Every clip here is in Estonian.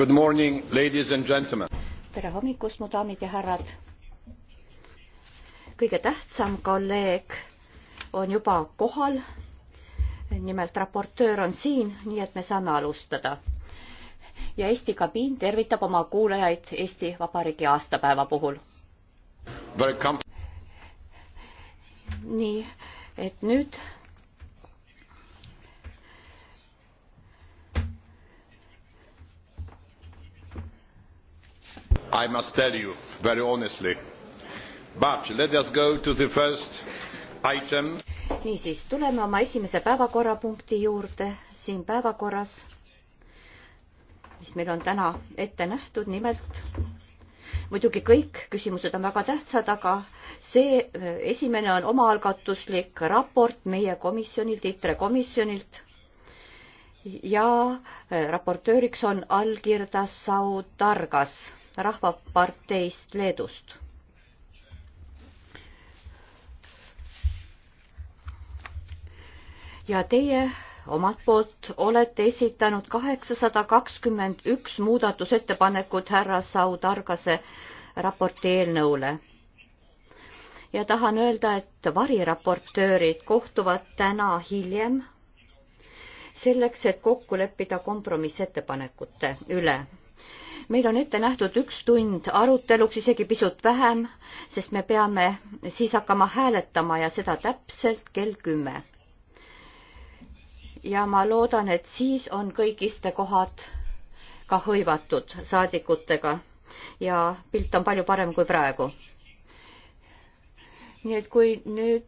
Good morning, ladies and gentlemen. tere hommikust, mu daamid ja härrad. kõige tähtsam kolleeg on juba kohal. nimelt raportöör on siin, nii et me saame alustada. ja Eesti kabiin tervitab oma kuulajaid Eesti Vabariigi aastapäeva puhul. nii, et nüüd i must tell you very honestly but let us go to the first item niisiis tuleme oma esimese päevakorrapunkti juurde siin päevakorras mis meil on täna ette nähtud nimelt muidugi kõik küsimused on väga tähtsad, aga see äh, esimene on omaalgatuslik raport meie komisjonilt, ITRE komisjonilt. ja äh, raportööriks on Algirdas Saudargas. Rahvaparteist Leedust. ja teie omalt poolt olete esitanud kaheksasada kakskümmend üks muudatusettepanekut härra Saudargase raporti eelnõule ja tahan öelda, et variraportöörid kohtuvad täna hiljem selleks, et kokku leppida kompromissettepanekute üle meil on ette nähtud üks tund aruteluks, isegi pisut vähem, sest me peame siis hakkama hääletama ja seda täpselt kell kümme. ja ma loodan, et siis on kõik istekohad ka hõivatud saadikutega ja pilt on palju parem kui praegu. nii et kui nüüd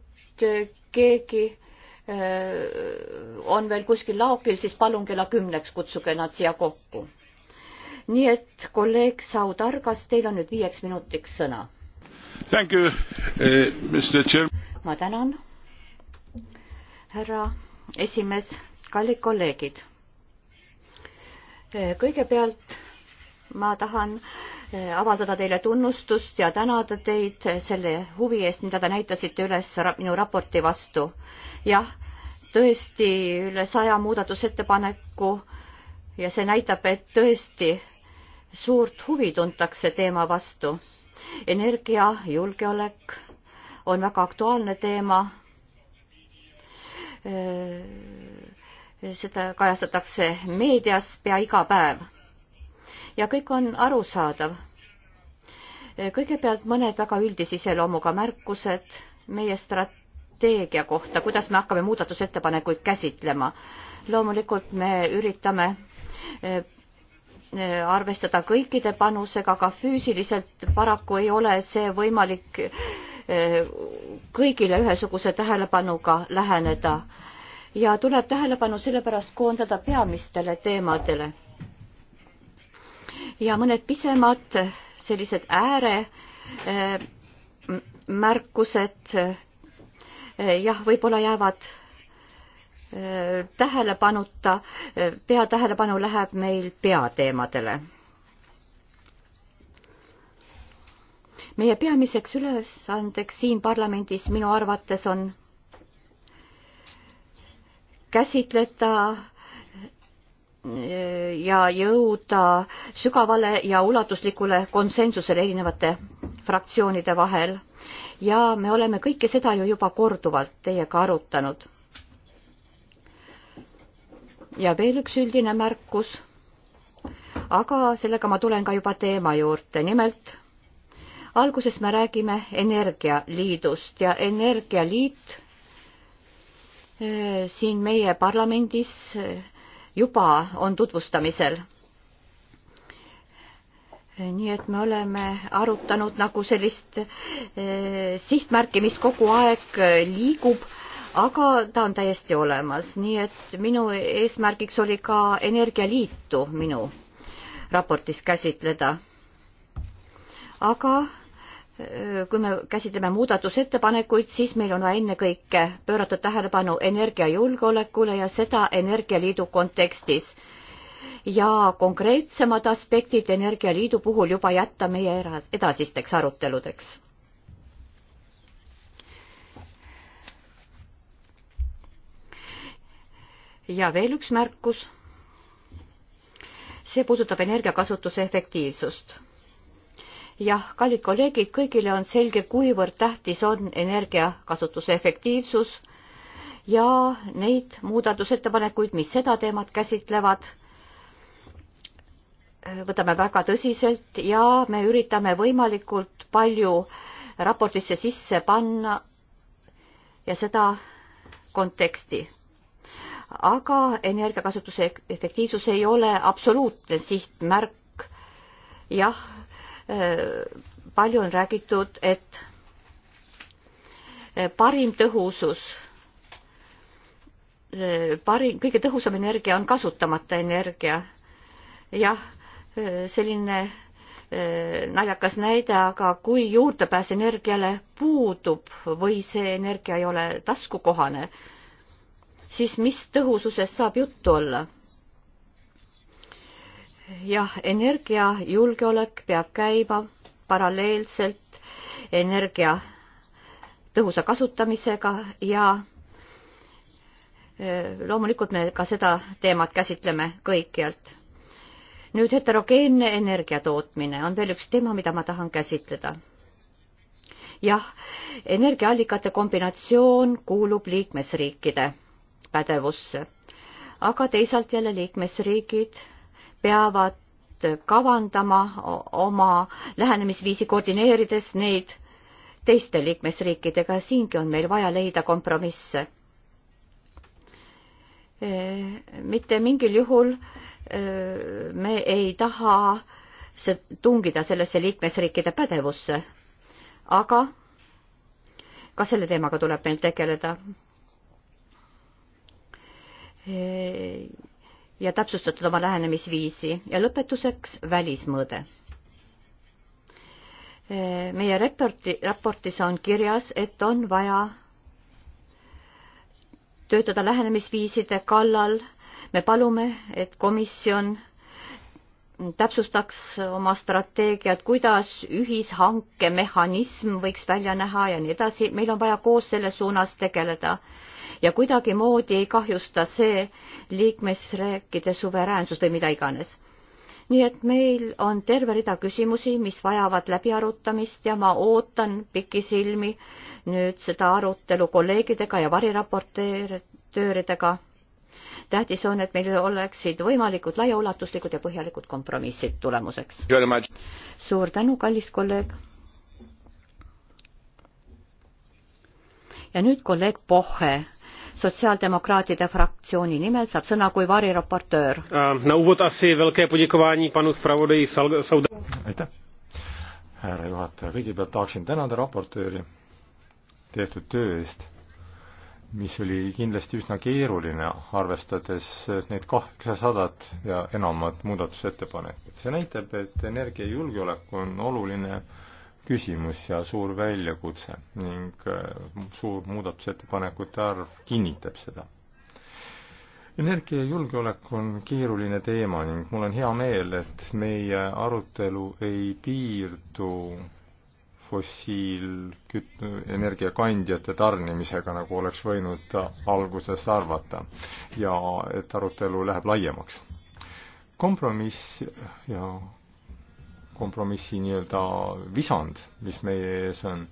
keegi öö, äh, on veel kuskil laokil, siis palun kella kümneks kutsuge nad siia kokku nii et kolleeg Saudargas, teil on nüüd viieks minutiks sõna. Eh, ma tänan, härra esimees, kallid kolleegid. Eh, kõigepealt ma tahan eh, avaldada teile tunnustust ja tänada teid selle huvi eest, mida te näitasite üles minu raporti vastu. jah, tõesti üle saja muudatusettepaneku ja see näitab, et tõesti suurt huvi tuntakse teema vastu. energiajulgeolek on väga aktuaalne teema. seda kajastatakse meedias pea iga päev. ja kõik on arusaadav. kõigepealt mõned väga üldise iseloomuga märkused meie strateegia kohta, kuidas me hakkame muudatusettepanekuid käsitlema. loomulikult me üritame Äh, arvestada kõikide panusega, aga füüsiliselt paraku ei ole see võimalik äh, kõigile ühesuguse tähelepanuga läheneda. ja tuleb tähelepanu sellepärast koondada peamistele teemadele. ja mõned pisemad sellised ääremärkused äh, jah, võib-olla jäävad tähelepanuta, peatähelepanu läheb meil peateemadele. meie peamiseks ülesandeks siin parlamendis minu arvates on käsitleda ja jõuda sügavale ja ulatuslikule konsensusele erinevate fraktsioonide vahel. ja me oleme kõike seda ju juba korduvalt teiega arutanud ja veel üks üldine märkus. aga sellega ma tulen ka juba teema juurde, nimelt alguses me räägime Energialiidust ja Energialiit eh, siin meie parlamendis eh, juba on tutvustamisel. Eh, nii et me oleme arutanud nagu sellist eh, sihtmärki, mis kogu aeg liigub eh, aga ta on täiesti olemas, nii et minu eesmärgiks oli ka energialiitu minu raportis käsitleda. aga äh, kui me käsitleme muudatusettepanekuid, siis meil on vaja ennekõike pöörata tähelepanu energiajulgeolekule ja seda Energialiidu kontekstis. ja konkreetsemad aspektid Energialiidu puhul juba jätta meie edasisteks aruteludeks ja veel üks märkus. see puudutab energiakasutuse efektiivsust. jah, kallid kolleegid, kõigile on selge, kuivõrd tähtis on energiakasutuse efektiivsus ja neid muudatusettepanekuid, mis seda teemat käsitlevad, võtame väga tõsiselt ja me üritame võimalikult palju raportisse sisse panna ja seda konteksti aga energiakasutuse efektiivsus ei ole absoluutne sihtmärk. jah, eh, palju on räägitud, et eh, parim tõhusus, eh, parim, kõige tõhusam energia on kasutamata energia. jah, selline naljakas näide, aga kui juurdepääs energiale puudub või see energia ei ole taskukohane, siis mis tõhususest saab juttu olla? jah, energiajulgeolek peab käima paralleelselt energia tõhusa kasutamisega ja e, loomulikult me ka seda teemat käsitleme kõikjalt. nüüd heterogeenne energia tootmine on veel üks teema, mida ma tahan käsitleda. jah, energiaallikate kombinatsioon kuulub liikmesriikide pädevusse. aga teisalt jälle liikmesriigid peavad kavandama oma lähenemisviisi, koordineerides neid teiste liikmesriikidega, siingi on meil vaja leida kompromisse. E, mitte mingil juhul e, me ei taha tungida sellesse liikmesriikide pädevusse, aga ka selle teemaga tuleb meil tegeleda ja täpsustatud oma lähenemisviisi ja lõpetuseks välismõõde. meie raporti, raportis on kirjas, et on vaja töötada lähenemisviiside kallal. me palume, et komisjon täpsustaks oma strateegiat, kuidas ühishanke mehhanism võiks välja näha ja nii edasi, meil on vaja koos selles suunas tegeleda ja kuidagimoodi ei kahjusta see liikmesriikide suveräänsust või mida iganes. nii et meil on terve rida küsimusi, mis vajavad läbiarutamist ja ma ootan pikisilmi nüüd seda arutelu kolleegidega ja variraportööridega. tähtis on, et meil oleksid võimalikult laiaulatuslikud ja põhjalikud kompromissid tulemuseks. suur tänu, kallis kolleeg ja nüüd kolleeg Pohe sotsiaaldemokraatide fraktsiooni nimel saab sõna kui variraportöör. aitäh, härra juhataja, kõigepealt tahaksin tänada raportööri tehtud töö eest, mis oli kindlasti üsna keeruline, arvestades neid kaheksasadat ja enamat muudatusettepanekut. see näitab, et energiajulgeolek on oluline küsimus ja suur väljakutse ning äh, suur muudatusettepanekute arv kinnitab seda. energiajulgeolek on keeruline teema ning mul on hea meel, et meie arutelu ei piirdu fossiilenergia kandjate tarnimisega, nagu oleks võinud alguses arvata ja et arutelu läheb laiemaks. kompromiss ja kompromissi nii-öelda visand, mis meie ees on,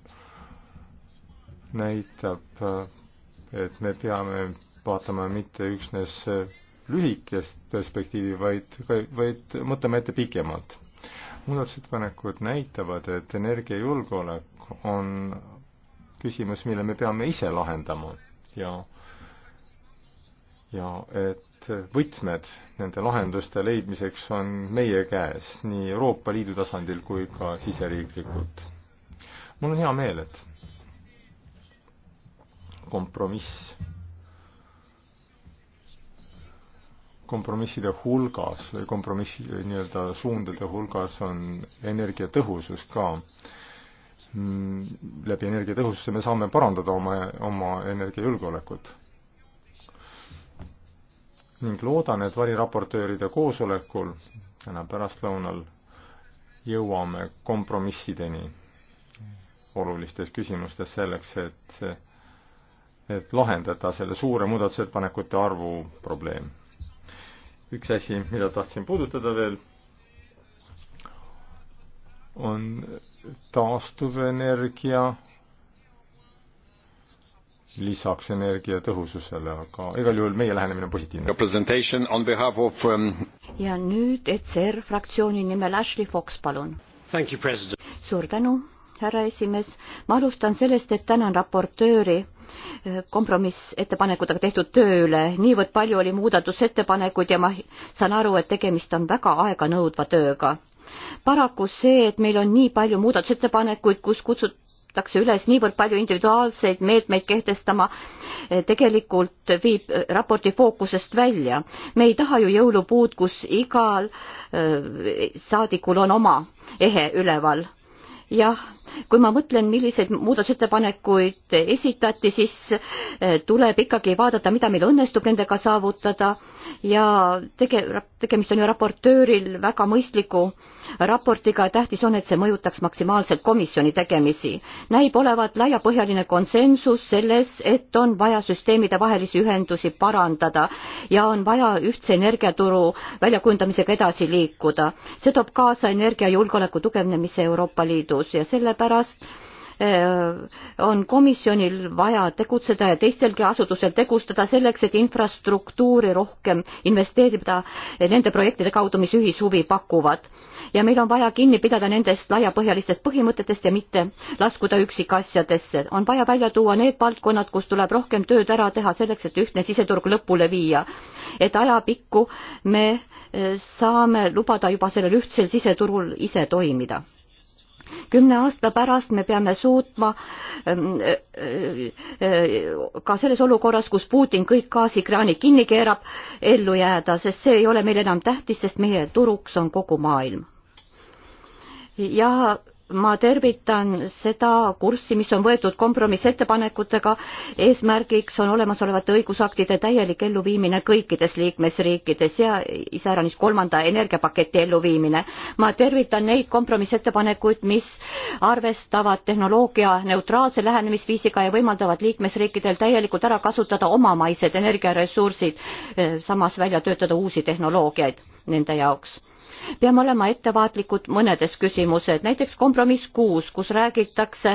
näitab, et me peame vaatama mitte üksnes lühikest perspektiivi, vaid, vaid mõtlema ette pikemalt. muudatusettepanekud näitavad, et energiajulgeolek on küsimus, mille me peame ise lahendama ja, ja et võtmed nende lahenduste leidmiseks on meie käes nii Euroopa Liidu tasandil kui ka siseriiklikult. mul on hea meel, et kompromiss, kompromisside hulgas või kompromissi nii-öelda suundade hulgas on energiatõhusus ka mm, läbi energiatõhususe me saame parandada oma, oma energiajulgeolekut ning loodan, et variraportööride koosolekul täna pärastlõunal jõuame kompromissideni olulistes küsimustes selleks, et, et lahendada selle suure muudatusettepanekute arvu probleem. üks asi, mida tahtsin puudutada veel, on taastuvenergia lisaks energiatõhususele, aga igal juhul meie lähenemine on positiivne. Of... Um, ja nüüd ECR fraktsiooni nimel Ashley Fox, palun. suur tänu, härra esimees. ma alustan sellest, et tänan raportööri eh, kompromissettepanekutega tehtud töö üle. niivõrd palju oli muudatusettepanekuid ja ma saan aru, et tegemist on väga aeganõudva tööga paraku see, et meil on nii palju muudatusettepanekuid, kus kutsut-, kutsutakse üles niivõrd palju individuaalseid meetmeid kehtestama, tegelikult viib äh, raporti fookusest välja. me ei taha ju jõulupuud, kus igal äh, saadikul on oma ehe üleval jah, kui ma mõtlen, milliseid muudatusettepanekuid esitati, siis eh, tuleb ikkagi vaadata, mida meil õnnestub nendega saavutada ja tege-, tegemist on ju raportööril väga mõistliku raportiga ja tähtis on, et see mõjutaks maksimaalselt komisjoni tegemisi. näib olevat laiapõhjaline konsensus selles, et on vaja süsteemide vahelisi ühendusi parandada ja on vaja ühtse energiaturu väljakujundamisega edasi liikuda. see toob kaasa energiajulgeoleku tugevnemise Euroopa Liidus tõus ja sellepärast eh, on komisjonil vaja tegutseda ja teistelgi asutusel tegustada selleks, et infrastruktuuri rohkem investeerida nende projektide kaudu, mis ühishuvi pakuvad. ja meil on vaja kinni pidada nendest laiapõhjalistest põhimõtetest ja mitte laskuda üksikasjadesse. on vaja välja tuua need valdkonnad, kus tuleb rohkem tööd ära teha selleks, et ühtne siseturg lõpule viia. et ajapikku me eh, saame lubada juba sellel ühtsel siseturul ise toimida kümne aasta pärast me peame suutma ähm, äh, äh, ka selles olukorras, kus Putin kõik gaasikraanid kinni keerab, ellu jääda, sest see ei ole meile enam tähtis, sest meie turuks on kogu maailm. ja ma tervitan seda kurssi, mis on võetud kompromissettepanekutega, eesmärgiks on olemasolevate õigusaktide täielik elluviimine kõikides liikmesriikides ja iseäranis kolmanda energiapaketi elluviimine. ma tervitan neid kompromissettepanekuid, mis arvestavad tehnoloogia neutraalse lähenemisviisiga ja võimaldavad liikmesriikidel täielikult ära kasutada omamaised energiaresursid, samas välja töötada uusi tehnoloogiaid nende jaoks peame olema ettevaatlikud mõnedes küsimused, näiteks kompromiss kuus, kus räägitakse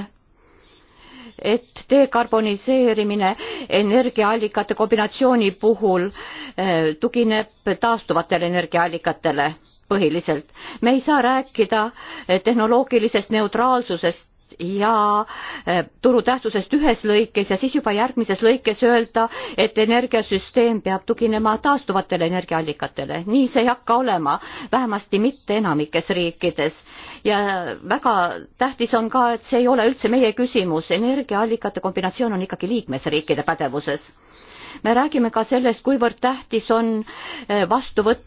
et dekarboniseerimine energiaallikate kombinatsiooni puhul eh, tugineb taastuvatele energiaallikatele põhiliselt. me ei saa rääkida eh, tehnoloogilisest neutraalsusest ja eh, turu tähtsusest ühes lõikes ja siis juba järgmises lõikes öelda, et energiasüsteem peab tuginema taastuvatele energiaallikatele. nii see ei hakka olema, vähemasti mitte enamikes riikides. ja väga tähtis on ka, et see ei ole üldse meie küsimus, energiaallikate kombinatsioon on ikkagi liikmesriikide pädevuses. me räägime ka sellest, kuivõrd tähtis on eh, vastu võtta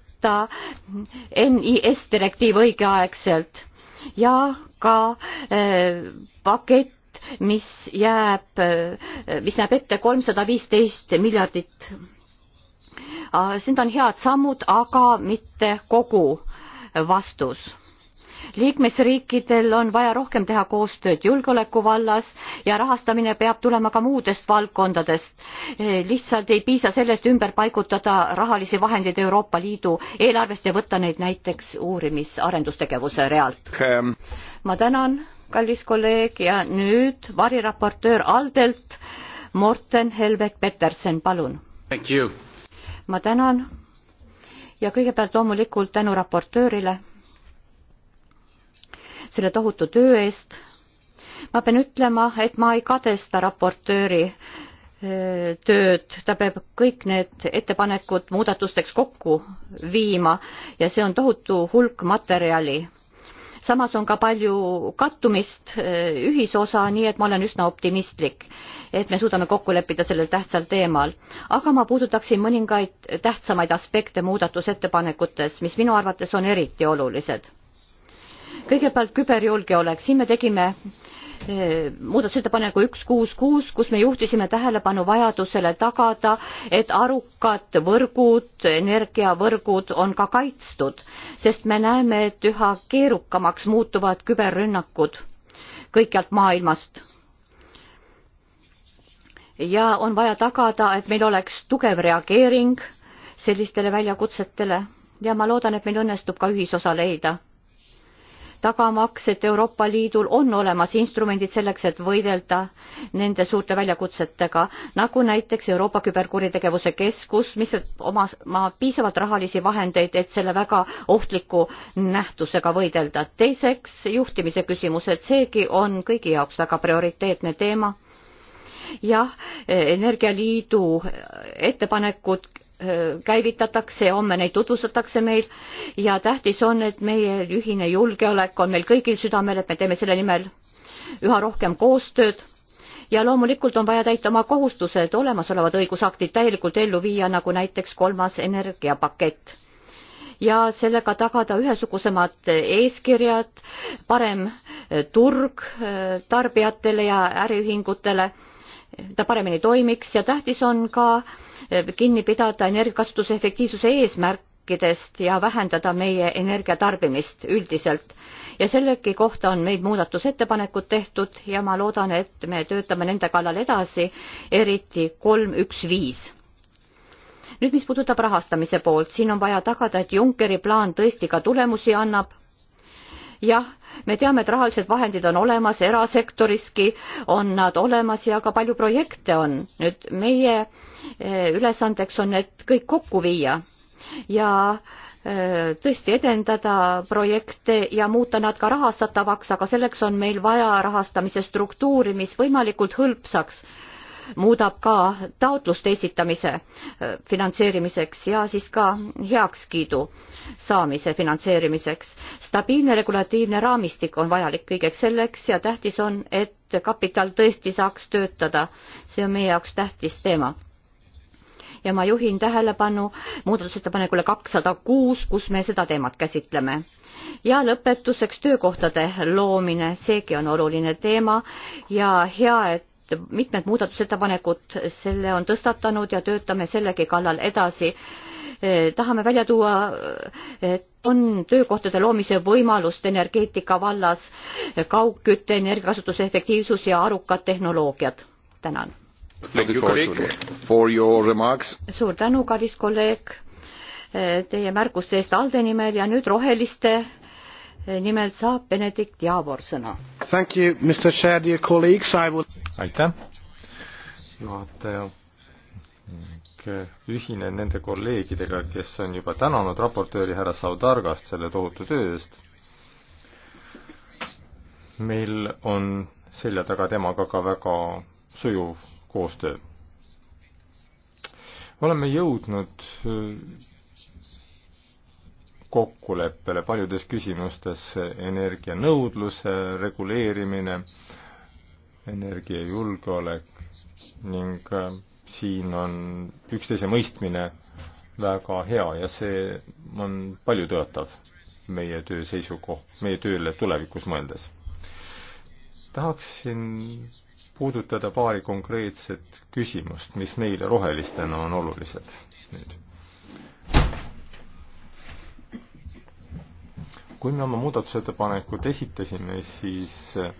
NIS direktiiv õigeaegselt ja ka eh, pakett, mis jääb, eh, mis näeb ette kolmsada viisteist miljardit. Ah, Need on head sammud, aga mitte kogu vastus liikmesriikidel on vaja rohkem teha koostööd julgeoleku vallas ja rahastamine peab tulema ka muudest valdkondadest. Eh, lihtsalt ei piisa sellest ümber paigutada rahalisi vahendeid Euroopa Liidu eelarvest ja võtta neid näiteks uurimis- arendustegevuse realt. ma tänan, kallis kolleeg ja nüüd variraportöör Aldelt, Morten Helbek Peterson, palun. ma tänan ja kõigepealt loomulikult tänu raportöörile selle tohutu töö eest. ma pean ütlema, et ma ei kadesta raportööri tööd, ta peab kõik need ettepanekud muudatusteks kokku viima ja see on tohutu hulk materjali. samas on ka palju kattumist, ühisosa, nii et ma olen üsna optimistlik, et me suudame kokku leppida sellel tähtsal teemal. aga ma puudutaksin mõningaid tähtsamaid aspekte muudatusettepanekutes, mis minu arvates on eriti olulised kõigepealt küberjulgeolek, siin me tegime eh, muudatusettepaneku üks kuus kuus, kus me juhtisime tähelepanu vajadusele tagada, et arukad võrgud, energiavõrgud on ka kaitstud, sest me näeme, et üha keerukamaks muutuvad küberrünnakud kõikjalt maailmast. ja on vaja tagada, et meil oleks tugev reageering sellistele väljakutsetele ja ma loodan, et meil õnnestub ka ühisosa leida tagamaks, et Euroopa Liidul on olemas instrumendid selleks, et võidelda nende suurte väljakutsetega, nagu näiteks Euroopa Küberkuritegevuse Keskus, mis omas ma piisavalt rahalisi vahendeid, et selle väga ohtliku nähtusega võidelda. teiseks juhtimise küsimused, seegi on kõigi jaoks väga prioriteetne teema jah, Energialiidu ettepanekud käivitatakse ja homme neid tutvustatakse meil ja tähtis on, et meie ühine julgeolek on meil kõigil südamel, et me teeme selle nimel üha rohkem koostööd ja loomulikult on vaja täita oma kohustused, olemasolevad õigusaktid täielikult ellu viia, nagu näiteks kolmas energiapakett ja sellega tagada ühesugusemad eeskirjad, parem turg tarbijatele ja äriühingutele ta paremini toimiks ja tähtis on ka eh, kinni pidada energiakasutuse efektiivsuse eesmärkidest ja vähendada meie energiatarbimist üldiselt ja sellegi kohta on meil muudatusettepanekud tehtud ja ma loodan, et me töötame nende kallal edasi, eriti kolm, üks, viis nüüd, mis puudutab rahastamise poolt, siin on vaja tagada, et Junckeri plaan tõesti ka tulemusi annab jah, me teame, et rahalised vahendid on olemas, erasektoriski on nad olemas ja ka palju projekte on. nüüd meie eh, ülesandeks on need kõik kokku viia ja eh, tõesti edendada projekte ja muuta nad ka rahastatavaks, aga selleks on meil vaja rahastamise struktuuri, mis võimalikult hõlpsaks muudab ka taotluste esitamise äh, finantseerimiseks ja siis ka heakskiidu saamise finantseerimiseks. stabiilne regulatiivne raamistik on vajalik kõigeks selleks ja tähtis on, et kapital tõesti saaks töötada. see on meie jaoks tähtis teema ja ma juhin tähelepanu muudatusettepanekule kakssada kuus, kus me seda teemat käsitleme. ja lõpetuseks töökohtade loomine, seegi on oluline teema ja hea, et et mitmed muudatusettepanekud selle on tõstatanud ja töötame sellegi kallal edasi. Eh, tahame välja tuua, et on töökohtade loomise võimalust energeetika vallas, kaugkütte, energiakasutuse efektiivsus ja arukad tehnoloogiad. tänan. suur tänu, kallis kolleeg, eh, teie märkuste eest ALDE nimel ja nüüd Roheliste nimelt saab Benedikt Javor sõna. aitäh, juhataja eh, ühinen nende kolleegidega, kes on juba tänanud raportööri härra Saudargast selle tohutu töö eest. meil on selja taga temaga ka väga sujuv koostöö. oleme jõudnud eh, kokkuleppele paljudes küsimustes, energianõudluse reguleerimine, energiajulgeolek ning äh, siin on üksteise mõistmine väga hea ja see on paljutõotav meie töö seisukoht, meie tööle tulevikus mõeldes. tahaksin puudutada paari konkreetset küsimust, mis meile rohelistena on olulised nüüd. kui me oma muudatusettepanekut esitasime, siis eh,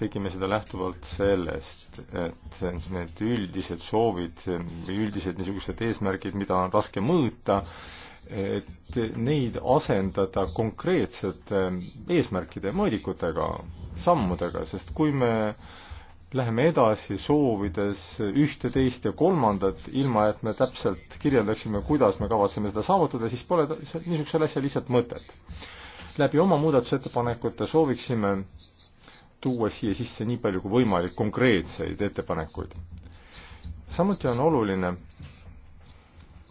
tegime seda lähtuvalt sellest, et need üldised soovid või üldised niisugused eesmärgid, mida on raske mõõta, et neid asendada konkreetsete eesmärkide mõõdikutega, sammudega, sest kui me äh, läheme edasi soovides ühte, teist ja kolmandat, ilma et me täpselt kirjeldaksime, kuidas me kavatseme seda saavutada, siis pole niisugusel asjal lihtsalt mõtet. läbi oma muudatusettepanekute sooviksime tuua siia sisse nii palju kui võimalik konkreetseid ettepanekuid. samuti on oluline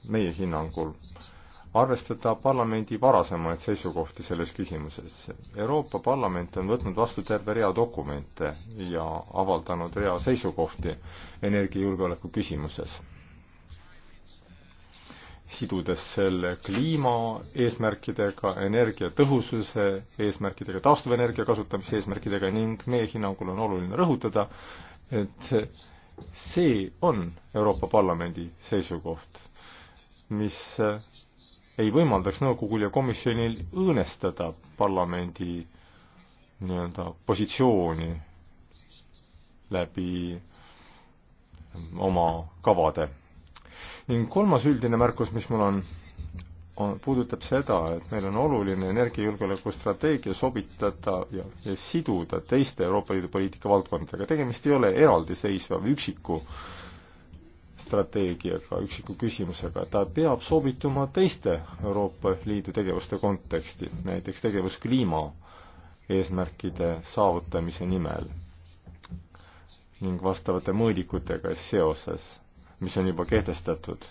meie hinnangul äh, arvestada parlamendi varasemaid seisukohti selles küsimuses. Euroopa Parlament on võtnud vastu terve rea dokumente ja avaldanud rea seisukohti energiajulgeoleku küsimuses, sidudes selle kliimaeesmärkidega, energiatõhususe eesmärkidega, taastuvenergia kasutamise eesmärkidega ning meie hinnangul on oluline rõhutada, et see on Euroopa Parlamendi seisukoht, mis ei võimaldaks nõukogul ja komisjonil õõnestada parlamendi nii-öelda positsiooni läbi oma kavade. ning kolmas üldine märkus, mis mul on, on, puudutab seda, et meil on oluline energiajulgeoleku strateegia sobitada ja, ja siduda teiste Euroopa Liidu poliitika valdkondadega. tegemist ei ole eraldiseisva või üksiku äh, strateegiaga, üksiku küsimusega, ta peab sobituma teiste Euroopa Liidu tegevuste konteksti, näiteks tegevus kliima eesmärkide saavutamise nimel ning vastavate mõõdikutega seoses, mis on juba kehtestatud.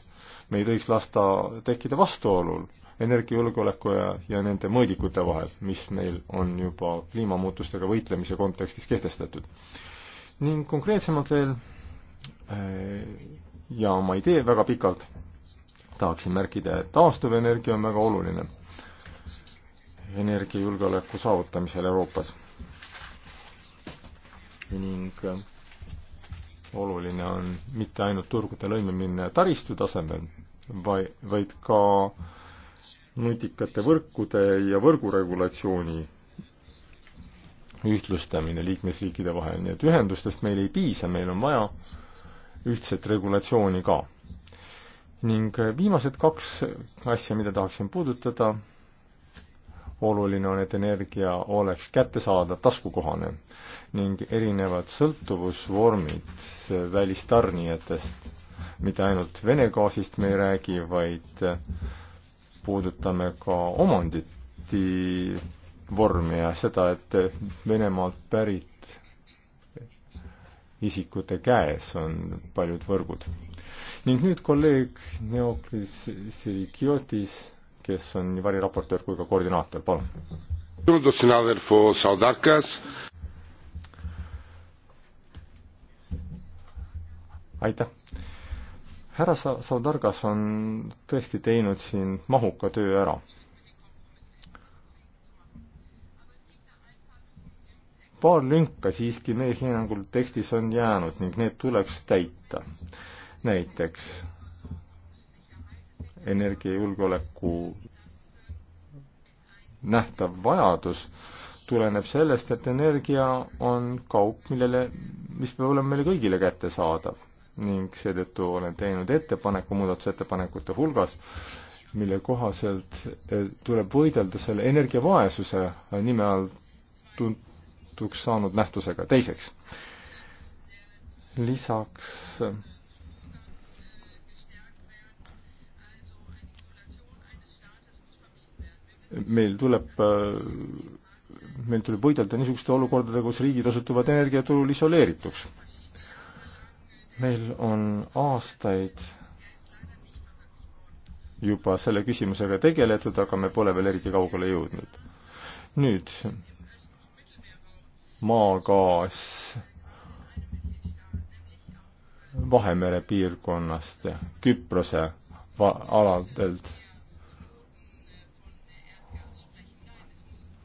me ei tohiks lasta tekkida vastuolul energiajulgeoleku ja, ja nende mõõdikute vahel, mis meil on juba kliimamuutustega võitlemise kontekstis kehtestatud. ning konkreetsemalt veel äh, ja ma ei tee väga pikalt, tahaksin märkida, et taastuvenergia on väga oluline energiajulgeoleku saavutamisel Euroopas. ning oluline on mitte ainult turgude lõimimine taristu tasemel, vai-, vaid ka nutikate võrkude ja võrguregulatsiooni ühtlustamine liikmesriikide vahel, nii et ühendustest meil ei piisa, meil on vaja ühtset regulatsiooni ka. ning viimased kaks asja, mida tahaksin puudutada, oluline on, et energia oleks kättesaadav, taskukohane ning erinevad sõltuvusvormid välistarnijatest, mitte ainult Vene gaasist me ei räägi, vaid puudutame ka omanditi vormi ja seda, et Venemaalt pärit isikute käes on paljud võrgud. ning nüüd kolleeg Neoklis Sirikiotis, kes on nii variraportöör kui ka koordinaator, palun. aitäh. härra Saudargas on tõesti teinud siin mahuka töö ära paar lünka siiski meie hinnangul tekstis on jäänud ning need tuleks täita. näiteks energiajulgeoleku nähtav vajadus tuleneb sellest, et energia on kaup, millele, mis peab olema meile kõigile kättesaadav ning seetõttu olen teinud ettepaneku muudatusettepanekute hulgas, mille kohaselt eh, tuleb võidelda selle energiavaesuse nime all tunt-, seotuks saanud nähtusega. teiseks, lisaks meil tuleb, meil tuleb võidelda niisuguste olukordadega, kus riigid osutuvad energiaturul isoleerituks. meil on aastaid juba selle küsimusega tegeletud, aga me pole veel eriti kaugele jõudnud. nüüd maagaas Vahemere piirkonnast, Küprose aladelt.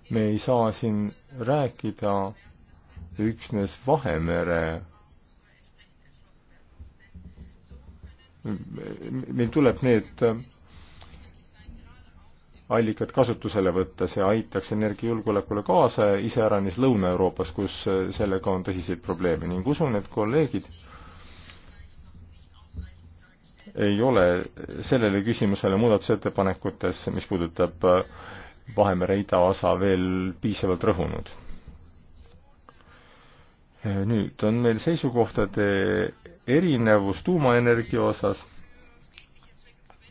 me ei saa siin rääkida üksnes Vahemere meil tuleb need allikad kasutusele võtta, see aitaks energiajulgeolekule kaasa, iseäranis Lõuna-Euroopas, kus sellega on tõsiseid probleeme ning usun, et kolleegid ei ole sellele küsimusele muudatusettepanekutes, mis puudutab äh, Vahemere idaosa, veel piisavalt rõhunud. Äh, nüüd on meil seisukohtade erinevus tuumaenergia osas,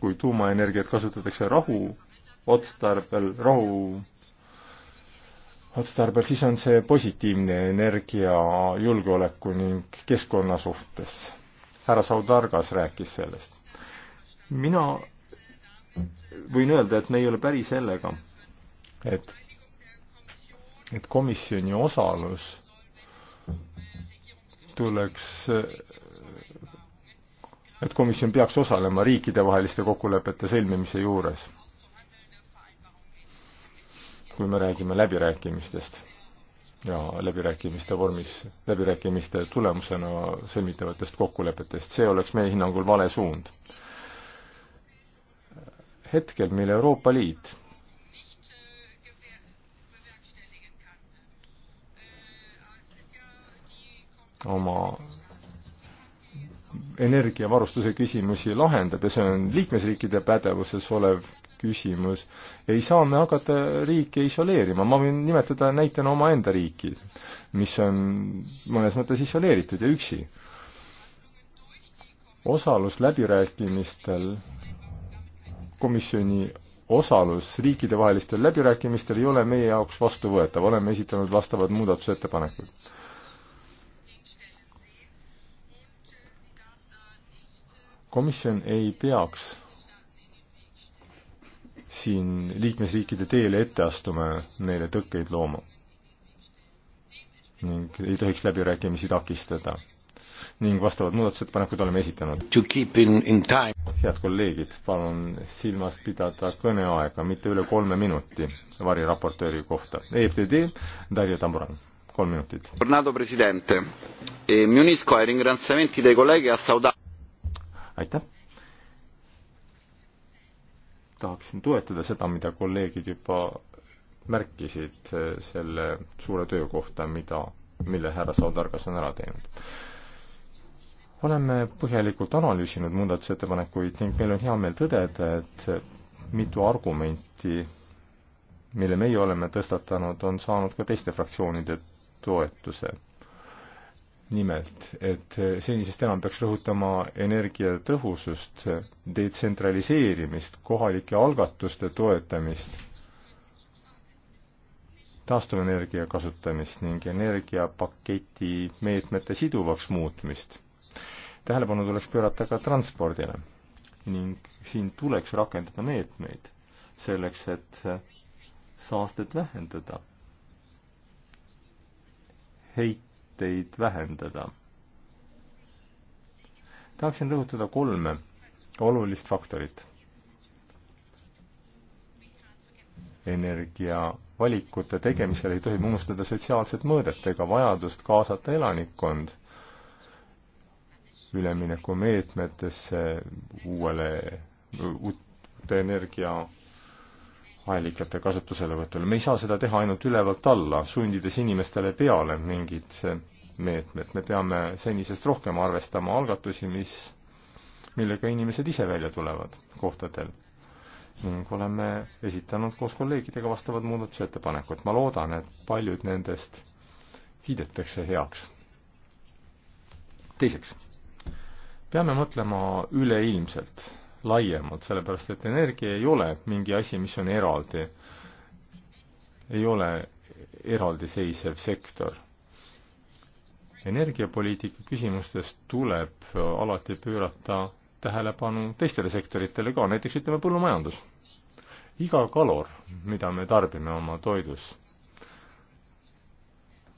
kui tuumaenergiat kasutatakse rahu otstarbel, rahu otstarbel, siis on see positiivne energia julgeoleku ning keskkonna suhtes. härra Saudargas rääkis sellest. mina võin öelda, et me ei ole päri sellega, et, et komisjoni osalus tuleks, et komisjon peaks osalema riikidevaheliste kokkulepete sõlmimise juures kui me räägime läbirääkimistest ja läbirääkimiste vormis, läbirääkimiste tulemusena sõlmitavatest kokkulepetest, see oleks meie hinnangul vale suund. hetkel, mil Euroopa Liit oma energiavarustuse küsimusi lahendab ja see on liikmesriikide pädevuses olev küsimus. ei saa me hakata riike isoleerima, ma võin nimetada näitena omaenda riiki, mis on mõnes mõttes isoleeritud ja üksi. osalus läbirääkimistel, komisjoni osalus riikidevahelistel läbirääkimistel ei ole meie jaoks vastuvõetav, oleme esitanud vastavad muudatusettepanekud komisjon ei peaks siin liikmesriikide teele ette astume neile tõkkeid looma ning ei tohiks läbirääkimisi takistada. ning vastavad muudatusettepanekud oleme esitanud. head kolleegid, palun silmas pidada kõneaega, mitte üle kolme minuti variraportööri kohta. EFTD, Darja Tamburan, kolm minutit. E aitäh tahaksin toetada seda, mida kolleegid juba märkisid selle suure töö kohta, mida, mille härra Saudargas on ära teinud. oleme põhjalikult analüüsinud muudatusettepanekuid ning meil on hea meel tõdeda, et mitu argumenti, mille meie oleme tõstatanud, on saanud ka teiste fraktsioonide toetuse nimelt, et senisest enam peaks rõhutama energiatõhusust, detsentraliseerimist, kohalike algatuste toetamist, taastuvenergia kasutamist ning energiapaketi meetmete siduvaks muutmist. tähelepanu tuleks pöörata ka transpordile ning siin tuleks rakendada meetmeid selleks, et saastet vähendada heit-, tõkkeid vähendada. tahaksin rõhutada kolme olulist faktorit. energiavalikute tegemisel ei tohi unustada sotsiaalset mõõdet ega vajadust kaasata elanikkond üleminekumeetmetesse uuele, uute energia allikate kasutuselevõtule. me ei saa seda teha ainult ülevalt alla, sundides inimestele peale mingid meetmed, me peame senisest rohkem arvestama algatusi, mis, millega inimesed ise välja tulevad kohtadel. ning oleme esitanud koos kolleegidega vastavad muudatusettepanekud. ma loodan, et paljud nendest kiidetakse heaks. teiseks, peame mõtlema üleilmselt laiemalt, sellepärast et energia ei ole mingi asi, mis on eraldi, ei ole eraldiseisev sektor. energiapoliitika küsimustes tuleb alati pöörata tähelepanu teistele sektoritele ka, näiteks ütleme põllumajandus. iga kalor, mida me tarbime oma toidus,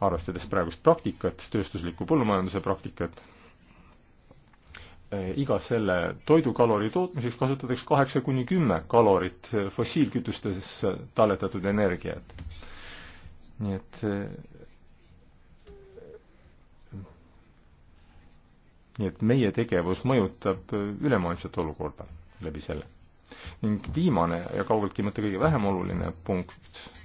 arvestades praegust praktikat, tööstuslikku põllumajanduse praktikat Eh, iga selle toidukalori tootmiseks kasutatakse kaheksa kuni kümme kalorit fossiilkütustes talletatud energiat. nii et eh, nii et meie tegevus mõjutab ülemaailmset olukorda läbi selle ning viimane ja kaugeltki mitte kõige vähem oluline punkt,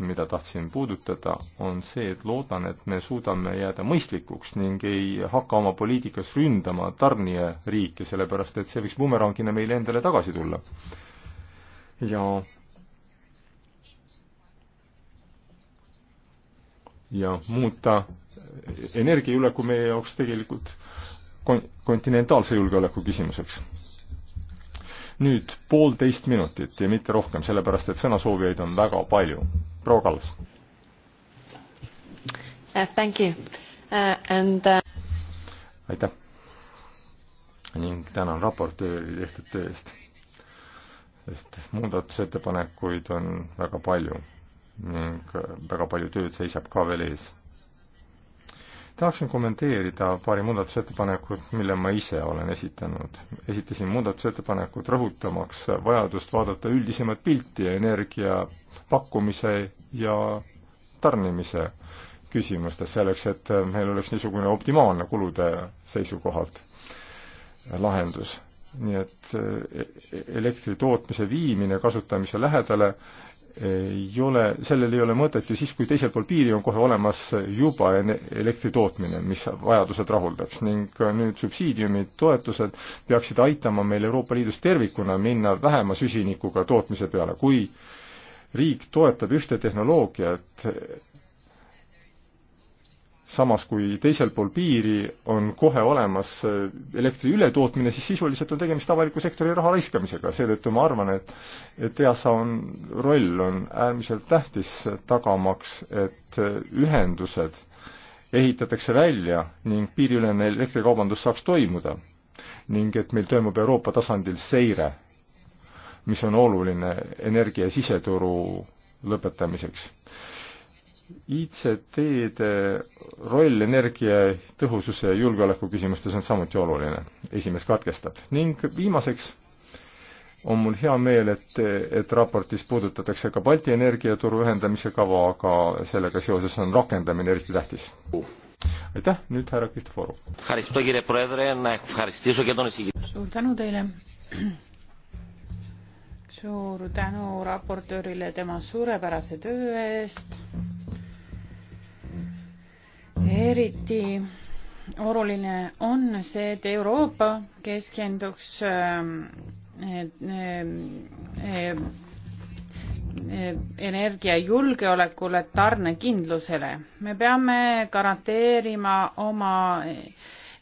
mida tahtsin puudutada, on see, et loodan, et me suudame jääda mõistlikuks ning ei hakka oma poliitikas ründama tarnijariike, sellepärast et see võiks bumerangina meile endale tagasi tulla. ja ja muuta energiajulgeoleku meie jaoks tegelikult kon-, kontinentaalse julgeoleku küsimuseks nüüd poolteist minutit ja mitte rohkem, sellepärast et sõnasoovijaid on väga palju. proua Kallas uh,. Thank you uh, and uh... aitäh ning tänan raportööri tehtud töö eest, sest muudatusettepanekuid on väga palju ning väga palju tööd seisab ka veel ees tahaksin kommenteerida paari muudatusettepanekut, mille ma ise olen esitanud. esitasin muudatusettepanekud rõhutamaks vajadust vaadata üldisemat pilti energia pakkumise ja tarnimise küsimustes, selleks et meil oleks niisugune optimaalne kulude seisukohalt lahendus. nii et e-, e-, elektri tootmise viimine kasutamise lähedale ei ole, sellel ei ole mõtet ju siis, kui teisel pool piiri on kohe olemas juba elektri tootmine, mis vajadused rahuldaks ning äh, nüüd subsiidiumid, toetused peaksid aitama meil Euroopa Liidus tervikuna minna vähema süsinikuga tootmise peale, kui riik toetab ühte tehnoloogiat, samas kui teisel pool piiri on kohe olemas eh, elektri ületootmine, siis sisuliselt on tegemist avaliku sektori raha raiskamisega, seetõttu ma arvan, et et EASA on, roll on äärmiselt tähtis, tagamaks, et eh, ühendused ehitatakse välja ning piiriülene elektrikaubandus saaks toimuda. ning et meil toimub Euroopa tasandil seire, mis on oluline energia siseturu lõpetamiseks ICT-de roll energiatõhususe ja julgeoleku küsimustes on samuti oluline, esimees katkestab. ning viimaseks on mul hea meel, et, et raportis puudutatakse ka Balti energiaturu ühendamise kava, aga sellega seoses on rakendamine eriti tähtis. aitäh, nüüd härra Kristoforu. suur tänu teile. suur tänu raportöörile tema suurepärase töö eest eriti oluline on see, et Euroopa keskenduks ähm, ähm, ähm, äh, energiajulgeolekule, tarnekindlusele. me peame garanteerima oma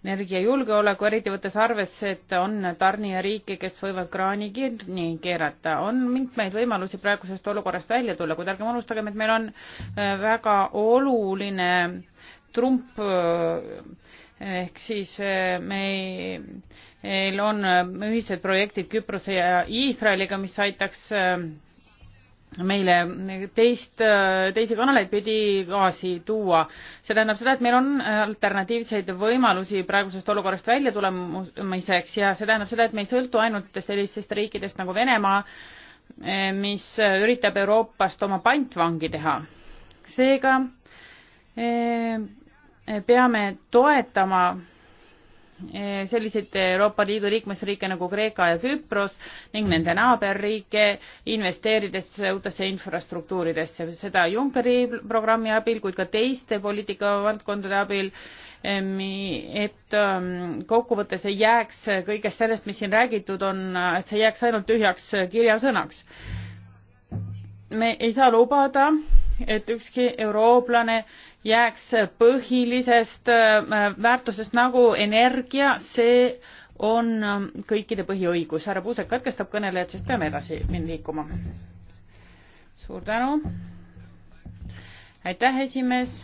energiajulgeoleku, eriti võttes arvesse, et on tarnijariike, kes võivad kraani kinni keerata. on mitmeid võimalusi praegusest olukorrast välja tulla, kuid ärgem unustagem, et meil on äh, väga oluline trump eh, ehk siis eh, meil, meil on eh, ühised projektid Küprose ja Iisraeliga, mis aitaks meile teist, teisi kanaleid pidi gaasi tuua. see tähendab seda, et meil on alternatiivseid võimalusi praegusest olukorrast välja tulemiseks ja see tähendab seda, et me ei sõltu ainult sellistest riikidest nagu Venemaa, mis üritab Euroopast oma pantvangi teha. seega peame toetama eh, selliseid Euroopa Liidu liikmesriike nagu Kreeka ja Küpros ning nende naaberriike, investeerides uutesse infrastruktuuridesse, seda Junckeri programmi abil kui ka teiste poliitikavaldkondade abil, eh, et ähm, kokkuvõttes ei jääks kõigest sellest, mis siin räägitud on, et see jääks ainult tühjaks kirjasõnaks. me ei saa lubada, et ükski eurooplane jääks põhilisest äh, väärtusest nagu energia, see on ähm, kõikide põhiõigus. härra Puusek katkestab kõnelejat, sest peame edasi minna liikuma. suur tänu. aitäh, esimees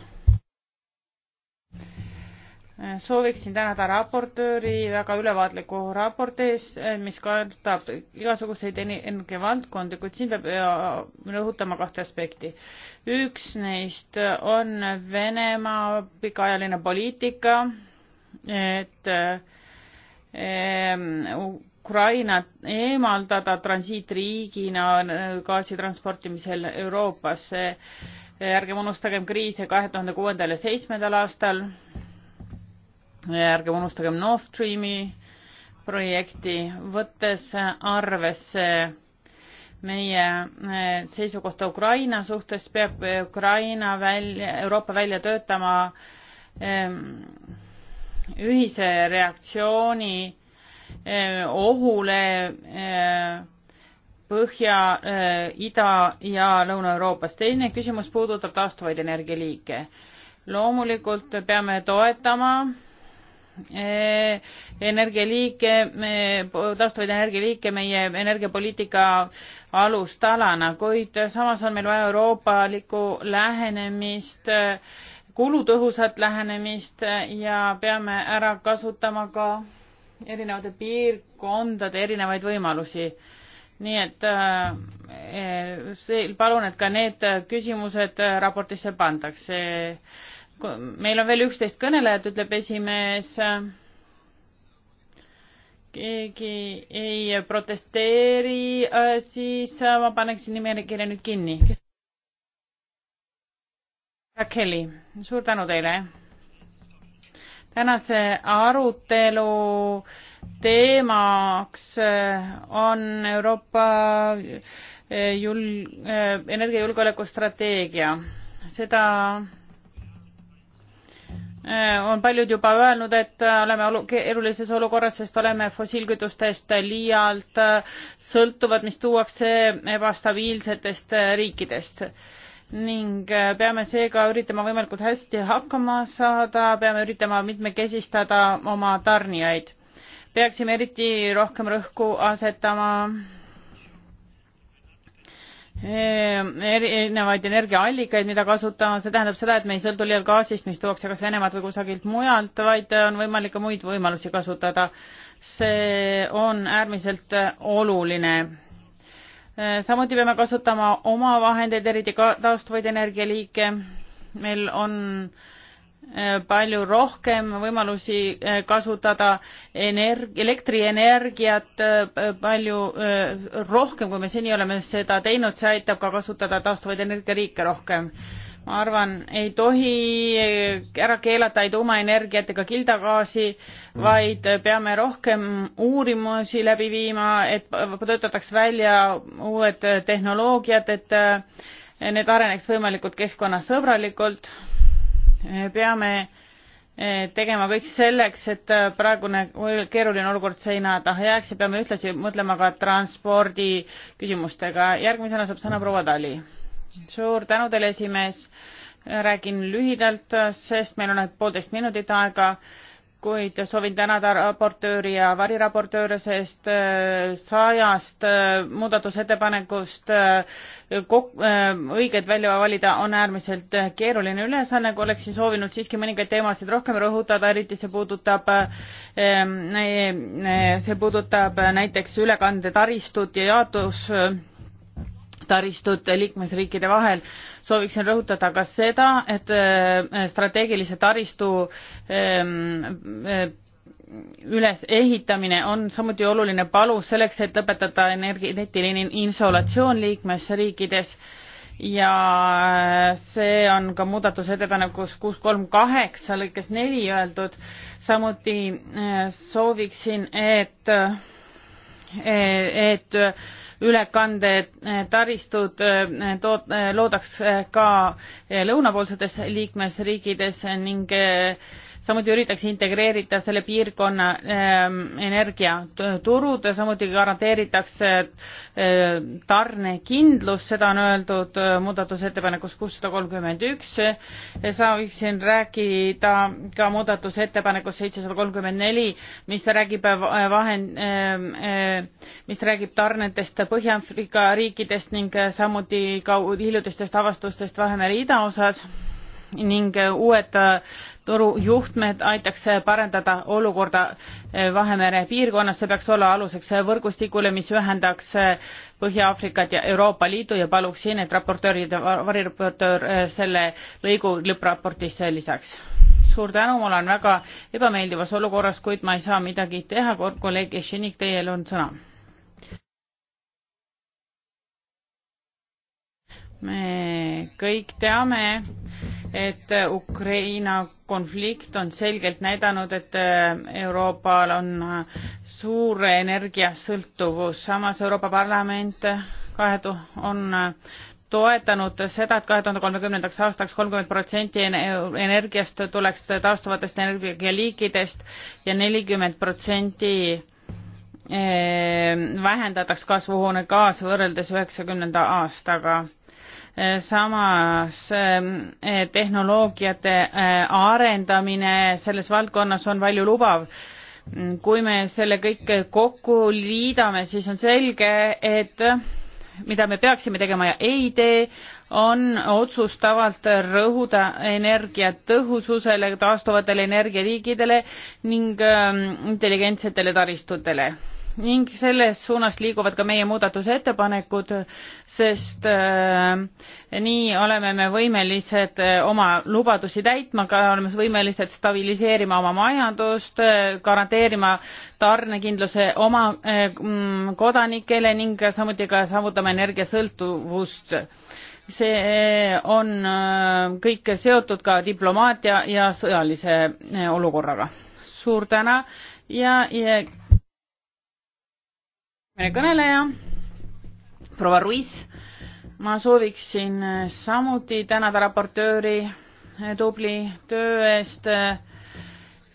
sooviksin tänada raportööri väga ülevaatliku raporti ees, mis katab igasuguseid energiavaldkondi, kuid siin peab rõhutama kahte aspekti. üks neist on Venemaa pikaajaline poliitika, et ehm, Ukraina eemaldada transiitriigina gaasi transportimisel Euroopasse. ärgem unustagem kriise kahe tuhande kuuendal ja seitsmendal aastal ärgem unustagem Nord Streami projekti, võttes arvesse meie eh, seisukohta Ukraina suhtes, peab Ukraina välja, Euroopa välja töötama ehm, ühise reaktsiooni eh, ohule eh, Põhja, Ida ja Lõuna-Euroopas. teine küsimus puudutab taastuvaid energialiike. loomulikult peame toetama Eh, energialiike, eh, taastuvaid energialiike meie energiapoliitika alustalana, kuid samas on meil vaja euroopalikku lähenemist, kulutõhusat lähenemist ja peame ära kasutama ka erinevate piirkondade erinevaid võimalusi nii et eh, see, palun, et ka need küsimused raportisse pandakse meil on veel üksteist kõnelejat, ütleb esimees. keegi ei protesteeri, äh, siis äh, ma paneksin nimekirja nüüd kinni. Kelly, suur tänu teile. tänase arutelu teemaks äh, on Euroopa jul-, energiajulgeoleku strateegia. seda Äh, on paljud juba öelnud, et äh, oleme olu-, keerulises olukorras, sest oleme fossiilkütustest liialt äh, sõltuvad, mis tuuakse ebastabiilsetest riikidest. ning peame seega üritama võimalikult hästi hakkama saada, peame üritama mitmekesistada oma tarnijaid. peaksime eriti rohkem rõhku asetama Ehm, erinevaid energiaallikaid, mida kasutama, see tähendab seda, et me ei sõltu liialt gaasist, mis tuuakse kas Venemaalt või kusagilt mujalt, vaid äh, on võimalik ka muid võimalusi kasutada. see on äärmiselt äh, oluline. Äh, samuti peame kasutama oma vahendeid, eriti ka taastuvaid energialiike. meil on äh, Eh, palju rohkem võimalusi eh, kasutada energ-, elektrienergiat eh, palju rohkem, kui me seni oleme seda teinud, see aitab ka kasutada taastuvaid energialiike rohkem. ma arvan, ei tohi ära keelata ei tuumaenergiat ega kildagaasi, vaid peame rohkem uurimusi läbi viima, et töötataks välja uued tehnoloogiad, et need areneks võimalikult keskkonnasõbralikult peame eh, tegema kõik selleks, et eh, praegune keeruline olukord seina taha jääks ja peame ühtlasi mõtlema ka transpordi küsimustega. järgmisena saab sõna proua Tali. suur tänu teile, esimees. räägin lühidalt, sest meil on ainult poolteist minutit aega kuid soovin tänada raportööri ja variraportööre, sest äh, sajast äh, muudatusettepanekust äh, õiged välja valida on äärmiselt keeruline ülesanne, kui oleksin soovinud siiski mõningaid teemasid rohkem rõhutada, eriti see puudutab, see puudutab näiteks ülekandetaristut ja jaotus taristut liikmesriikide vahel. sooviksin rõhutada ka seda, et äh, strateegilise taristu ähm, äh, ülesehitamine on samuti oluline palus selleks, et lõpetada energeetiline insolatsioon liikmesriikides ja äh, see on ka muudatusettepanekus kuus kolm kaheksa lõikes neli öeldud. samuti sooviksin, et, et ülekandetaristud eh, eh, tood-, eh, loodaks ka lõunapoolsetes liikmesriikides ning samuti üritatakse integreerida selle piirkonna ähm, energiaturud, samuti garanteeritakse äh, tarnekindlus, seda on öeldud äh, muudatusettepanekus kuussada kolmkümmend üks. saaviksin rääkida ka muudatusettepanekust seitsesada kolmkümmend neli, mis räägib äh, vahend, ähm, mis räägib tarnetest Põhja-Aafrika riikidest ning samuti ka hiljutistest avastustest Vahemere idaosas ning uued torujuhtmed aitaks parandada olukorda eh, Vahemere piirkonnas, see peaks olla aluseks võrgustikule, mis ühendaks eh, Põhja-Aafrikat ja Euroopa Liidu ja paluksin, et raportöörid, variraportöör eh, selle lõigu lõppraportisse lisaks. suur tänu, ma olen väga ebameeldivas olukorras, kuid ma ei saa midagi teha, kolleeg Ješenik, teil on sõna. me kõik teame, et äh, Ukraina konflikt on selgelt näidanud, et äh, Euroopal on äh, suur energiasõltuvus, samas Euroopa Parlament kahe tu-, on toetanud seda et, et kahe tuhande kolmekümnendaks aastaks kolmkümmend protsenti energiast tuleks taastuvatest energialiikidest ja nelikümmend protsenti vähendataks kasvuhoonegaas võrreldes üheksakümnenda aastaga samas ehm, eh, tehnoloogiate eh, arendamine selles valdkonnas on palju lubav. Mm, kui me selle kõik kokku liidame, siis on selge, et mida me peaksime tegema ja ei tee, on otsustavalt rõhuda energiatõhususele, taastuvatele energialiigidele ning ehm, intelligentsetele taristutele ning selles suunas liiguvad ka meie muudatusettepanekud, sest äh, nii oleme me võimelised äh, oma lubadusi täitma, ka oleme võimelised stabiliseerima oma majandust, äh, garanteerima tarnekindluse oma mm, kodanikele ning samuti ka saavutama energiasõltuvust see on kõik seotud ka diplomaatia ja sõjalise olukorraga. suur täna ja, ja meie kõneleja, proua Ruiz, ma sooviksin äh, samuti tänada raportööri äh, tubli töö eest äh,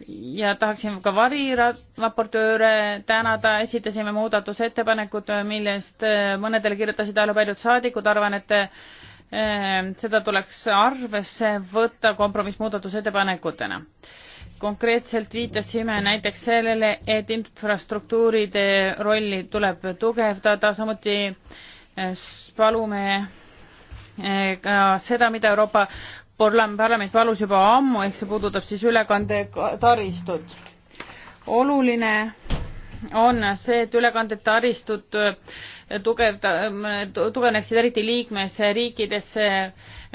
ja tahaksin ka variraportööre tänada, esitasime muudatusettepanekud, millest mõnedele kirjutasid alla paljud saadikud, arvan, et seda tuleks arvesse võtta kompromissmuudatusettepanekutena konkreetselt viitasime näiteks sellele, et infrastruktuuride rolli tuleb tugevdada, samuti eh, palume eh, ka seda, mida Euroopa Parlament palus juba ammu, ehk see puudutab siis ülekandetaristut. oluline on see, et ülekandetaristut eh, tugevda-, tugevneksid eriti liikmesriikidesse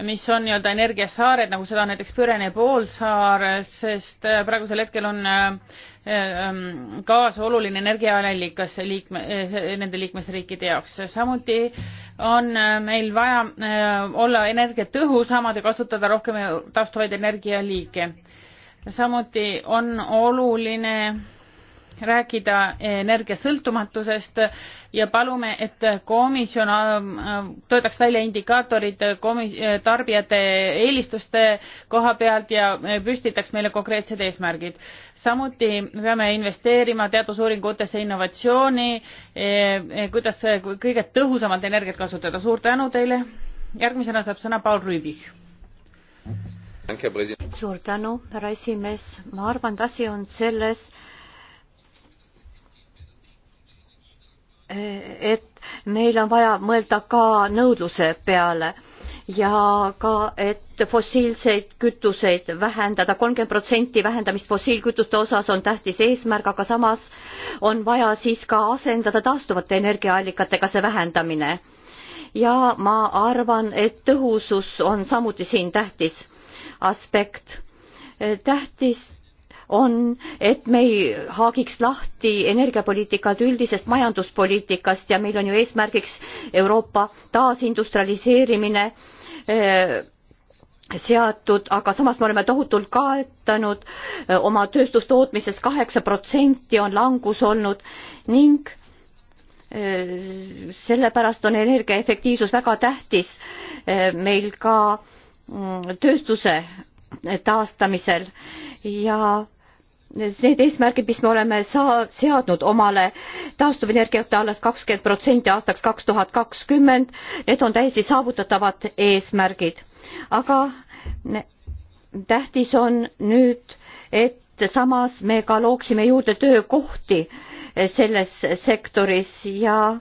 mis on nii-öelda energiasaared, nagu seda on näiteks Pürene poolsaar, sest äh, praegusel hetkel on äh, ähm, gaas oluline energiaallikas liikme, äh, nende liikmesriikide jaoks. samuti on meil vaja olla energiatõhusamad ja kasutada rohkem taastuvaid energialiike. samuti on oluline rääkida energiasõltumatusest ja palume, et komisjon äh, töötaks välja indikaatorid komis-, tarbijate eelistuste koha pealt ja äh, püstitaks meile konkreetsed eesmärgid. samuti peame investeerima teadusuuringutesse innovatsiooni, äh, kuidas kõige tõhusamalt energiat kasutada. suur tänu teile. järgmisena saab sõna Paul Rüübich suur tänu härra esimees ma arvan et asi on selles et meil on vaja mõelda ka nõudluse peale ja ka et fossiilseid kütuseid vähendada kolmkümmend protsenti vähendamist fossiilkütuste osas on tähtis eesmärk aga samas on vaja siis ka asendada taastuvate energiaallikatega see vähendamine ja ma arvan et tõhusus on samuti siin tähtis aspekt tähtis on, et me ei haagiks lahti energiapoliitikat üldisest majanduspoliitikast ja meil on ju eesmärgiks Euroopa taasindustrialiseerimine eh, seatud, aga samas me oleme tohutult kaetanud eh, oma tööstustootmises kaheksa protsenti on langus olnud ning eh, sellepärast on energiaefektiivsus väga tähtis meil ka mm, tööstuse taastamisel ja need eesmärgid mis me oleme saa- seadnud omale taastuvenergiate alles kakskümmend protsenti aastaks kaks tuhat kakskümmend need on täiesti saavutatavad eesmärgid aga tähtis on nüüd et samas me ka looksime juurde töökohti selles sektoris ja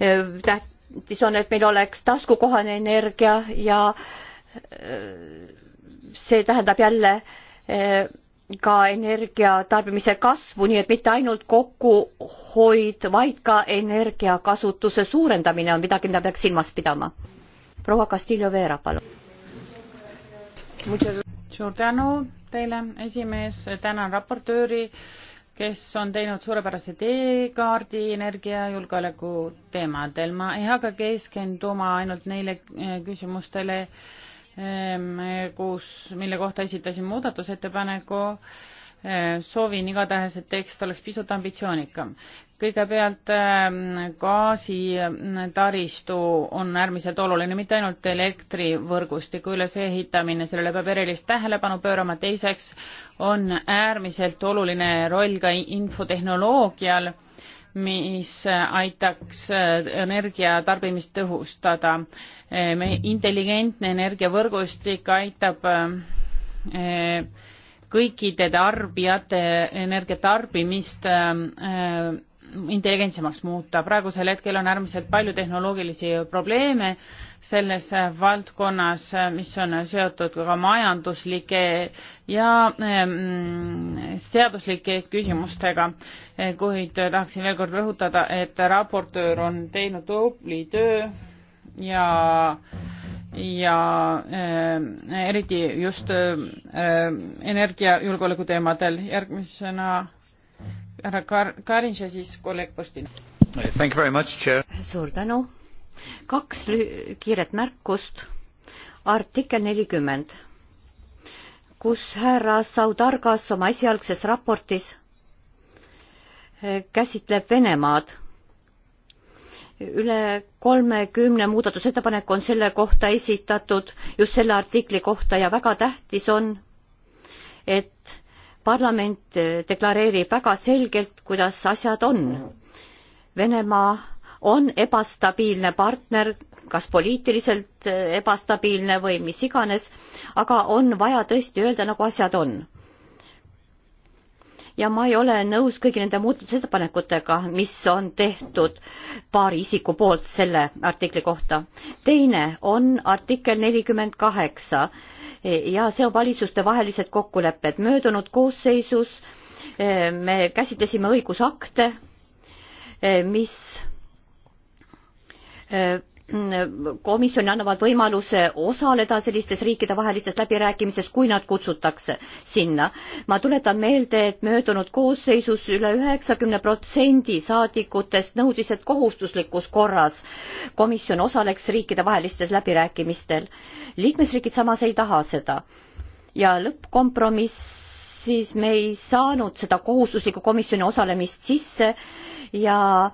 e, tähtis on et meil oleks taskukohane energia ja e, see tähendab jälle e, ka energiatarbimise kasvu, nii et mitte ainult kokkuhoid, vaid ka energiakasutuse suurendamine on midagi, mida peaks silmas pidama. proua Castillo Vera, palun. suur tänu teile, esimees, tänan raportööri, kes on teinud suurepärase teekaardi energiajulgeoleku teemadel. ma ei hakka keskenduma ainult neile eh, küsimustele äh,, Ehm, kus, mille kohta esitasin muudatusettepaneku. Ehm, soovin igatahes, et tekst oleks pisut ambitsioonikam. kõigepealt ehm, gaasitaristu mm, on äärmiselt oluline, mitte ainult elektrivõrgustiku ülesehitamine, sellele peab erilist tähelepanu pöörama, teiseks on äärmiselt oluline roll ka infotehnoloogial mis aitaks äh, energiatarbimist tõhustada. Äh, meie intelligentne energiavõrgustik aitab äh, kõikide tarbijate energiatarbimist intelligentsemaks muuta. praegusel hetkel on äärmiselt palju tehnoloogilisi probleeme selles valdkonnas, mis on seotud ka majanduslike ja ähm, seaduslike küsimustega. kuid tahaksin veel kord rõhutada, et raportöör on teinud tubli töö ja ja äh, eriti just äh, energiajulgeoleku teemadel. järgmisena härra Kar-, Karins ja siis kolleeg Postin. suur tänu. kaks kiiret märkust. artikkel nelikümmend, kus härra Saudargas oma esialgses raportis eh, käsitleb Venemaad üle kolmekümne muudatusettepaneku on selle kohta esitatud just selle artikli kohta ja väga tähtis on et parlament eh, deklareerib väga selgelt, kuidas asjad on. Venemaa on ebastabiilne partner, kas poliitiliselt eh, ebastabiilne või mis iganes, aga on vaja tõesti öelda, nagu asjad on. ja ma ei ole nõus kõigi nende muudatusettepanekutega, mis on tehtud paari isiku poolt selle artikli kohta. teine on artikkel nelikümmend kaheksa ja see on valitsustevahelised kokkulepped. möödunud koosseisus eh, me käsitlesime õigusakte, eh, mis eh, komisjoni annavad võimaluse osaleda sellistes riikidevahelistes läbirääkimistes, kui nad kutsutakse sinna. ma tuletan meelde, et möödunud koosseisus üle üheksakümne protsendi saadikutest nõudis, et kohustuslikus korras komisjon osaleks riikidevahelistes läbirääkimistel. liikmesriigid samas ei taha seda ja lõppkompromissis me ei saanud seda kohustuslikku komisjoni osalemist sisse ja äh,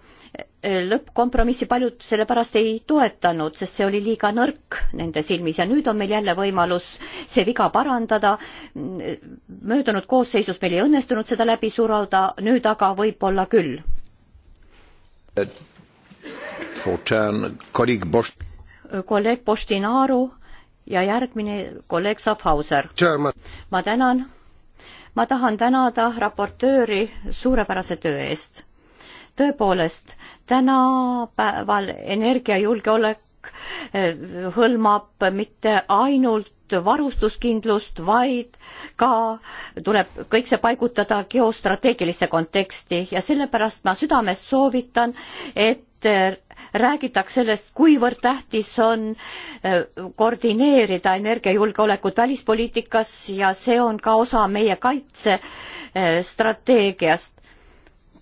lõppkompromissi paljud sellepärast ei toetanud, sest see oli liiga nõrk nende silmis ja nüüd on meil jälle võimalus see viga parandada. möödunud koosseisus meil ei õnnestunud seda läbi suruda, nüüd aga võib-olla küll. kolleeg Postinaru ja järgmine kolleeg Schaffhauser. ma tänan. ma tahan tänada raportööri suurepärase töö eest tõepoolest, tänapäeval energiajulgeolek eh, hõlmab mitte ainult varustuskindlust, vaid ka tuleb kõik see paigutada geostrateegilisse konteksti ja sellepärast ma südamest soovitan, et eh, räägitaks sellest, kuivõrd tähtis on eh, koordineerida energiajulgeolekut välispoliitikas ja see on ka osa meie kaitsestrateegiast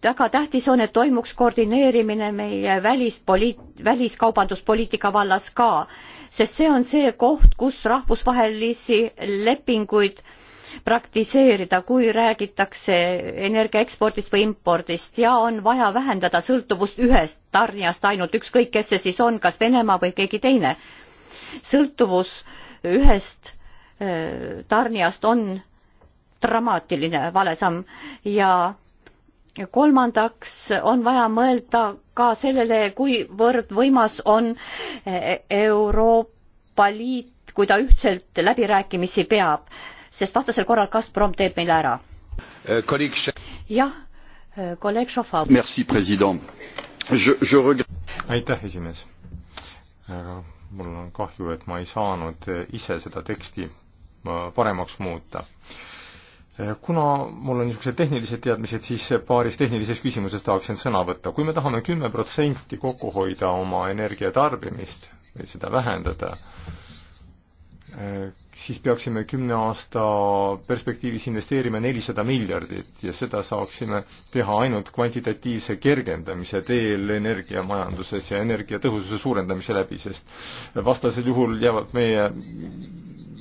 väga tähtis on, et toimuks koordineerimine meie välispoliit-, väliskaubanduspoliitika vallas ka, sest see on see koht, kus rahvusvahelisi lepinguid praktiseerida, kui räägitakse energia ekspordist või impordist ja on vaja vähendada sõltuvust ühest tarnijast ainult, ükskõik kes see siis on, kas Venemaa või keegi teine. sõltuvus ühest äh, tarnijast on dramaatiline valesamm ja kolmandaks on vaja mõelda ka sellele, kuivõrd võimas on eh, Euroopa Liit, kui ta ühtselt läbirääkimisi peab, sest vastasel korral Gazprom teeb meile ära. Eh, jah, kolleeg eh, Šofov. aitäh, esimees. mul on kahju, et ma ei saanud ise seda teksti paremaks muuta Eh, kuna mul on niisugused tehnilised teadmised, siis paaris tehnilises küsimuses tahaksin sõna võtta. kui me tahame kümme protsenti kokku hoida oma energiatarbimist või seda vähendada, eh, siis peaksime kümne aasta perspektiivis investeerima nelisada miljardit ja seda saaksime teha ainult kvantitatiivse kergendamise teel energiamajanduses ja energiatõhususe suurendamise läbi, sest vastasel juhul jäävad meie,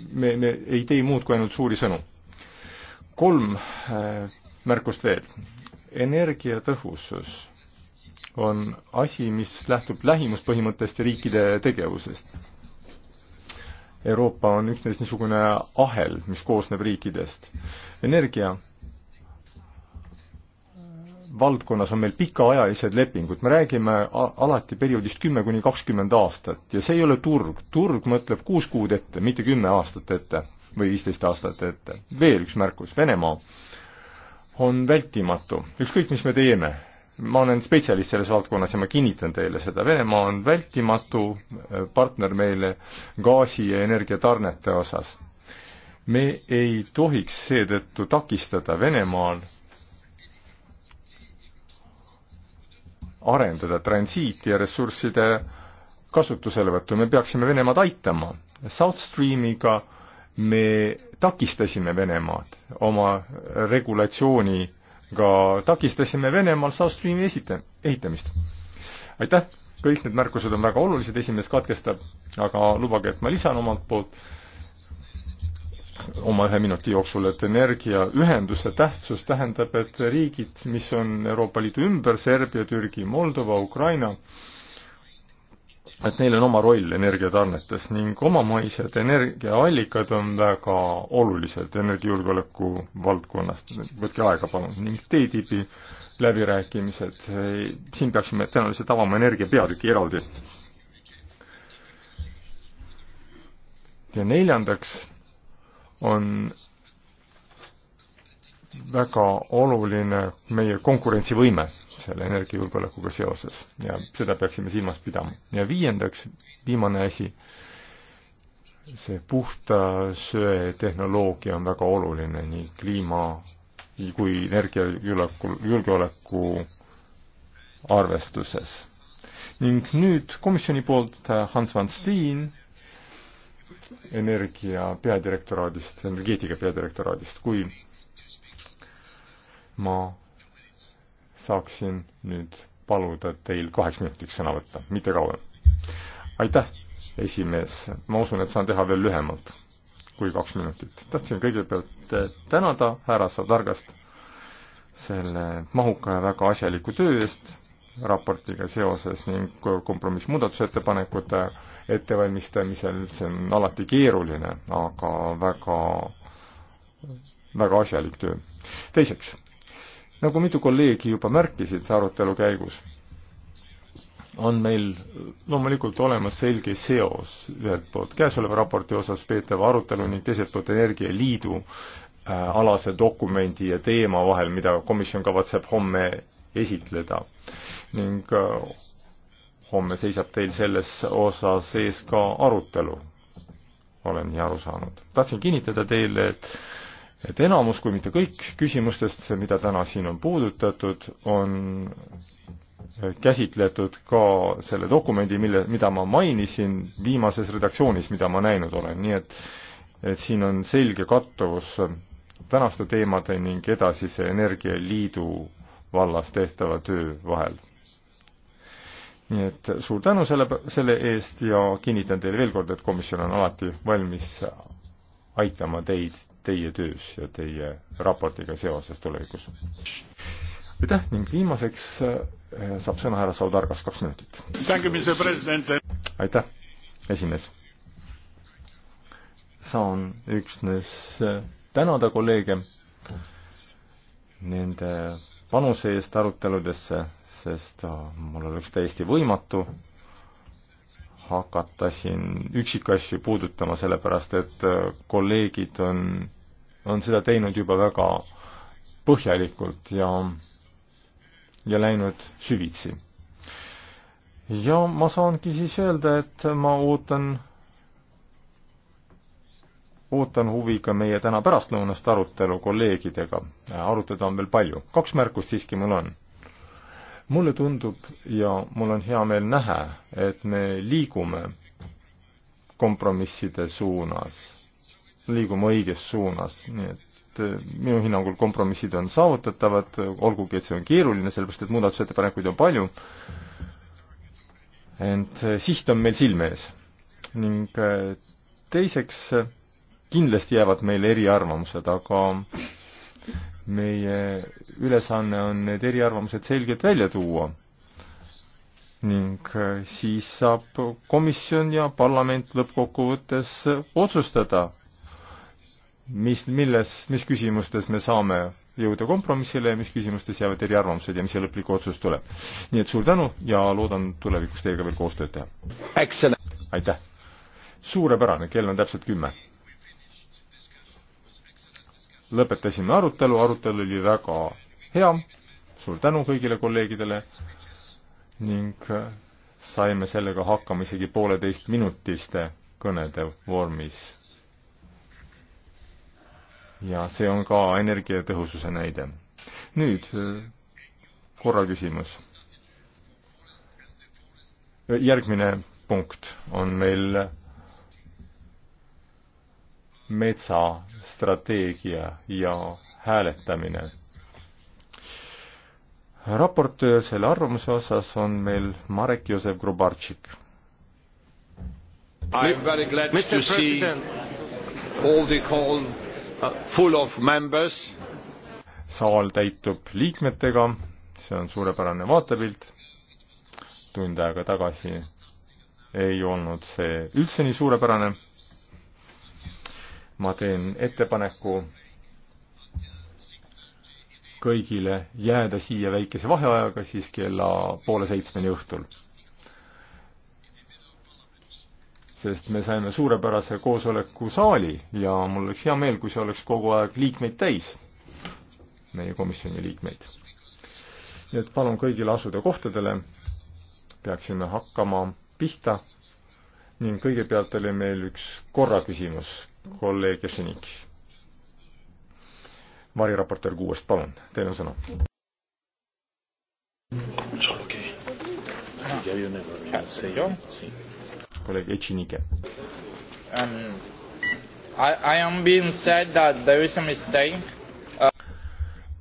me, me ei tee muud kui ainult suuri sõnu kolm äh, märkust veel. energiatõhusus on asi, mis lähtub lähimuspõhimõttest ja riikide tegevusest. Euroopa on üksnes niisugune ahel, mis koosneb riikidest. energia valdkonnas on meil pikaajalised lepingud, me räägime alati perioodist kümme kuni kakskümmend aastat ja see ei ole turg, turg mõtleb kuus kuud ette, mitte kümme aastat ette või viisteist aastat ette. veel üks märkus, Venemaa on vältimatu, ükskõik mis me teeme, ma olen spetsialist selles valdkonnas ja ma kinnitan teile seda, Venemaa on vältimatu äh, partner meile gaasi ja energiatarnete osas. me ei tohiks seetõttu takistada Venemaal arendada transiiti ja ressursside kasutuselevõttu, me peaksime Venemaad aitama. South Streamiga äh, me takistasime Venemaad oma regulatsiooniga, takistasime Venemaal South Streami esita-, ehitamist. aitäh, kõik need märkused on väga olulised, esimees katkestab, aga lubage, et ma lisan omalt poolt oma ühe minuti jooksul, et energiaühenduse tähtsus tähendab, et riigid, mis on Euroopa Liidu ümber, Serbia, Türgi, Moldova, Ukraina, et neil on oma roll energiatarnetes ning omamaised energiaallikad on väga olulised energiajulgeoleku valdkonnast. võtke aega, palun. ning TTIP-i läbirääkimised, siin peaksime tõenäoliselt avama energia peatüki eraldi. ja neljandaks on väga oluline meie konkurentsivõime selle energiajulgeolekuga seoses ja seda peaksime silmas pidama. ja viiendaks, viimane asi, see puhta söe tehnoloogia on väga oluline nii kliima kui energiajulgeoleku, julgeoleku arvestuses. ning nüüd komisjoni poolt äh, Hans van Steen energia peadirektoraadist, energeetika peadirektoraadist, kui ma saaksin nüüd paluda teil kaheks minutiks sõna võtta, mitte kauem. aitäh, esimees, ma usun, et saan teha veel lühemalt kui kaks minutit. tahtsin kõigepealt eh, tänada härra Sadargast selle mahuka ja väga asjaliku töö eest raportiga seoses ning kompromissmuudatusettepanekute ettevalmistamisel, see on alati keeruline, aga väga, väga asjalik töö. teiseks nagu mitu kolleegi juba märkisid arutelu käigus, on meil loomulikult olemas selge seos ühelt poolt käesoleva raporti osas peetava arutelu ning teiselt poolt Energialiidu äh, alase dokumendi ja teema vahel, mida komisjon kavatseb homme esitleda. ning äh, homme seisab teil selles osas ees ka arutelu, olen nii aru saanud. tahtsin kinnitada teile, et et enamus, kui mitte kõik küsimustest, mida täna siin on puudutatud, on käsitletud ka selle dokumendi, mille, mida ma mainisin viimases redaktsioonis, mida ma näinud olen, nii et et siin on selge kattuvus tänaste teemade ning edasise Energialiidu vallas tehtava töö vahel. nii et suur tänu selle, selle eest ja kinnitan teile veel kord, et komisjon on alati valmis aitama teid teie töös ja teie raportiga seoses tulevikus. aitäh ning viimaseks eh, saab sõna härra Saudargas, kaks minutit. aitäh, esimees. saan üksnes eh, tänada kolleege nende panuse eest aruteludesse, sest eh, mul oleks täiesti võimatu hakata siin üksikasju puudutama, sellepärast et kolleegid on on seda teinud juba väga põhjalikult ja, ja läinud süvitsi. ja ma saangi siis öelda, et ma ootan, ootan huviga meie täna pärastlõunast arutelu kolleegidega. arutada on veel palju, kaks märkust siiski mul on mulle tundub ja mul on hea meel näha, et me liigume kompromisside suunas liigume õiges suunas, nii et eh, minu hinnangul kompromissid on saavutatavad, olgugi et see on keeruline, sellepärast et muudatusettepanekuid on palju, ent eh, siht on meil silme ees. ning eh, teiseks, kindlasti jäävad meil eriarvamused, aga meie ülesanne on need eriarvamused selgelt välja tuua ning siis saab komisjon ja parlament lõppkokkuvõttes otsustada, mis, milles, mis küsimustes me saame jõuda kompromissile ja mis küsimustes jäävad eriarvamused ja mis see lõplik otsus tuleb. nii et suur tänu ja loodan tulevikus teiega veel koostööd teha. aitäh! suurepärane, kell on täpselt kümme. lõpetasime arutelu, arutelu oli väga hea, suur tänu kõigile kolleegidele ning äh, saime sellega hakkama isegi pooleteistminutiste kõnede vormis ja see on ka energiatõhususe näide. nüüd korra küsimus. järgmine punkt on meil metsastrateegia ja hääletamine. raportöör selle arvamuse osas on meil Marek Josef Grubartšik. I am very glad Mr. to President. see all the call full of members. saal täitub liikmetega, see on suurepärane vaatepilt. tund aega tagasi ei olnud see üldse nii suurepärane. ma teen ettepaneku kõigile jääda siia väikese vaheajaga siis kella poole seitsmeni õhtul sest me saime suurepärase koosolekusaali ja mul oleks hea meel, kui see oleks kogu aeg liikmeid täis, meie komisjoni liikmeid. nii et palun kõigil asuda kohtadele, peaksime hakkama pihta ning kõigepealt oli meil üks korraküsimus, kolleeg Jesenik. variraportöör kuuest, palun, teil on sõna. Solo che. Ah. Io ne vorrei. Grazie. Sì kolleeg Etšinike um,. I, I am being said that there is a mistake uh....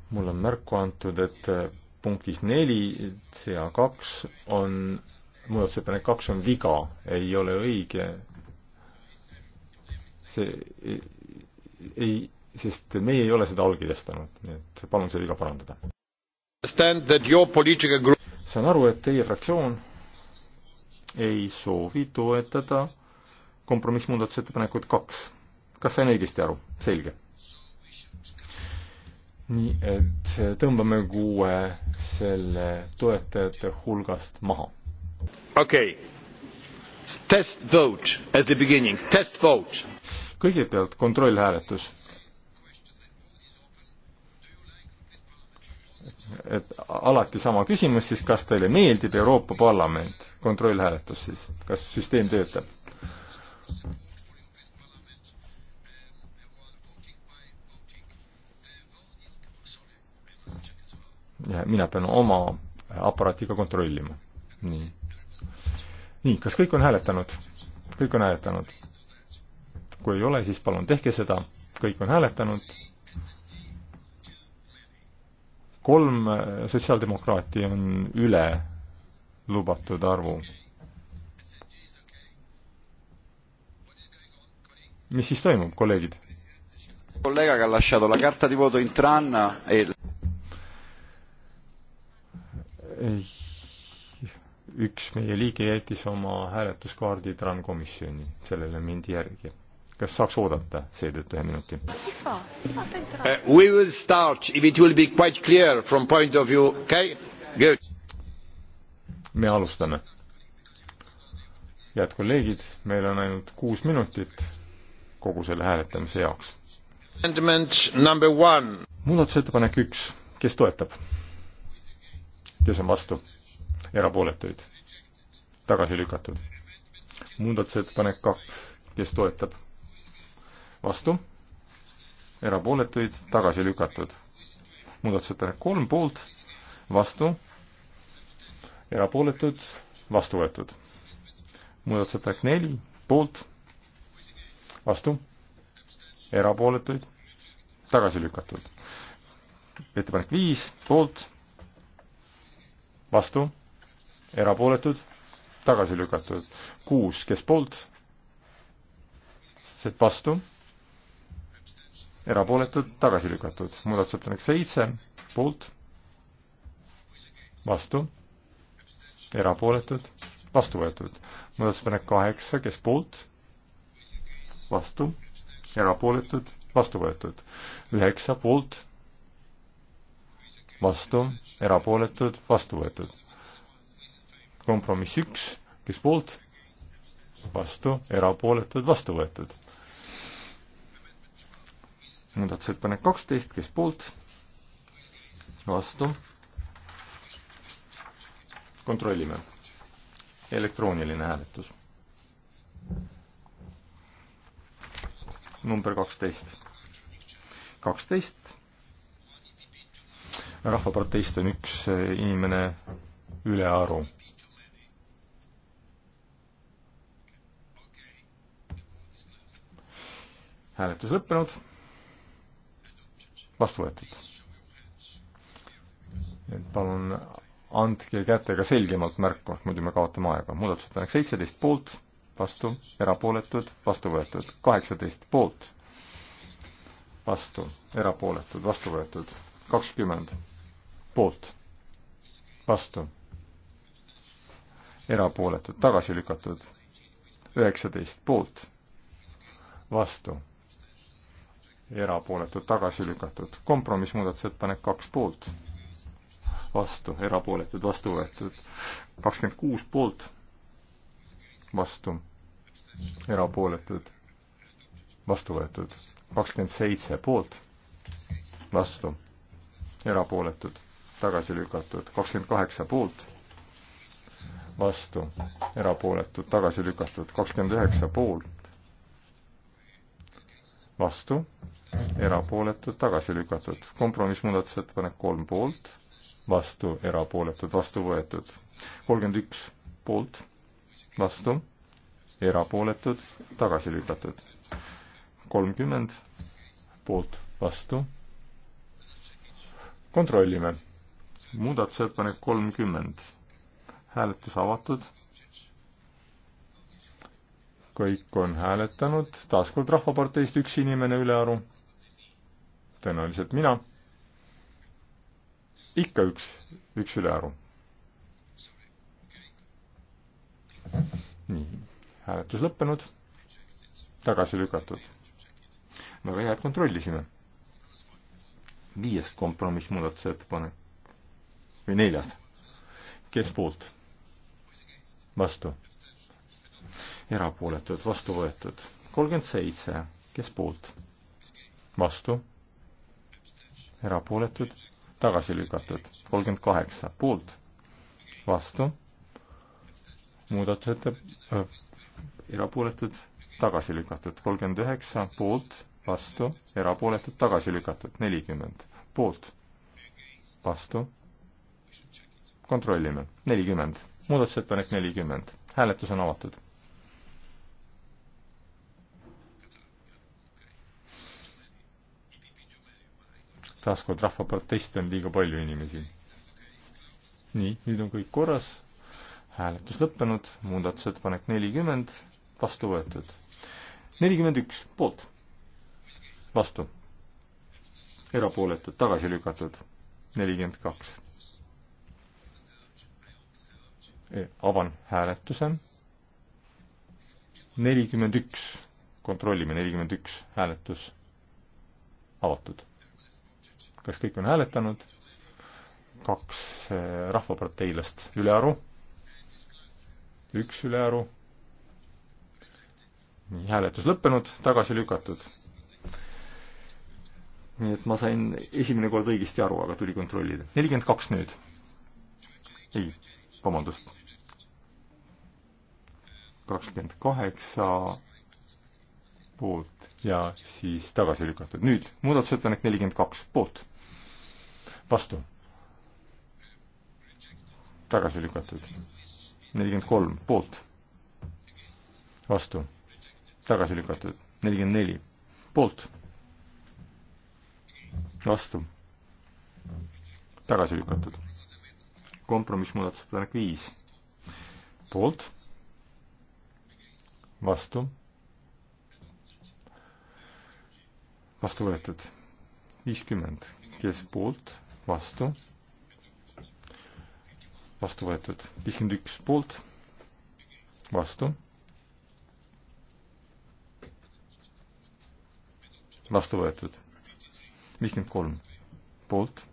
mul on märku antud, et äh, punktis neli, CA kaks on, muudatusettepanek kaks on viga, ei ole õige. see ei, sest meie ei ole seda allkirjastanud, nii et palun see viga parandada. saan aru, et teie fraktsioon ei soovi toetada kompromissmuudatusettepanekut kaks. kas sain õigesti aru? selge. nii et tõmbame kuue selle toetajate hulgast maha. okei okay test vote at the beginning test vote kõigepealt kontrollhääletus et alati sama küsimus siis kas teile meeldib Euroopa Parlament kontrollhääletus siis, kas süsteem töötab. ja mina pean oma aparaatiga kontrollima. nii. nii, kas kõik on hääletanud? kõik on hääletanud? kui ei ole, siis palun tehke seda, kõik on hääletanud. kolm äh, sotsiaaldemokraati on üle lubatud arvu. mis siis toimub, kolleegid? kolleega, kes lasciato la carta di voto in tran e üks meie liige jättis oma hääletuskaardi tran komisjoni, sellele mindi järgi. kas saaks oodata seetõttu ühe minuti? Eh, we will start if it will be quite clear from point of view, okay? Good me alustame. head kolleegid, meil on ainult kuus minutit kogu selle hääletamise jaoks. muudatusettepanek üks, kes toetab? kes on vastu? erapooletuid? tagasi lükatud. muudatusettepanek kaks, kes toetab? vastu? erapooletuid tagasi lükatud. muudatusettepanek kolm poolt, vastu erapooletud, vastu võetud. muudatusettepanek neli, poolt, vastu, erapooletuid, tagasi lükatud. ettepanek viis, poolt, vastu, erapooletud, tagasi lükatud. kuus, kes poolt, vastu, erapooletud, tagasi lükatud. muudatusettepanek seitse, poolt, vastu erapooletud, vastu võetud. muudatusettepanek kaheksa, kes poolt, vastu, erapooletud, vastu võetud. üheksa poolt, vastu, erapooletud, vastu võetud. kompromiss üks, kes poolt, vastu, erapooletud, vastu võetud. muudatusettepanek kaksteist, kes poolt, vastu kontrollime. elektrooniline hääletus. number kaksteist. kaksteist. rahvaproteist on üks eh, inimene ülearu. hääletus lõppenud. vastu võetud. et palun andke kätega selgemalt märku, muidu me kaotame aega. muudatusettepanek seitseteist poolt, vastu, erapooletud, vastu võetud. kaheksateist poolt, vastu, erapooletud, vastu võetud. kakskümmend poolt, vastu, erapooletud, tagasi lükatud. üheksateist poolt, vastu, erapooletud, tagasi lükatud. kompromissmuudatusettepanek kaks poolt vastu, erapooletud, vastu võetud. kakskümmend kuus poolt, vastu, erapooletud, vastu võetud. kakskümmend seitse poolt, vastu, erapooletud, tagasi lükatud. kakskümmend kaheksa poolt, vastu, erapooletud, tagasi lükatud. kakskümmend üheksa poolt, vastu, erapooletud, tagasi lükatud. kompromissmuudatusettepanek kolm poolt vastu, erapooletud, vastu võetud. kolmkümmend üks poolt, vastu, erapooletud, tagasi lükatud. kolmkümmend poolt, vastu. kontrollime. muudatusettepanek kolmkümmend. hääletus avatud. kõik on hääletanud, taaskord Rahvaparteist üks inimene ülearu. tõenäoliselt mina ikka üks, üks ülearu. nii, hääletus lõppenud, tagasi lükatud. väga hea, et kontrollisime. viies kompromiss muudatusettepanek või neljas. kes poolt? vastu. erapooletud, vastu võetud. kolmkümmend seitse, kes poolt? vastu. erapooletud tagasi lükatud. kolmkümmend kaheksa poolt, vastu, muudatusete äh,, erapooletud, tagasi lükatud. kolmkümmend üheksa poolt, vastu, erapooletud, tagasi lükatud. nelikümmend poolt, vastu, kontrollime. nelikümmend, muudatusettepanek nelikümmend, hääletus on avatud taaskord rahvaproteste on liiga palju inimesi. nii, nüüd on kõik korras, hääletus lõppenud, muudatusettepanek nelikümmend, vastu võetud. nelikümmend üks, poolt, vastu, erapooletud, tagasi lükatud, nelikümmend kaks. E, avan hääletuse, nelikümmend üks, kontrollime, nelikümmend üks, hääletus avatud kas kõik on hääletanud? kaks eh, rahvaparteilast ülearu, üks ülearu. nii, hääletus lõppenud, tagasi lükatud. nii et ma sain esimene kord õigesti aru, aga tuli kontrollida. nelikümmend kaks nüüd. ei, vabandust. kakskümmend kaheksa poolt ja siis tagasi lükatud. nüüd muudatusettepanek nelikümmend kaks poolt vastu. tagasi lükatud. nelikümmend kolm poolt, vastu, tagasi lükatud. nelikümmend neli poolt, vastu, tagasi lükatud. kompromissmuudatusettepanek viis poolt, vastu, vastu võetud viiskümmend, kes poolt, vastu, vastu võetud viiskümmend üks poolt, vastu, vastu võetud viiskümmend kolm poolt,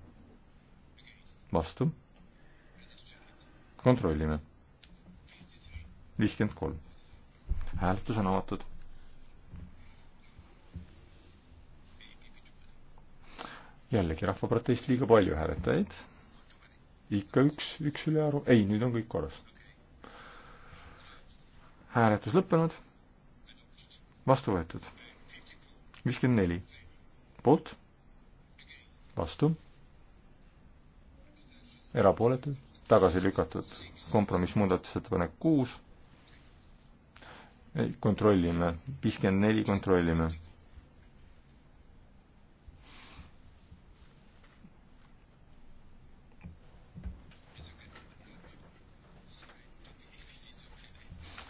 vastu, kontrollime, viiskümmend kolm, hääletus on avatud jällegi rahvaprotest liiga palju hääletajaid. ikka üks, üks ülearu, ei, nüüd on kõik korras. hääletus lõppenud. vastu võetud. viiskümmend neli poolt, vastu, erapooletud, tagasi lükatud, kompromissmuudatusettepanek kuus. kontrollime, viiskümmend neli kontrollime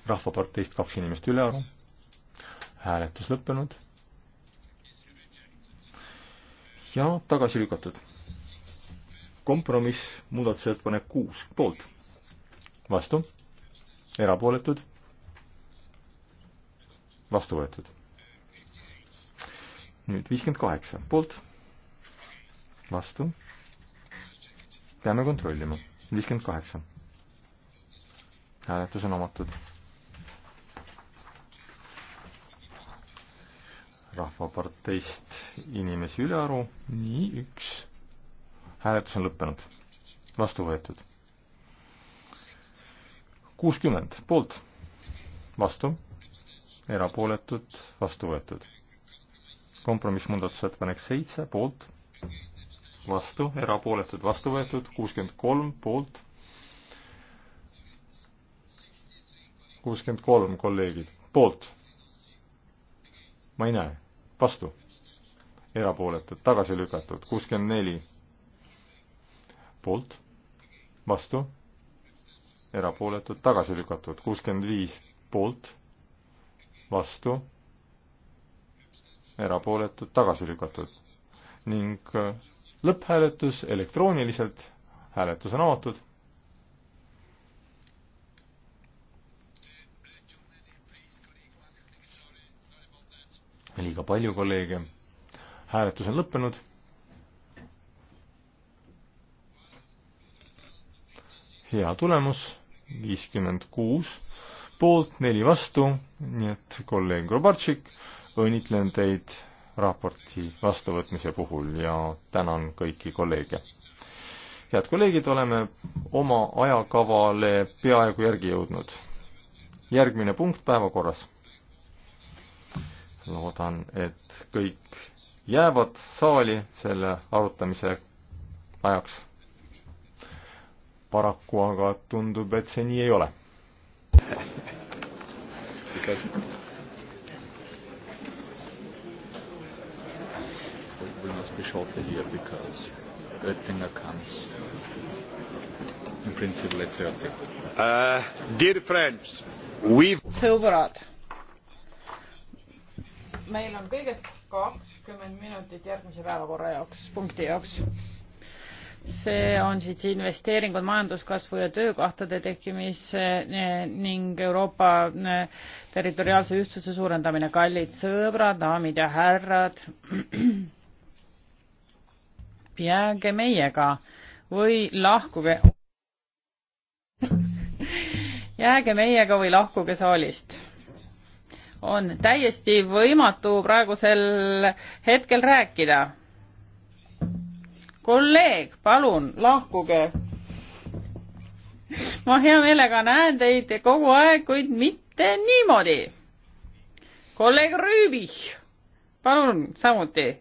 Rahvaparteist kaks inimest ülearu. hääletus lõppenud. ja tagasi lükatud. kompromiss, muudatusettepanek kuus, poolt, vastu, erapooletud, vastu võetud nüüd viiskümmend kaheksa poolt, vastu, peame kontrollima, viiskümmend kaheksa. hääletus on avatud Rahvaparteist inimesi ülearu. nii, üks. hääletus on lõppenud. vastu võetud. kuuskümmend poolt, vastu, erapooletud, vastu võetud. kompromissmuudatusettepanek seitse poolt, vastu, erapooletud, vastu võetud, kuuskümmend kolm poolt kuuskümmend kolm kolleegid, poolt. ma ei näe vastu, erapooletud, tagasi lükatud, kuuskümmend neli poolt, vastu, erapooletud, tagasi lükatud, kuuskümmend viis poolt, vastu, erapooletud, tagasi lükatud ning äh, lõpphääletus elektrooniliselt, hääletus on avatud liiga palju kolleege. hääletus on lõppenud. hea tulemus, viiskümmend kuus poolt, neli vastu, nii et kolleeg Grobartšik, õnnitlen teid raporti vastuvõtmise puhul ja tänan kõiki kolleege. head kolleegid, oleme oma ajakavale peaaegu järgi jõudnud. järgmine punkt päevakorras loodan, et kõik jäävad saali selle arutamise ajaks. paraku aga tundub, et see nii ei ole. Because we must be shortly here because Oettinger comes in principle at 30. Uh, dear friends, we've... sõbrad meil on kõigest kakskümmend minutit järgmise päevakorra jaoks, punkti jaoks. see on siis investeeringud majanduskasvu ja töökohtade tekkimisse eh, ning Euroopa eh, territoriaalse ühtsuse suurendamine. kallid sõbrad, daamid ja härrad, jääge meiega või lahkuge jääge meiega või lahkuge saalist on täiesti võimatu praegusel hetkel rääkida. kolleeg, palun lahkuge. ma hea meelega näen teid kogu aeg, kuid mitte niimoodi. kolleeg Rüübich, palun samuti.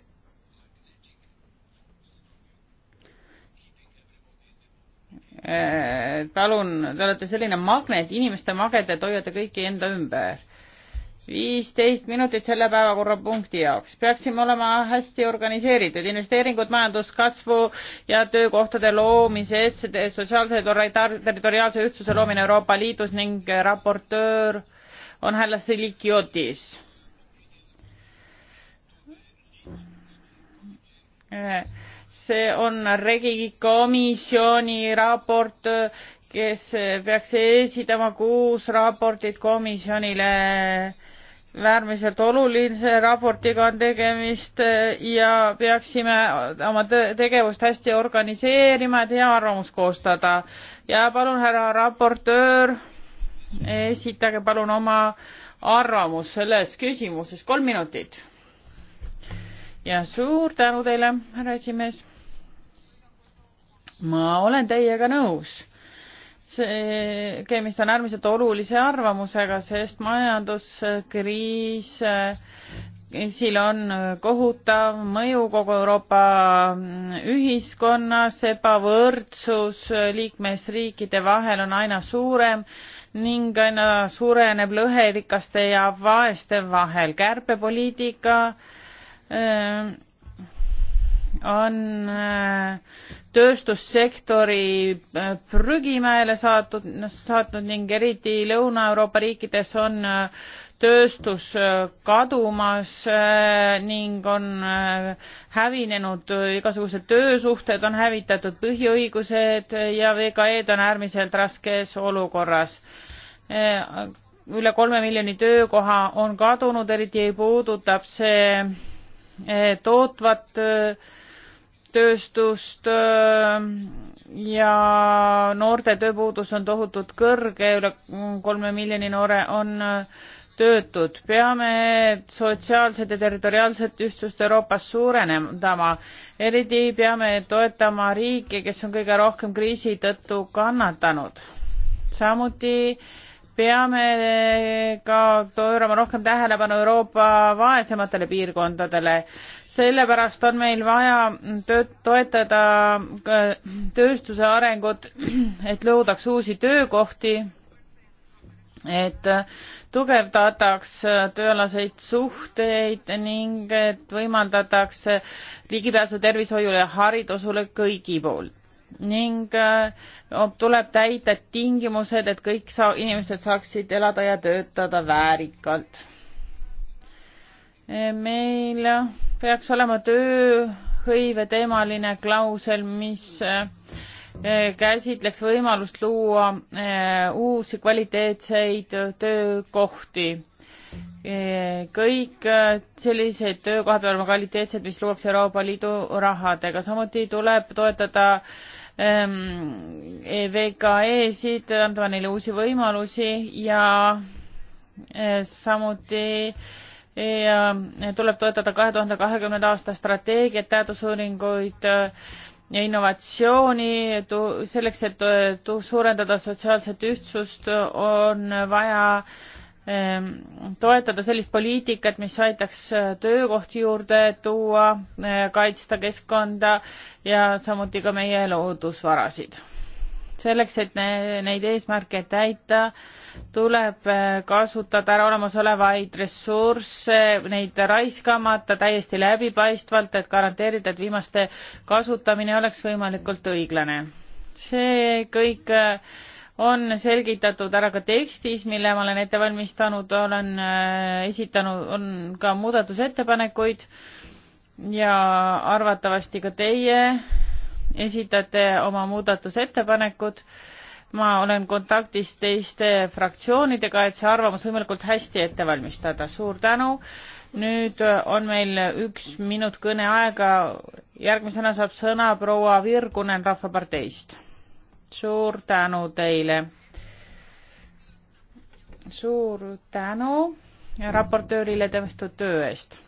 Äh, palun, te olete selline magnet, inimeste magnet, et hoiate kõiki enda ümber viisteist minutit selle päevakorrapunkti jaoks. peaksime olema hästi organiseeritud, investeeringud majanduskasvu ja töökohtade loomisesse, sotsiaalse territoriaalse ühtsuse loomine Euroopa Liidus ning raportöör on Hällas Relikiotis. see on regikomisjoni raport kes peaks esitama kuus raportit komisjonile äh, äärmiselt olulise raportiga on tegemist äh, ja peaksime oma tegevust hästi organiseerima, et hea arvamus koostada. ja palun, härra raportöör, esitage palun oma arvamus selles küsimuses, kolm minutit. ja suur tänu teile, härra esimees. ma olen teiega nõus see, mis on äärmiselt olulise arvamusega, sest majanduskriis kriisil eh, on kohutav mõju kogu Euroopa mm, ühiskonnas, ebavõrdsus eh, liikmesriikide vahel on aina suurem ning aina suureneb lõhe rikaste ja vaeste vahel. kärpepoliitika eh, on äh, tööstussektori äh, prügimäele saatud, noh, saatnud ning eriti Lõuna-Euroopa riikides on äh, tööstus äh, kadumas ning on hävinenud igasugused töösuhted, on hävitatud põhiõigused ja VKE-d on äärmiselt raskes olukorras üle kolme miljoni töökoha on kadunud, eriti puudutab see tootvat äh, tööstust ähm, ja noorte tööpuudus on tohutult kõrge, üle kolme miljoni noore on äh, töötud. peame sotsiaalset ja territoriaalset ühtsust Euroopas suurenema, eriti peame toetama riike, kes on kõige rohkem kriisi tõttu kannatanud. samuti äh, peame ka pöörama rohkem tähelepanu Euroopa vaesematele piirkondadele. sellepärast on meil vaja tööd, toetada äh, tööstuse arengut, et loodaks uusi töökohti, et tugevdataks tööalaseid suhteid ning et võimaldatakse ligipääsu tervishoiule ja haridusele kõigi poolt ning äh, tuleb täita tingimused, et kõik saa, inimesed saaksid elada ja töötada väärikalt. Äh, meil peaks olema tööhõive teemaline klausel, mis äh, käsitleks võimalust luua uusi kvaliteetseid töökohti. kõik sellised töökohad peavad olema kvaliteetsed, mis luuakse Euroopa Liidu rahadega, samuti tuleb toetada äh, Ehm, e VKE-sid, andma neile uusi võimalusi ja eh, samuti eh, ja tuleb toetada kahe tuhande kahekümnenda aasta strateegiat, teadusuuringuid eh, ja innovatsiooni, selleks, et suurendada sotsiaalset ühtsust, on vaja Ehm, toetada sellist poliitikat, mis aitaks äh, töökohti juurde tuua, äh, kaitsta keskkonda ja samuti ka meie loodusvarasid. selleks, et ne, neid eesmärke täita, tuleb äh, kasutada ära olemasolevaid ressursse, neid raiskamata täiesti läbipaistvalt, et garanteerida, et viimaste kasutamine oleks võimalikult õiglane. see kõik äh, on selgitatud ära ka tekstis, mille ma olen ette valmistanud, olen äh, esitanud, on ka muudatusettepanekuid ja arvatavasti ka teie esitate oma muudatusettepanekud. ma olen kontaktis teiste fraktsioonidega, et see arvamus võimalikult hästi ette valmistada. suur tänu. nüüd on meil üks minut kõneaega. järgmisena saab sõna proua Virgunen Rahvaparteist suur tänu teile. suur tänu raportöörile tehtud töö eest.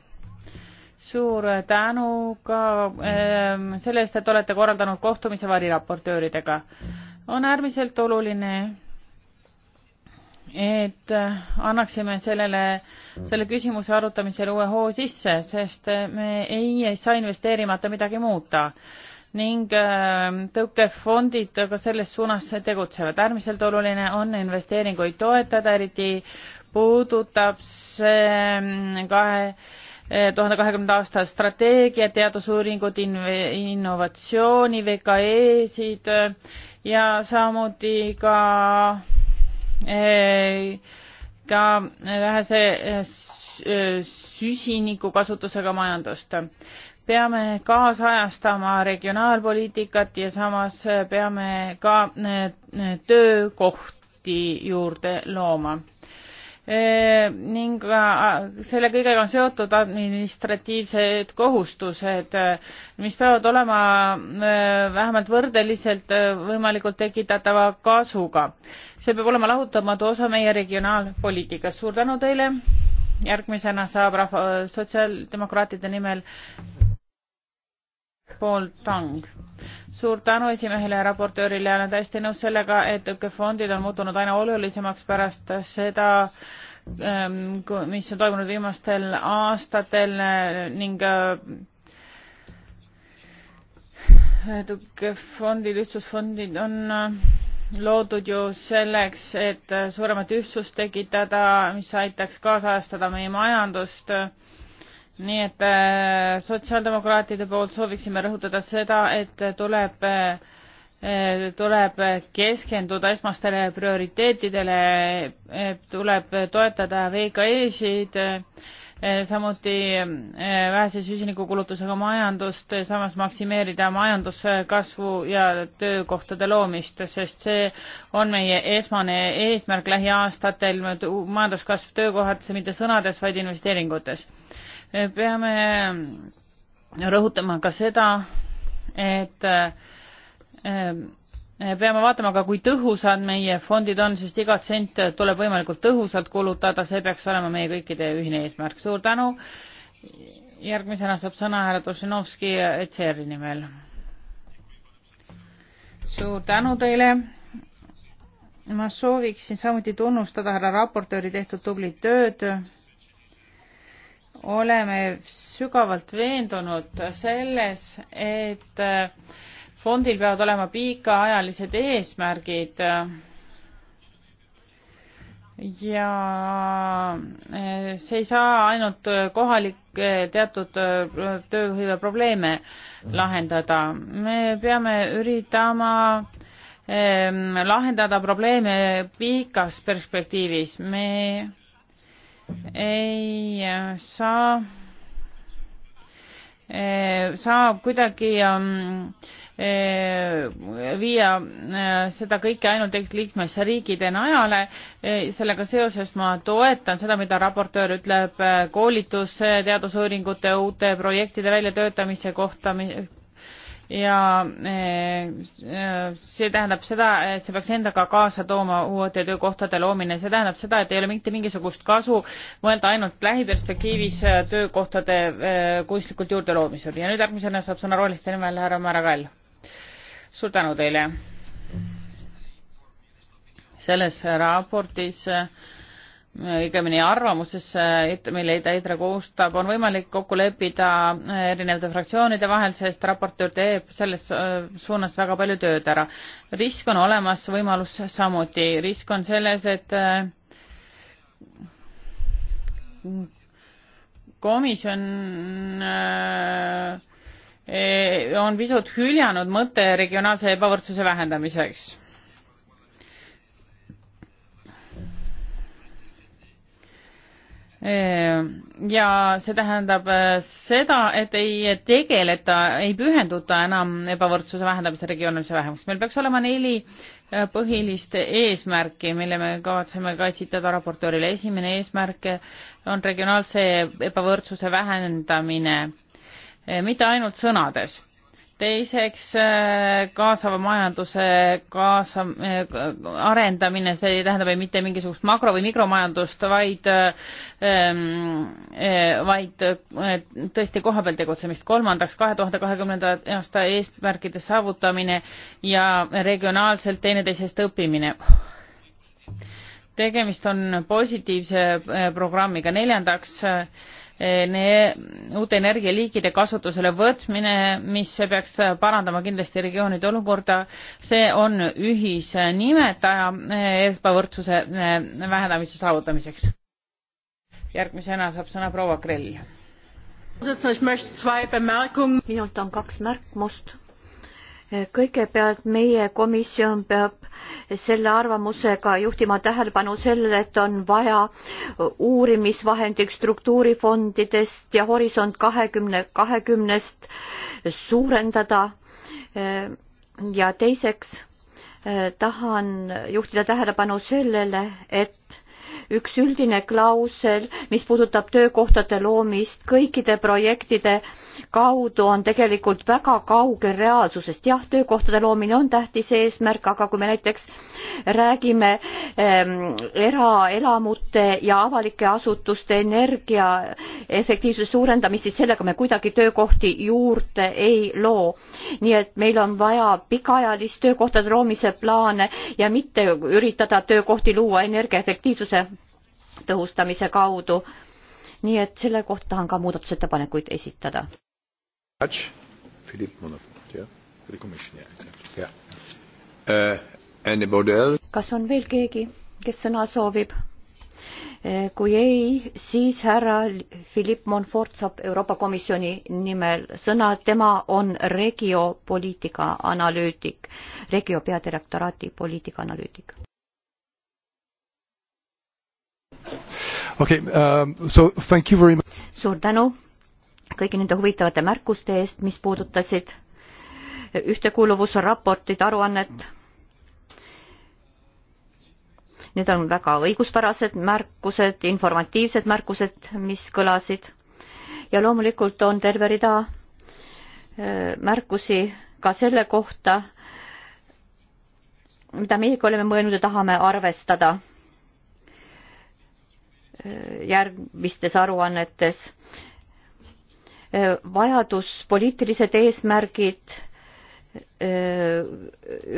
suur tänu ka äh, selle eest, et olete korraldanud kohtumise variraportööridega. on äärmiselt oluline, et annaksime sellele, selle küsimuse arutamisele uue UH hoo sisse, sest me ei saa investeerimata midagi muuta ning ähm, tõukefondid ka selles suunas tegutsevad. äärmiselt oluline on investeeringuid toetada, eriti puudutab see ähm, kahe äh, tuhande kahekümnenda aasta strateegia, teadusuuringud, innovatsiooni, VKE-sid äh, ja samuti ka äh, ka vähese süsinikukasutusega majandust peame kaasajastama regionaalpoliitikat ja samas peame ka eh, töökohti juurde looma. Eh, ning äh, selle kõigega on seotud administratiivsed kohustused, eh, mis peavad olema vähemalt võrdeliselt võimalikult tekitatava kasuga. see peab olema lahutamatu osa meie regionaalpoliitikast. suur tänu teile. järgmisena saab rahva, sotsiaaldemokraatide nimel Paul Tang. suur tänu esimehele ja raportöörile, olen täiesti nõus sellega, et õppefondid on muutunud aina olulisemaks pärast seda, ähm, mis on toimunud viimastel aastatel äh, ning äh, tõukefondid, ühtsusfondid on äh, loodud ju selleks, et suuremat ühtsust tekitada, mis aitaks kaasajastada meie majandust äh, nii et äh, sotsiaaldemokraatide poolt sooviksime rõhutada seda, et tuleb, äh, tuleb keskenduda esmastele prioriteetidele, äh, tuleb toetada VKE-sid, samuti vähese süsinikukulutusega majandust, samas maksimeerida majanduskasvu ja töökohtade loomist, sest see on meie esmane eesmärk lähiaastatel, majanduskasv, töökohad, mitte sõnades, vaid investeeringutes peame mm, rõhutama ka seda, et mm, peame vaatama ka, kui tõhusad meie fondid on, sest igat sent tuleb võimalikult tõhusalt kulutada, see peaks olema meie kõikide ühine eesmärk. suur tänu. järgmisena saab sõna härra Tošinovski ECR-i nimel. suur tänu teile. ma sooviksin samuti tunnustada härra raportööri tehtud tublit tööd oleme sügavalt veendunud selles, et äh, fondil peavad olema pikaajalised eesmärgid ja äh, see ei saa ainult kohalikke äh, teatud tööhõive probleeme lahendada. me peame üritama ähm, lahendada probleeme pikas perspektiivis. me ei äh, saa äh, saab kuidagi ähm, äh, viia seda kõike ainult liikmesriigide najale. sellega seoses ma toetan seda, mida raportöör ütleb koolituse, teadusuuringute, uute projektide väljatöötamise kohta, ja eh, eh, see tähendab seda, et see peaks endaga kaasa tooma uute töökohtade loomine, see tähendab seda, et ei ole mitte mingisugust kasu mõelda ainult lähiperspektiivis eh, töökohtade kunstlikult juurde loomisel ja nüüd järgmisena saab sõna roheliste nimel härra Määra Kall. suur tänu teile. selles raportis äh, õigemini arvamuses, mille Ida-Idra koostab, on võimalik kokku leppida äh, erinevate fraktsioonide vahel, sest raportöör teeb selles äh, suunas väga palju tööd ära. risk on olemas, võimalus samuti. risk on selles, et äh, komisjon e, on pisut hüljanud mõtte regionaalse ebavõrdsuse vähendamiseks Ehm, ja see tähendab eh, seda, et ei tegeleta, ei pühenduta enam ebavõrdsuse vähendamise regionaalse vähemuseks. meil peaks olema neli eh, põhilist eesmärki, mille me kavatseme ka esitada raportöörile. esimene eesmärk eh, on regionaalse ebavõrdsuse vähendamine, mitte ainult sõnades teiseks äh, kaasava majanduse kaasa äh, arendamine, see ei tähenda veel mitte mingisugust makro- või mikromajandust, vaid ähm, äh, vaid tõesti kohapeal tegutsemist. kolmandaks, kahe tuhande kahekümnenda aasta eesmärkide saavutamine ja regionaalselt teineteisest õppimine tegemist on positiivse programmiga. neljandaks Eh, uute energialiikide kasutusele võtmine, mis peaks parandama kindlasti regioonide olukorda, see on ühisnimetaja ebavõrdsuse eh, eh, vähendamise saavutamiseks. järgmisena saab sõna proua Krell. minult on kaks märkmust kõigepealt meie komisjon peab selle arvamusega juhtima tähelepanu sellele, et on vaja uurimisvahendiks struktuurifondidest ja Horisont kahekümne kahekümnest suurendada. ja teiseks tahan juhtida tähelepanu sellele, et üks üldine klausel, mis puudutab töökohtade loomist kõikide projektide kaudu, on tegelikult väga kaugel reaalsusest. jah, töökohtade loomine on tähtis eesmärk, aga kui me näiteks räägime ähm, eraelamute ja avalike asutuste energia efektiivsuse suurendamist, siis sellega me kuidagi töökohti juurde ei loo. nii et meil on vaja pikaajalist töökohtade loomise plaane ja mitte üritada töökohti luua energiaefektiivsuse tõhustamise kaudu. nii et selle kohta tahan ka muudatusettepanekuid esitada. Eh, kas on veel keegi, kes sõna soovib? Eh, kui ei, siis härra Philippe Monfort saab Euroopa Komisjoni nimel sõna, tema on regio poliitika analüütik, regio peadirektoraati poliitika analüütik. okay, um, suur tänu kõigi nende huvitavate märkuste eest, mis puudutasid ühtekuuluvusraportit, aruannet. Need on väga õiguspärased märkused, informatiivsed märkused, mis kõlasid ja loomulikult on terve rida äh, märkusi ka selle kohta, mida meiegi oleme mõelnud ja tahame arvestada järgmistes aruannetes. vajadus poliitilised eesmärgid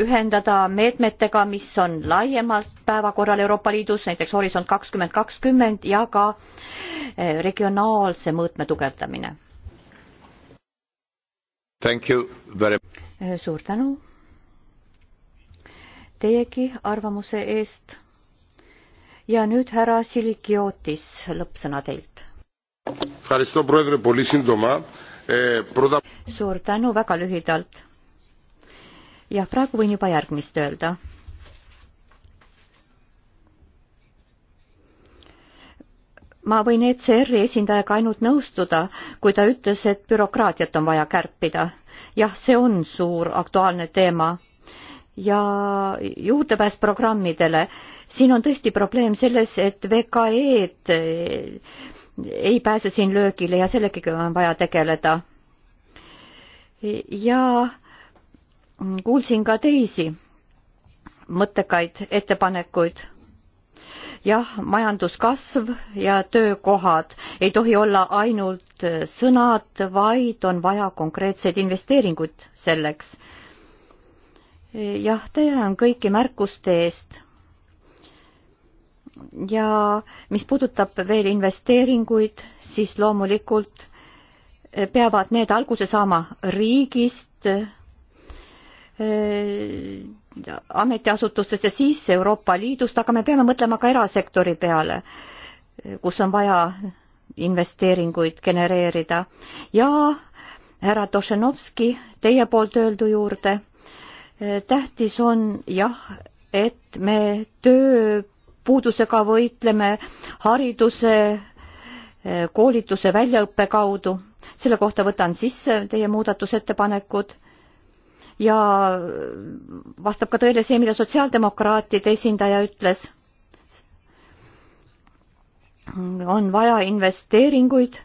ühendada meetmetega, mis on laiemalt päevakorral Euroopa Liidus, näiteks Horisont kakskümmend kakskümmend ja ka regionaalse mõõtme tugevdamine. suur tänu teiegi arvamuse eest ja nüüd härra Silikiotis, lõppsõna teilt. E, suur tänu, väga lühidalt. jah, praegu võin juba järgmist öelda. ma võin ECR-i esindajaga ainult nõustuda, kui ta ütles, et bürokraatiat on vaja kärpida. jah, see on suur aktuaalne teema ja juurdepääs programmidele. siin on tõesti probleem selles, et VKE-d eh, ei pääse siin löögile ja sellegagi on vaja tegeleda. ja kuulsin ka teisi mõttekaid ettepanekuid. jah, majanduskasv ja töökohad ei tohi olla ainult sõnad, vaid on vaja konkreetseid investeeringuid selleks jah, tänan kõiki märkuste eest. ja mis puudutab veel investeeringuid, siis loomulikult eh, peavad need alguse saama riigist äh,, ametiasutustest ja siis Euroopa Liidust, aga me peame mõtlema ka erasektori peale, eh, kus on vaja investeeringuid genereerida ja härra Tošenovski, teie poolt öeldu juurde tähtis on jah, et me tööpuudusega võitleme hariduse, eh, koolituse, väljaõppe kaudu. selle kohta võtan sisse teie muudatusettepanekud ja vastab ka tõele see, mida sotsiaaldemokraatide esindaja ütles. on vaja investeeringuid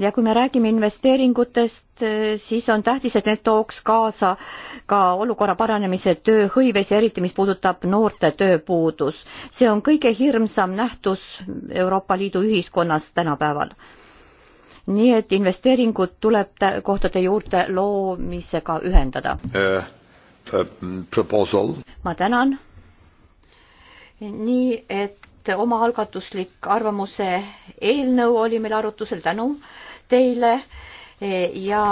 ja kui me räägime investeeringutest, eh, siis on tähtis, et need tooks kaasa ka olukorra paranemise tööhõives ja eriti, mis puudutab noorte tööpuudus. see on kõige hirmsam nähtus Euroopa Liidu ühiskonnas tänapäeval. nii et investeeringud tuleb kohtade juurde loomisega ühendada uh,. Uh, ma tänan. nii et omaalgatuslik arvamuse eelnõu oli meil arutusel, tänu teile e, ja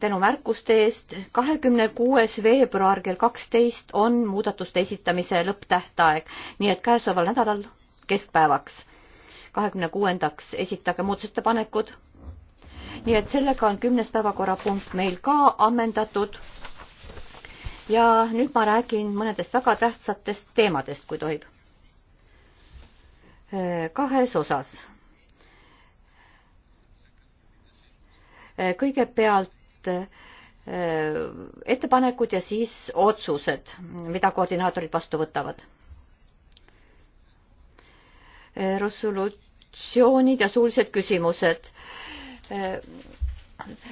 tänu märkuste eest. kahekümne kuues veebruar kell kaksteist on muudatuste esitamise lõpptähtaeg, nii et käesoleval nädalal keskpäevaks, kahekümne kuuendaks esitage muudatusettepanekud. nii et sellega on kümnes päevakorrapunkt meil ka ammendatud. ja nüüd ma räägin mõnedest väga tähtsatest teemadest, kui tohib. E, kahes osas kõigepealt äh, ettepanekud ja siis otsused, mida koordinaatorid vastu võtavad. Äh, resolutsioonid ja suulised küsimused. Äh,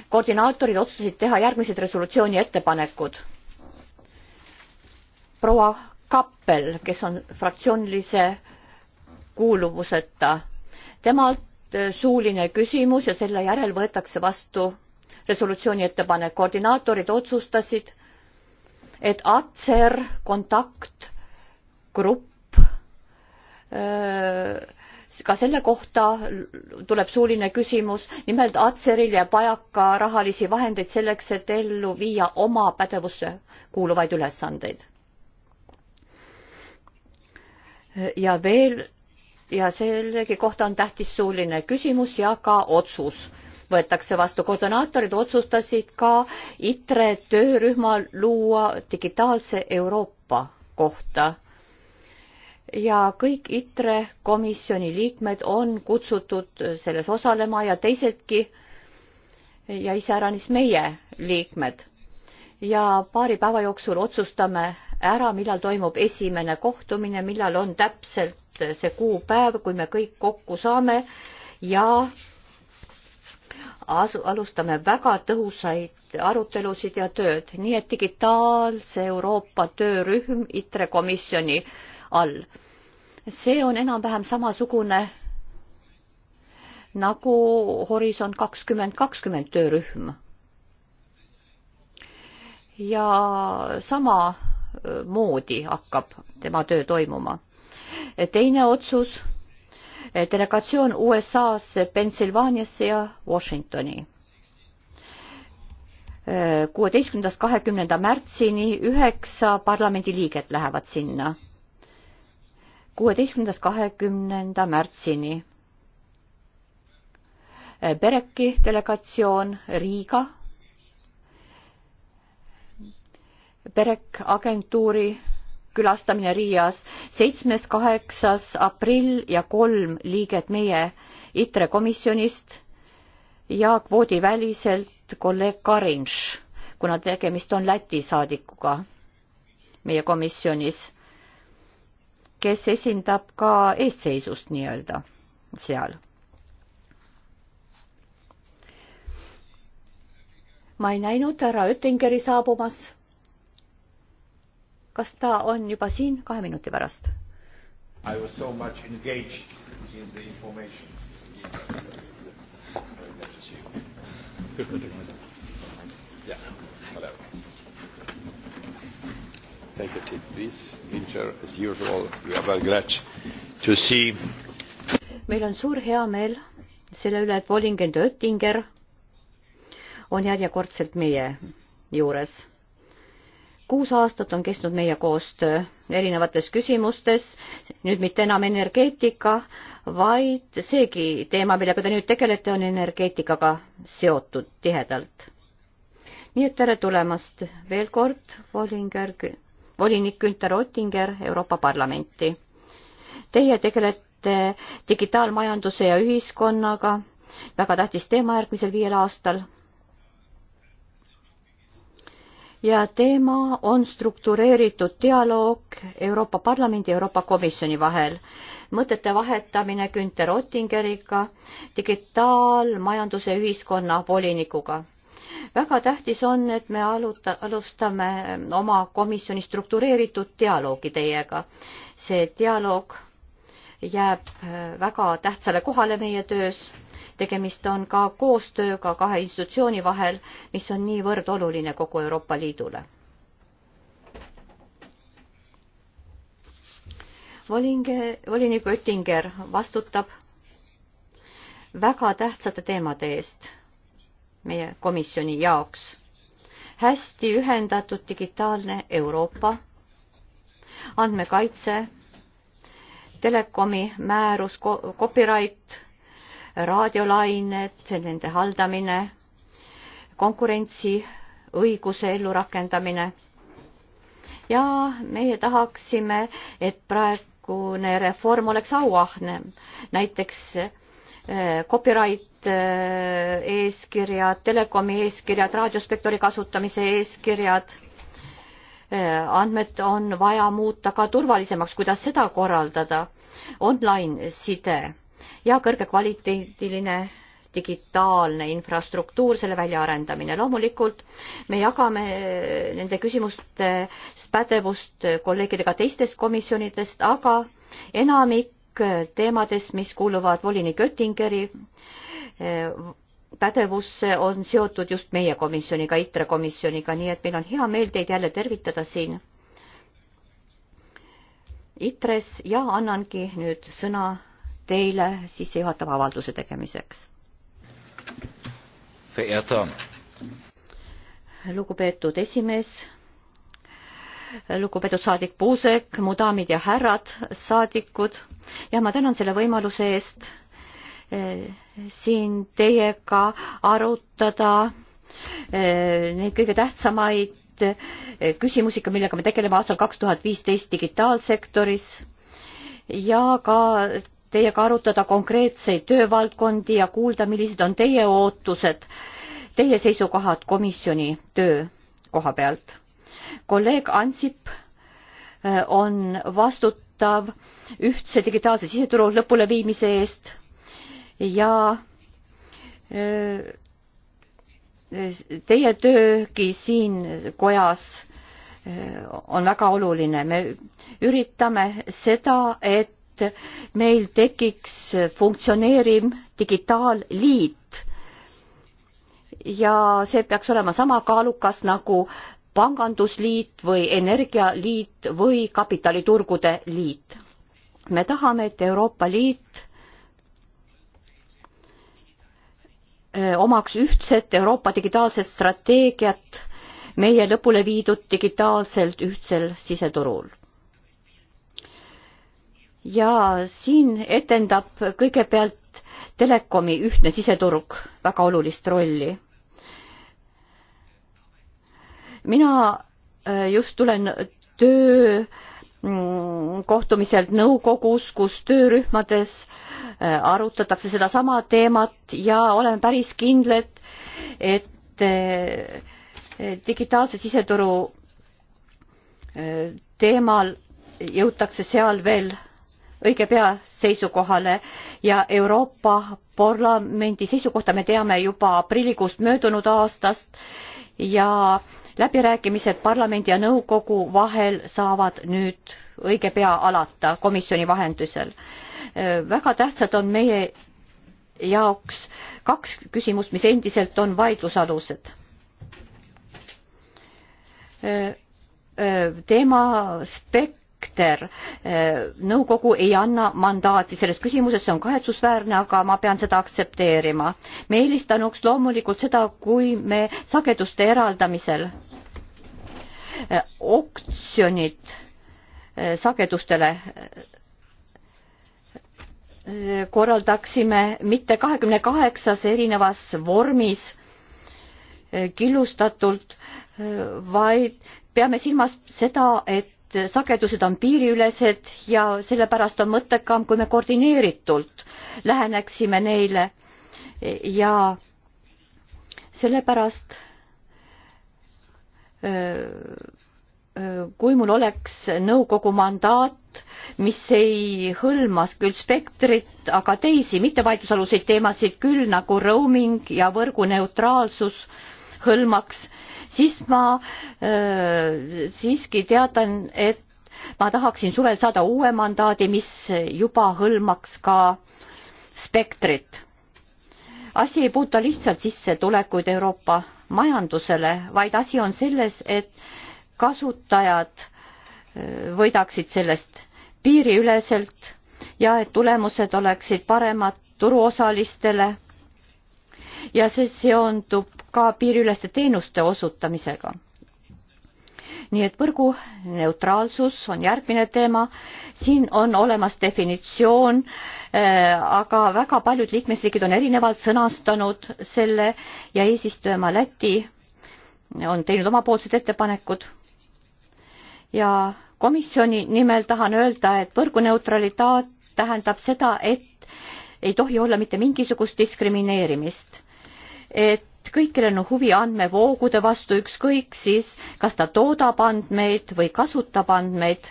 koordinaatorid otsustasid teha järgmised resolutsiooni ettepanekud. proua Kappel, kes on fraktsioonilise kuuluvuseta, temalt Äh, suuline küsimus ja selle järel võetakse vastu resolutsiooni ettepanek. koordinaatorid otsustasid, et ACER kontaktgrupp äh, ka selle kohta tuleb suuline küsimus. nimelt ACERil jääb vajaka rahalisi vahendeid selleks, et ellu viia oma pädevusse kuuluvaid ülesandeid. ja veel ja sellegi kohta on tähtis suuline küsimus ja ka otsus võetakse vastu. koordinaatorid otsustasid ka ITRE töörühma luua digitaalse Euroopa kohta. ja kõik ITRE komisjoni liikmed on kutsutud selles osalema ja teisedki ja iseäranis meie liikmed. ja paari päeva jooksul otsustame ära, millal toimub esimene kohtumine, millal on täpselt see kuupäev, kui me kõik kokku saame ja asu, alustame väga tõhusaid arutelusid ja tööd, nii et digitaalse Euroopa töörühm ITRE komisjoni all. see on enam-vähem samasugune nagu Horisont kakskümmend kakskümmend töörühm. ja samamoodi äh, hakkab tema töö toimuma teine otsus, delegatsioon USA-sse, Pennsylvaniasse ja Washingtoni. kuueteistkümnendast kahekümnenda märtsini üheksa parlamendiliiget lähevad sinna. kuueteistkümnendast kahekümnenda märtsini. Bereki delegatsioon Riiga Berek agentuuri külastamine Riias, seitsmes, kaheksas aprill ja kolm liiget meie ITRE komisjonist ja kvoodiväliselt kolleeg Karinš, kuna tegemist on Läti saadikuga meie komisjonis, kes esindab ka eestseisust nii-öelda seal. ma ei näinud härra Oettingeri saabumas kas ta on juba siin kahe minuti pärast? I was so much engaged in the information. Very glad to see you. Yeah. Hello. Take a seat, please. Winter, as usual, we are very glad to see. meil on suur heameel selle üle, et Wollingen Oettinger on järjekordselt meie juures kuus aastat on kestnud meie koostöö erinevates küsimustes, nüüd mitte enam energeetika, vaid seegi teema, millega te nüüd tegelete, on energeetikaga seotud tihedalt. nii et tere tulemast veel kord, Volinger, volinik Günter Ottinger Euroopa Parlamenti. Teie tegelete digitaalmajanduse ja ühiskonnaga, väga tähtis teema järgmisel viiel aastal ja teema on struktureeritud dialoog Euroopa Parlamendi ja Euroopa Komisjoni vahel. mõtete vahetamine Günter Ottingeriga, digitaalmajanduse ühiskonna volinikuga. väga tähtis on, et me aluta, alustame oma komisjoni struktureeritud dialoogi teiega. see dialoog jääb äh, väga tähtsale kohale meie töös. tegemist on ka koostööga kahe institutsiooni vahel, mis on niivõrd oluline kogu Euroopa Liidule. volinge, volinik Oettinger vastutab väga tähtsate teemade eest meie komisjoni jaoks. hästi ühendatud digitaalne Euroopa, andmekaitse telekomi määrus, copyright, raadiolained, nende haldamine, konkurentsiõiguse ellurakendamine. ja meie tahaksime, et praegune reform oleks auahne, näiteks eh, copyright eh, eeskirjad, telekomi eeskirjad, raadiospektori kasutamise eeskirjad andmed on vaja muuta ka turvalisemaks, kuidas seda korraldada, online side ja kõrgekvaliteediline digitaalne infrastruktuur, selle väljaarendamine. loomulikult me jagame nende küsimuste pädevust kolleegidega teistest komisjonidest, aga enamik teemadest, mis kuuluvad volinik Oettingeri pädevusse on seotud just meie komisjoniga, ITRE komisjoniga, nii et meil on hea meel teid jälle tervitada siin ITRES ja annangi nüüd sõna teile sissejuhatava avalduse tegemiseks. lugupeetud esimees, lugupeetud saadik Puusek, mu daamid ja härrad, saadikud ja ma tänan selle võimaluse eest Eh, siin teiega arutada eh, neid kõige tähtsamaid eh, küsimusi, millega me tegeleme aastal kaks tuhat viisteist digitaalsektoris ja ka teiega arutada konkreetseid töövaldkondi ja kuulda, millised on teie ootused, teie seisukohad komisjoni töö koha pealt. kolleeg Ansip on vastutav ühtse digitaalse siseturu lõpuleviimise eest ja teie töögi siin kojas on väga oluline. me üritame seda, et meil tekiks funktsioneeriv digitaalliit ja see peaks olema sama kaalukas nagu pangandusliit või energialiit või kapitaliturgude liit. me tahame, et Euroopa Liit Eh, omaks ühtset Euroopa digitaalset strateegiat meie lõpule viidud digitaalselt ühtsel siseturul. ja siin etendab kõigepealt telekomi ühtne siseturg väga olulist rolli. mina eh, just tulen töö mm, kohtumiselt nõukogus, kus töörühmades äh, Äh, arutatakse sedasama teemat ja oleme päris kindlad, et äh, digitaalse siseturu äh, teemal jõutakse seal veel õige pea seisukohale ja Euroopa Parlamendi seisukohta me teame juba aprillikuust möödunud aastast ja läbirääkimised parlamendi ja nõukogu vahel saavad nüüd õige pea alata komisjoni vahendusel Äh, väga tähtsad on meie jaoks kaks küsimust, mis endiselt on vaidlusalused. Äh, äh, teema spekter, nõukogu ei anna mandaati selles küsimuses, see on kahetsusväärne, aga ma pean seda aktsepteerima. me eelistanuks loomulikult seda, kui me sageduste eraldamisel oktsionid sagedustele korraldaksime mitte kahekümne kaheksas erinevas vormis eh, killustatult, eh, vaid peame silmas seda, et sagedused on piiriülesed ja sellepärast on mõttekam, kui me koordineeritult läheneksime neile ja sellepärast öö, eh, kui mul oleks nõukogu mandaat, mis ei hõlmas küll spektrit, aga teisi mittevaidlusaluseid teemasid küll nagu roaming ja võrguneutraalsus hõlmaks, siis ma öö, äh, siiski teatan, et ma tahaksin suvel saada uue mandaadi, mis juba hõlmaks ka spektrit. asi ei puutu lihtsalt sissetulekuid Euroopa majandusele, vaid asi on selles, et kasutajad eh, võidaksid sellest piiriüleselt ja et tulemused oleksid paremad turuosalistele ja see seondub ka piiriüleste teenuste osutamisega. nii et võrgu neutraalsus on järgmine teema, siin on olemas definitsioon, eh, aga väga paljud liikmesriigid on erinevalt sõnastanud selle ja eesistujamaa Läti on teinud omapoolsed ettepanekud ja komisjoni nimel tahan öelda, et võrguneutralitaat tähendab seda, et ei tohi olla mitte mingisugust diskrimineerimist. et kõik, kellel on huvi andmevoogude vastu, ükskõik siis, kas ta toodab andmeid või kasutab andmeid,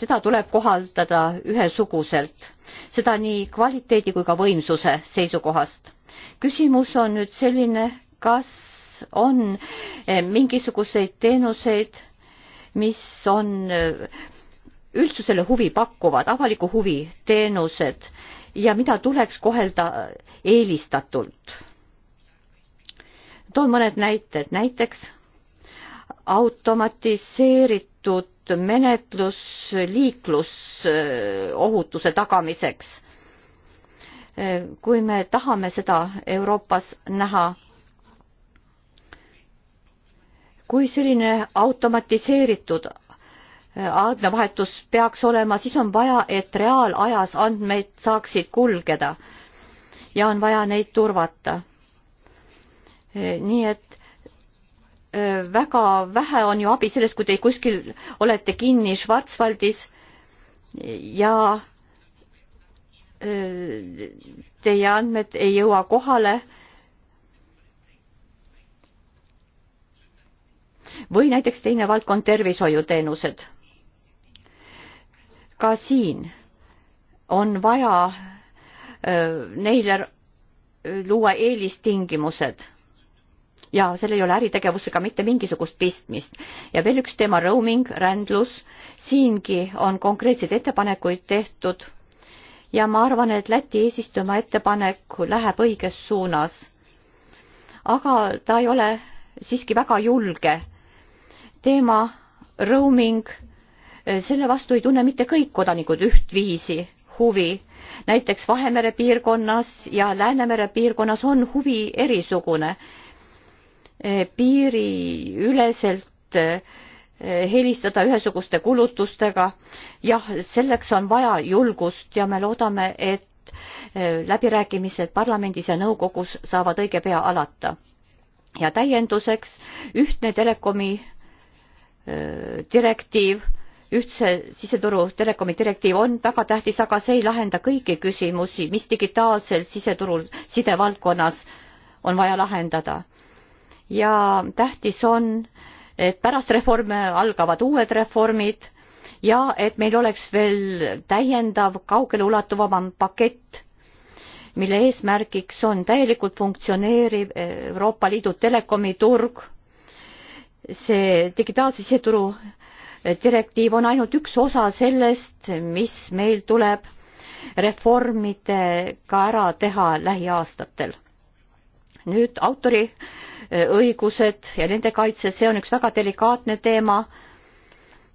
seda tuleb kohaldada ühesuguselt, seda nii kvaliteedi kui ka võimsuse seisukohast. küsimus on nüüd selline, kas on eh, mingisuguseid teenuseid mis on äh, üldsusele huvi pakkuvad, avaliku huvi teenused ja mida tuleks kohelda eelistatult. toon mõned näited, näiteks automatiseeritud menetlus liiklusohutuse tagamiseks. Äh, kui me tahame seda Euroopas näha, kui selline automatiseeritud äh, andmevahetus peaks olema, siis on vaja, et reaalajas andmeid saaksid kulgeda ja on vaja neid turvata. Äh, nii et äh, väga vähe on ju abi sellest, kui te kuskil olete kinni Schwarzwaldis ja teie andmed ei jõua kohale või näiteks teine valdkond tervishoiuteenused. ka siin on vaja neile luua eelistingimused ja sellel ei ole äritegevusega mitte mingisugust pistmist. ja veel üks teema, roaming, rändlus, siingi on konkreetseid ettepanekuid tehtud ja ma arvan, et Läti eesistuja oma ettepanek läheb õiges suunas. aga ta ei ole siiski väga julge teema roaming, eh, selle vastu ei tunne mitte kõik kodanikud ühtviisi huvi. näiteks Vahemere piirkonnas ja Läänemere piirkonnas on huvi erisugune. Eh, piiriüleselt eh, helistada ühesuguste kulutustega. jah, selleks on vaja julgust ja me loodame, et läbirääkimised parlamendis ja nõukogus saavad õige pea alata. ja täienduseks ühtne telekomi Äh, direktiiv, ühtse siseturu telekomi direktiiv on väga tähtis, aga see ei lahenda kõiki küsimusi, mis digitaalsel siseturul sidevaldkonnas on vaja lahendada. ja tähtis on, et pärast reforme algavad uued reformid ja et meil oleks veel täiendav kaugeleulatuvam pakett, mille eesmärgiks on täielikult funktsioneeriv Euroopa Liidu telekomiturg see digitaalse siseturu eh, direktiiv on ainult üks osa sellest, mis meil tuleb reformidega ära teha lähiaastatel. nüüd autoriõigused eh, ja nende kaitse, see on üks väga delikaatne teema.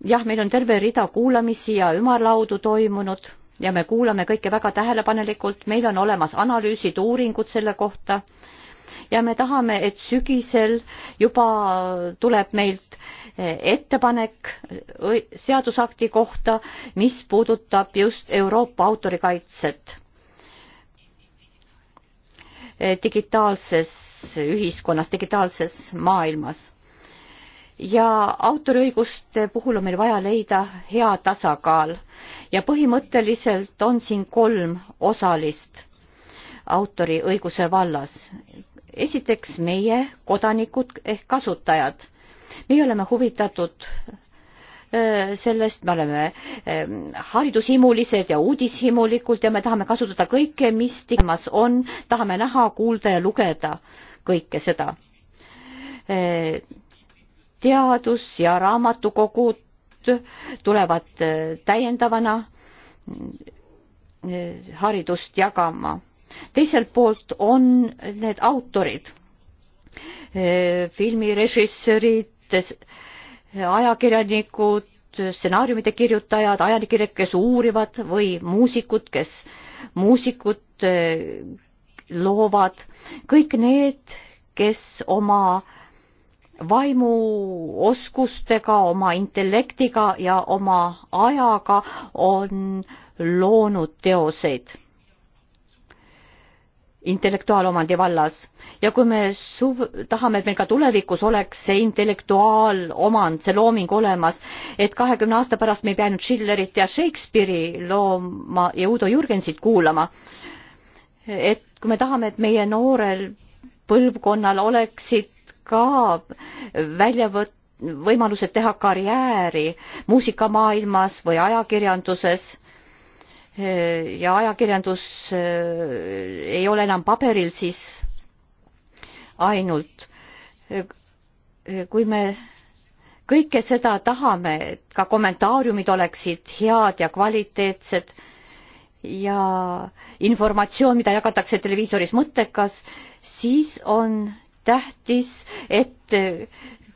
jah, meil on terve rida kuulamisi ja ümarlaudu toimunud ja me kuulame kõike väga tähelepanelikult, meil on olemas analüüsid, uuringud selle kohta ja me tahame, et sügisel juba tuleb meilt eh, ettepanek seadusakti kohta, mis puudutab just Euroopa autorikaitset eh, digitaalses ühiskonnas, digitaalses maailmas. ja autoriõiguste puhul on meil vaja leida hea tasakaal ja põhimõtteliselt on siin kolm osalist autoriõiguse vallas esiteks meie kodanikud ehk kasutajad. meie oleme huvitatud äh, sellest, me oleme ähm, haridushimulised ja uudishimulikud ja me tahame kasutada kõike, mis tegemas on, tahame näha, kuulda ja lugeda kõike seda. Äh, teadus ja raamatukogud tulevad äh, täiendavana haridust jagama teiselt poolt on need autorid, eh, filmirežissöörid, ajakirjanikud, stsenaariumide kirjutajad, ajakirjanikud, kes uurivad või muusikud, kes muusikut eh, loovad, kõik need, kes oma vaimuoskustega, oma intellektiga ja oma ajaga on loonud teoseid intellektuaalomandi vallas ja kui me suv- tahame et meil ka tulevikus oleks see intellektuaalomand see looming olemas et kahekümne aasta pärast me ei pea ainult Schillerit ja Shakespeare'i looma ja Udo Jürgensit kuulama et kui me tahame et meie noorel põlvkonnal oleksid ka väljavõt- võimalused teha karjääri muusikamaailmas või ajakirjanduses Äh, ja ajakirjandus äh, ei ole enam paberil siis ainult. Äh, kui me kõike seda tahame, et ka kommentaariumid oleksid head ja kvaliteetsed ja informatsioon, mida jagatakse televiisoris mõttekas, siis on tähtis, et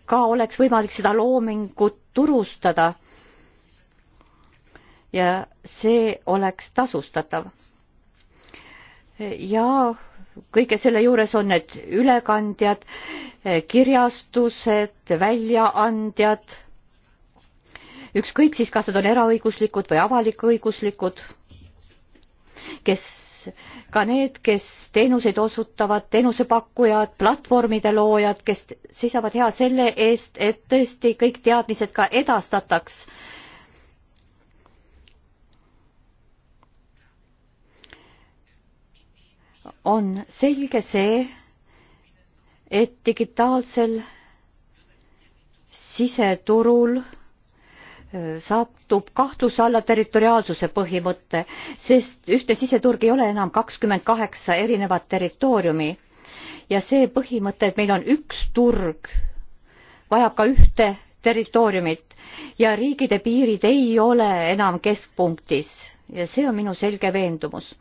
ka oleks võimalik seda loomingut turustada ja see oleks tasustatav. ja kõige selle juures on need ülekandjad, kirjastused, väljaandjad, ükskõik siis, kas nad on eraõiguslikud või avalik-õiguslikud, kes ka need, kes teenuseid osutavad, teenusepakkujad, platvormide loojad, kes seisavad hea selle eest, et tõesti kõik teadmised ka edastataks äh, on selge see, et digitaalsel siseturul äh, satub kahtluse alla territoriaalsuse põhimõte, sest ühtne siseturg ei ole enam kakskümmend kaheksa erinevat territooriumi ja see põhimõte, et meil on üks turg, vajab ka ühte territooriumit ja riigide piirid ei ole enam keskpunktis ja see on minu selge veendumus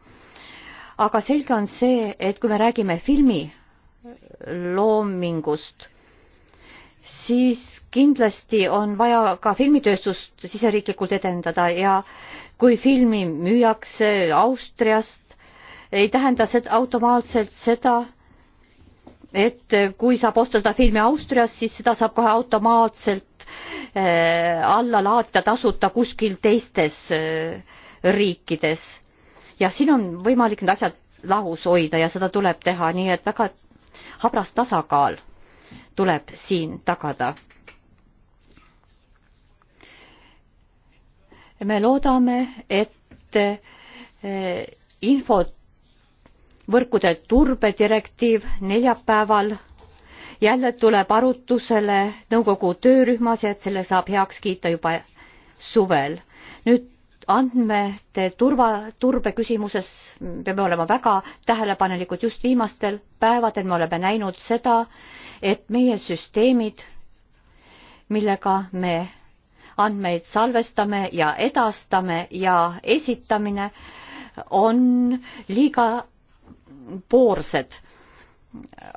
aga selge on see, et kui me räägime filmi loomingust, siis kindlasti on vaja ka filmitööstust siseriiklikult edendada ja kui filmi müüakse Austriast, ei tähenda see automaatselt seda, et kui saab osta seda filmi Austrias, siis seda saab kohe automaatselt äh, alla laadida tasuta kuskil teistes äh, riikides ja siin on võimalik need asjad lahus hoida ja seda tuleb teha, nii et väga habras tasakaal tuleb siin tagada. me loodame, et eh, infovõrkude turbedirektiiv neljapäeval jälle tuleb arutusele nõukogu töörühmas ja et selle saab heaks kiita juba suvel. nüüd andmete turva, turbe küsimuses peame olema väga tähelepanelikud, just viimastel päevadel me oleme näinud seda, et meie süsteemid, millega me andmeid salvestame ja edastame ja esitamine on liiga poorsed,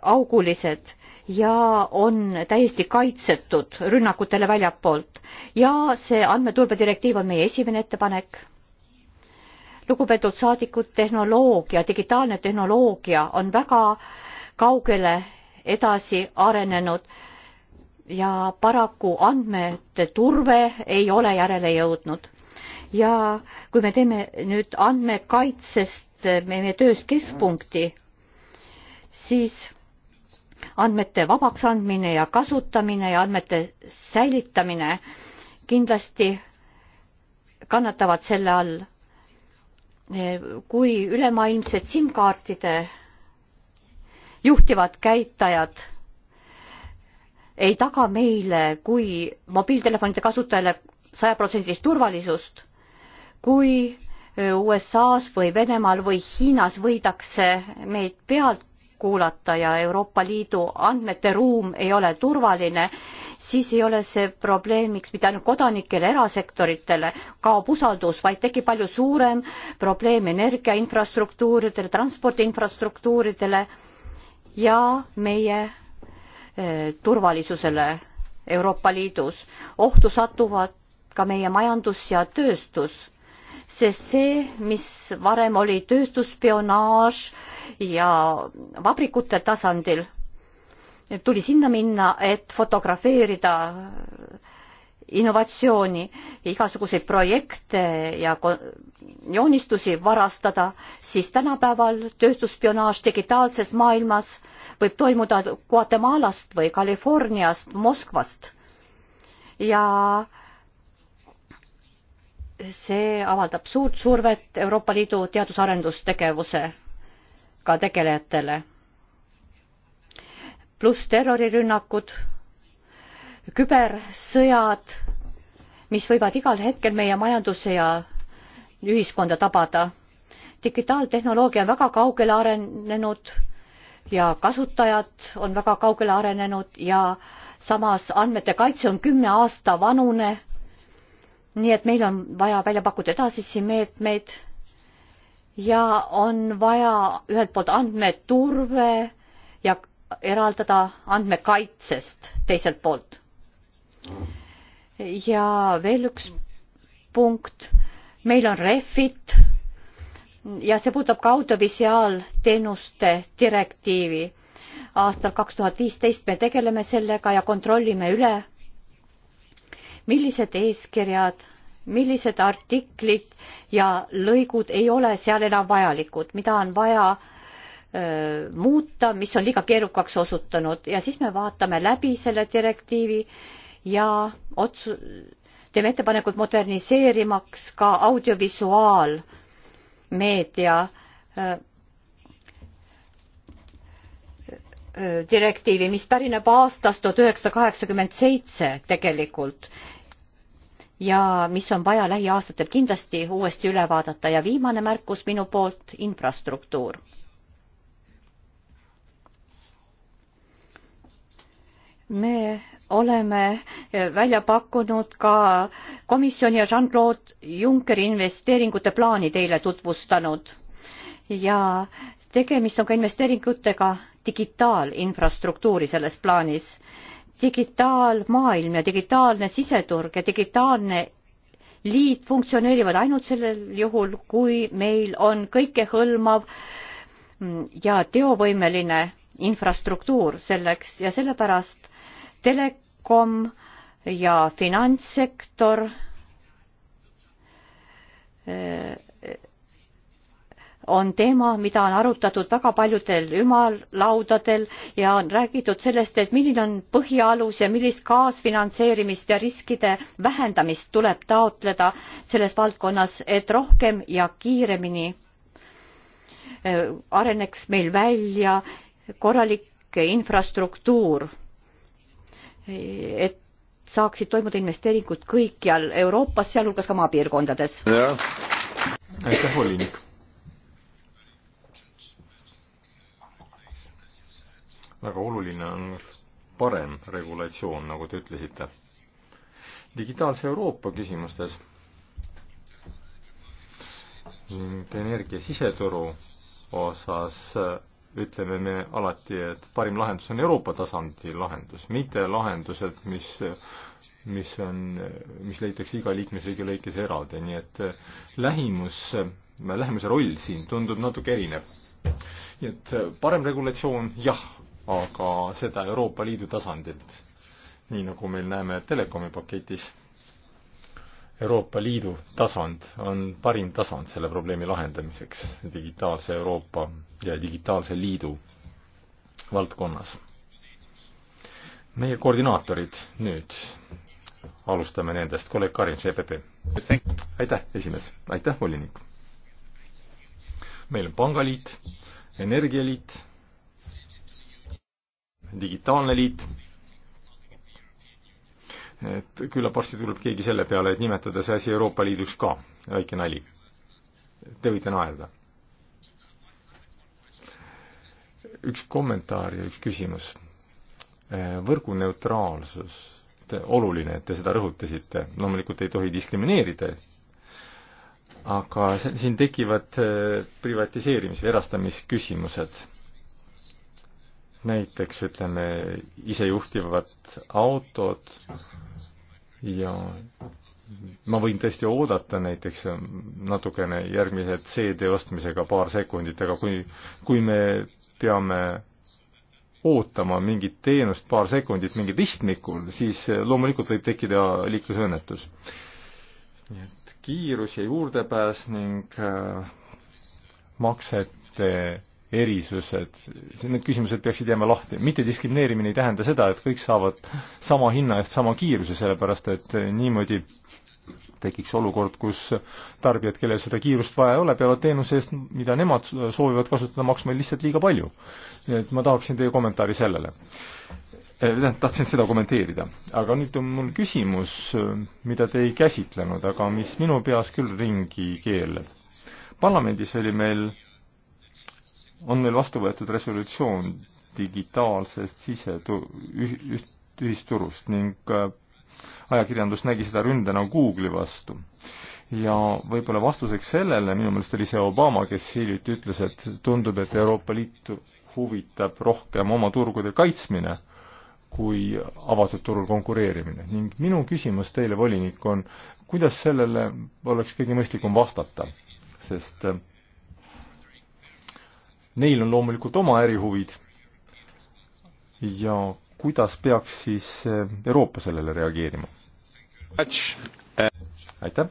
augulised ja on täiesti kaitsetud rünnakutele väljapoolt. ja see andmeturbe direktiiv on meie esimene ettepanek. lugupeetud saadikud, tehnoloogia, digitaalne tehnoloogia on väga kaugele edasi arenenud ja paraku andmete turve ei ole järele jõudnud. ja kui me teeme nüüd andmekaitsest meie töös keskpunkti, siis andmete vabaks andmine ja kasutamine ja andmete säilitamine kindlasti kannatavad selle all. kui ülemaailmsed SIM-kaartide juhtivad käitajad ei taga meile kui mobiiltelefonide kasutajale sajaprotsendilist turvalisust, kui USA-s või Venemaal või Hiinas võidakse meid pealt kuulata ja Euroopa Liidu andmete ruum ei ole turvaline, siis ei ole see probleemiks mitte ainult kodanikele, erasektoritele, kaob usaldus, vaid tekib palju suurem probleem energia infrastruktuuridele, transpordi infrastruktuuridele ja meie eh, turvalisusele Euroopa Liidus. ohtu satuvad ka meie majandus ja tööstus sest see, mis varem oli tööstusspionaaž ja vabrikute tasandil, tuli sinna minna, et fotografeerida innovatsiooni, igasuguseid projekte ja joonistusi varastada, siis tänapäeval tööstusspionaaž digitaalses maailmas võib toimuda Guatemalast või Californiast, Moskvast ja äh, see avaldab suurt survet Euroopa Liidu teadus-arendustegevusega tegelejatele. pluss terrorirünnakud, kübersõjad, mis võivad igal hetkel meie majanduse ja ühiskonda tabada. digitaaltehnoloogia on väga kaugele arenenud ja kasutajad on väga kaugele arenenud ja samas andmete kaitse on kümne aasta vanune nii et meil on vaja välja pakkuda edasisi meetmeid ja on vaja ühelt poolt andmeturve ja eraldada andmekaitsest teiselt poolt. ja veel üks punkt, meil on Refit ja see puudutab ka audiovisuaalteenuste direktiivi. aastal kaks tuhat viisteist me tegeleme sellega ja kontrollime üle millised eeskirjad, millised artiklid ja lõigud ei ole seal enam vajalikud, mida on vaja öö, muuta, mis on liiga keerukaks osutunud ja siis me vaatame läbi selle direktiivi ja otsu-, teeme ettepanekud moderniseerimaks ka audiovisuaalmeedia direktiivi, mis pärineb aastast tuhat üheksasada kaheksakümmend seitse tegelikult ja mis on vaja lähiaastatel kindlasti uuesti üle vaadata ja viimane märkus minu poolt, infrastruktuur. me oleme välja pakkunud ka komisjoni ja Jean-Claude Junckeri investeeringute plaani teile tutvustanud ja tegemist on ka investeeringutega digitaalinfrastruktuuri selles plaanis digitaalmaailm ja digitaalne siseturg ja digitaalne liit funktsioneerivad ainult sellel juhul, kui meil on kõikehõlmav ja teovõimeline infrastruktuur selleks ja sellepärast telekom ja finantssektor on teema, mida on arutatud väga paljudel ümarlaudadel ja on räägitud sellest, et milline on põhialus ja millist kaasfinantseerimist ja riskide vähendamist tuleb taotleda selles valdkonnas, et rohkem ja kiiremini äh, areneks meil välja korralik infrastruktuur, et saaksid toimuda investeeringud kõikjal Euroopas, sealhulgas ka maapiirkondades. aitäh, volinik väga oluline on parem regulatsioon, nagu te ütlesite. digitaalse Euroopa küsimustes ning energia siseturu osas ütleme me alati, et parim lahendus on Euroopa tasandi lahendus, mitte lahendused, mis, mis on, mis leitakse iga liikmesriigi lõikes eraldi, nii et lähimus, lähimuse roll siin tundub natuke erinev. nii et parem regulatsioon, jah, aga seda Euroopa Liidu tasandilt, nii nagu meil näeme telekomi paketis. Euroopa Liidu tasand on parim tasand selle probleemi lahendamiseks digitaalse Euroopa ja digitaalse liidu valdkonnas. meie koordinaatorid nüüd, alustame nendest, kolleeg Karin CPP. aitäh, esimees, aitäh, volinik. meil on pangaliit, energialiit digitaalne liit. et küllap varsti tuleb keegi selle peale, et nimetada see asi Euroopa Liiduks ka, väike nali. Te võite naerda. üks kommentaar ja üks küsimus. Eh, võrguneutraalsus, oluline, et te seda rõhutasite, loomulikult ei tohi diskrimineerida, aga siin tekivad eh, privatiseerimis- või erastamisküsimused näiteks ütleme, isejuhtivad autod ja ma võin tõesti oodata näiteks natukene järgmise CD ostmisega paar sekundit, aga kui, kui me peame ootama mingit teenust paar sekundit mingil ristmikul, siis loomulikult võib tekkida liiklusõnnetus. nii et kiirus ja juurdepääs ning äh, maksete erisused, need küsimused peaksid jääma lahti. mittediskrimineerimine ei tähenda seda, et kõik saavad sama hinna eest sama kiiruse, sellepärast et niimoodi tekiks olukord, kus tarbijad, kellel seda kiirust vaja ei ole, peavad teenuse eest, mida nemad soovivad kasutada, maksma lihtsalt liiga palju. nii et ma tahaksin teie kommentaari sellele. Eh, tähendab, tahtsin seda kommenteerida. aga nüüd on mul küsimus, mida te ei käsitlenud, aga mis minu peas küll ringi keeleb. parlamendis oli meil on meil vastu võetud resolutsioon digitaalsest sisetu-, ühisturust ning äh, ajakirjandus nägi seda ründena Google'i vastu. ja võib-olla vastuseks sellele, minu meelest oli see Obama, kes hiljuti ütles, et tundub, et Euroopa Liitu huvitab rohkem oma turgude kaitsmine kui avatud turul konkureerimine ning minu küsimus teile, volinik, on, kuidas sellele oleks kõige mõistlikum vastata, sest äh, Neil on loomulikult oma ärihuvid ja kuidas peaks siis eh, Euroopa sellele reageerima? aitäh!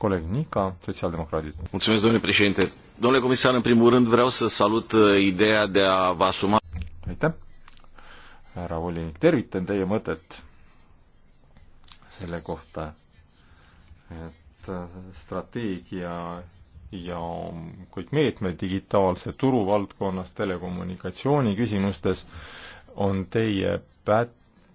Coleg Nica, Socialdemocratit. Mulțumesc, domnule președinte. Domnule comisar, în primul rând vreau să salut eh, ideea de a vă asuma... Aitäh! härra volinik, tervitan teie mõtet selle kohta, et eh, strateegia ja kõik meetmed digitaalse turu valdkonnas, telekommunikatsiooni küsimustes on teie pät-,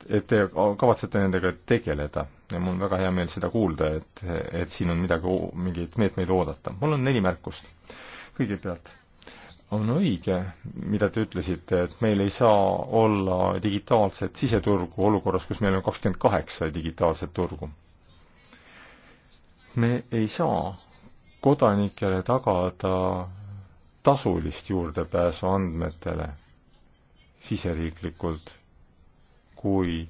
et te kavatsete nendega tegeleda ja mul on väga hea meel seda kuulda, et, et siin on midagi, mingeid meetmeid oodata. mul on neli märkust. kõigepealt, on õige, mida te ütlesite, et meil ei saa olla digitaalset siseturgu olukorras, kus meil on kakskümmend kaheksa digitaalset turgu. me ei saa kodanikele tagada tasulist juurdepääsu andmetele siseriiklikult, kui,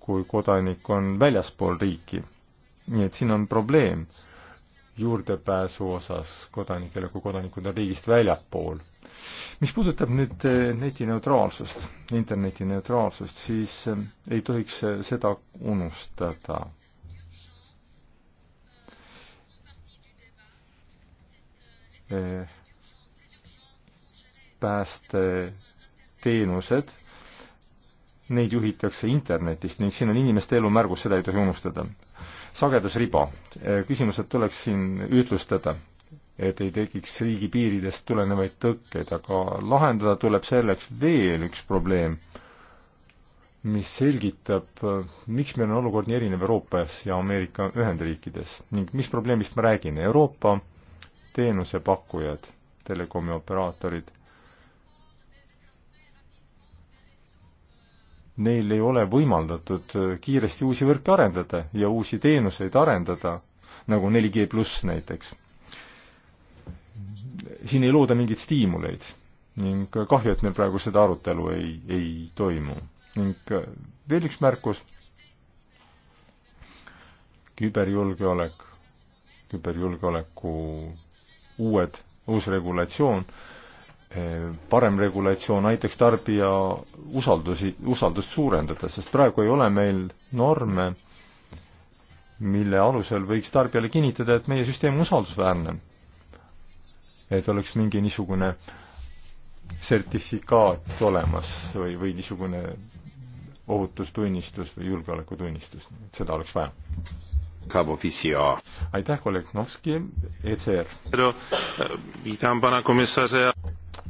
kui kodanik on väljaspool riiki. nii et siin on probleem juurdepääsu osas kodanikele, kui kodanikud on riigist väljapool. mis puudutab nüüd eh, netineutraalsust, interneti neutraalsust, siis eh, ei tohiks eh, seda unustada päästeteenused, neid juhitakse internetist ning siin on inimeste elu märgus, seda ei tohi unustada. sagedusriba, küsimused tuleks siin ühtlustada, et ei tekiks riigipiiridest tulenevaid tõkkeid, aga lahendada tuleb selleks veel üks probleem, mis selgitab, miks meil on olukord nii erinev Euroopas ja Ameerika Ühendriikides ning mis probleemist ma räägin. Euroopa teenusepakkujad, telekomi operaatorid, neil ei ole võimaldatud kiiresti uusi võrke arendada ja uusi teenuseid arendada, nagu 4G pluss näiteks. siin ei looda mingeid stiimuleid ning kahju, et meil praegu seda arutelu ei, ei toimu. ning veel üks märkus, küberjulgeolek, küberjulgeoleku uued, uus regulatsioon, eh, parem regulatsioon aitaks tarbija usaldusi, usaldust suurendada, sest praegu ei ole meil norme, mille alusel võiks tarbijale kinnitada, et meie süsteem on usaldusväärne. et oleks mingi niisugune sertifikaat olemas või, või niisugune ohutustunnistus või julgeolekutunnistus, seda oleks vaja aitäh, kolleeg Novski, ECR.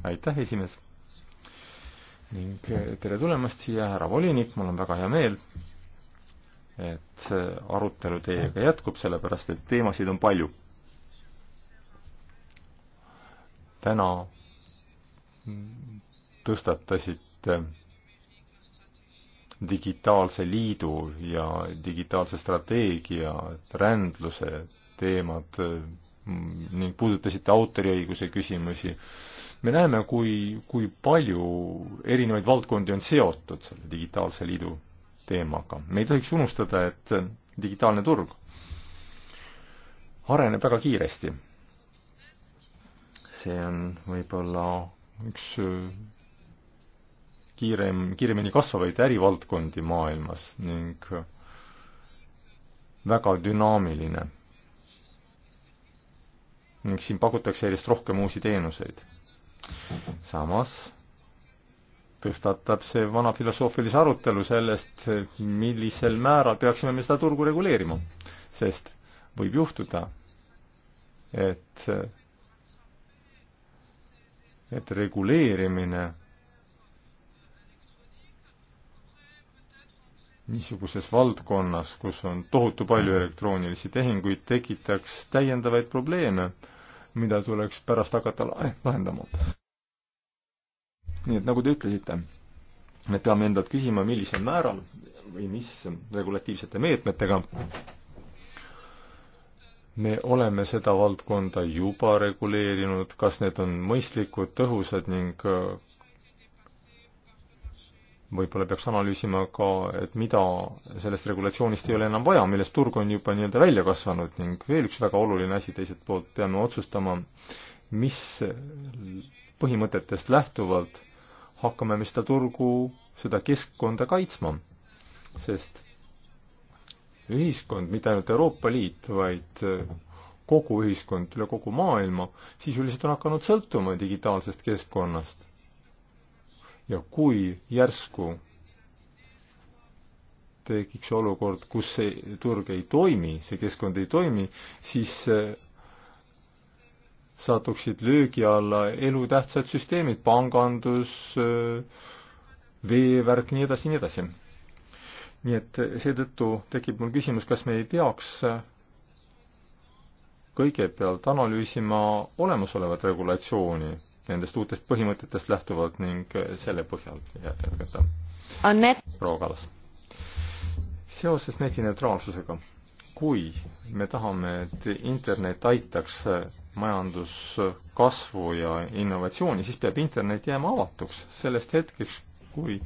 aitäh, esimees. ning eh, tere tulemast siia, härra volinik, mul on väga hea meel, et eh, arutelu teiega jätkub, sellepärast et teemasid on palju. täna tõstatasite digitaalse liidu ja digitaalse strateegia, rändluse teemad mm, ning puudutasite autoriõiguse küsimusi. me näeme, kui, kui palju erinevaid valdkondi on seotud selle digitaalse liidu teemaga. me ei tohiks unustada, et digitaalne turg areneb väga kiiresti. see on võib-olla üks kiirem, kiiremini kasvavaid ärivaldkondi maailmas ning väga dünaamiline. ning siin pakutakse järjest rohkem uusi teenuseid. samas tõstatab see vana filosoofilise arutelu sellest, millisel määral peaksime me seda turgu reguleerima. sest võib juhtuda, et, et reguleerimine niisuguses valdkonnas, kus on tohutu palju elektroonilisi tehinguid, tekitaks täiendavaid probleeme, mida tuleks pärast hakata eh, lahendama. nii et nagu te ütlesite, me peame endalt küsima, millisel määral või mis regulatiivsete meetmetega me oleme seda valdkonda juba reguleerinud, kas need on mõistlikud, tõhusad ning võib-olla peaks analüüsima ka, et mida sellest regulatsioonist ei ole enam vaja, millest turg on juba nii-öelda välja kasvanud ning veel üks väga oluline asi teiselt poolt, peame otsustama, mis põhimõtetest lähtuvalt hakkame me seda turgu, seda keskkonda kaitsma. sest ühiskond, mitte ainult Euroopa Liit, vaid kogu ühiskond üle kogu maailma sisuliselt on hakanud sõltuma digitaalsest keskkonnast ja kui järsku tekiks olukord, kus see turg ei toimi, see keskkond ei toimi, siis eh, satuksid löögi alla elutähtsad süsteemid, pangandus, eh, veevärk, nii edasi, nii edasi. nii et seetõttu tekib mul küsimus, kas me ei peaks eh, kõigepealt analüüsima olemasolevat regulatsiooni nendest uutest põhimõtetest lähtuvalt ning äh, selle põhjal jätkata. proua Kallas. seoses netineutraalsusega, kui me tahame, et internet aitaks äh, majanduskasvu ja innovatsiooni, siis peab internet jääma avatuks sellest hetkeks, kui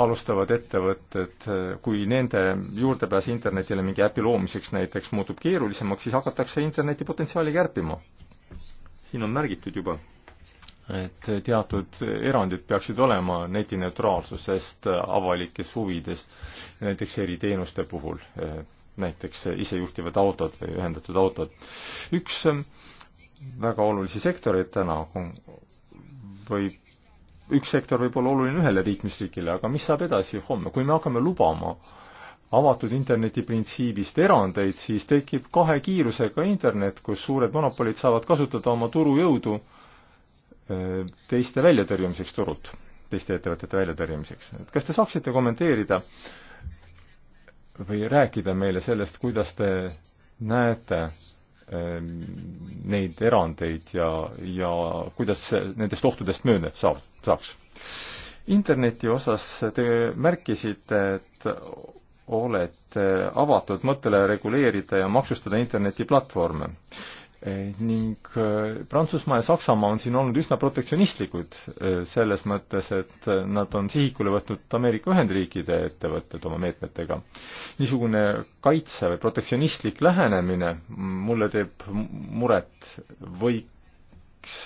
alustavad ettevõtted, äh, kui nende juurdepääs internetile mingi äpi loomiseks näiteks muutub keerulisemaks, siis hakatakse interneti potentsiaali kärpima. siin on märgitud juba et teatud erandid peaksid olema netineutraalsusest avalikes huvides, näiteks eriteenuste puhul, näiteks isejuhtivad autod või ühendatud autod. üks ähm, väga olulisi sektoreid täna võib, üks sektor võib olla oluline ühele liikmesriigile, aga mis saab edasi homme, kui me hakkame lubama avatud interneti printsiibist erandeid, siis tekib kahe kiirusega internet, kus suured monopolid saavad kasutada oma turujõudu äh, teiste väljatõrjumiseks turult, teiste ettevõtete väljatõrjumiseks. et kas te saaksite kommenteerida või rääkida meile sellest, kuidas te näete ehm, neid erandeid ja, ja kuidas nendest ohtudest mööduda saab, saaks? interneti osas te märkisite, et olete avatud mõttele reguleerida ja maksustada internetiplatvorme. Eh, ning eh, Prantsusmaa ja Saksamaa on siin olnud üsna protektsionistlikud eh, selles mõttes, et nad on sihikule võtnud Ameerika Ühendriikide ettevõtted oma meetmetega. niisugune kaitse või protektsionistlik lähenemine mulle teeb muret, võiks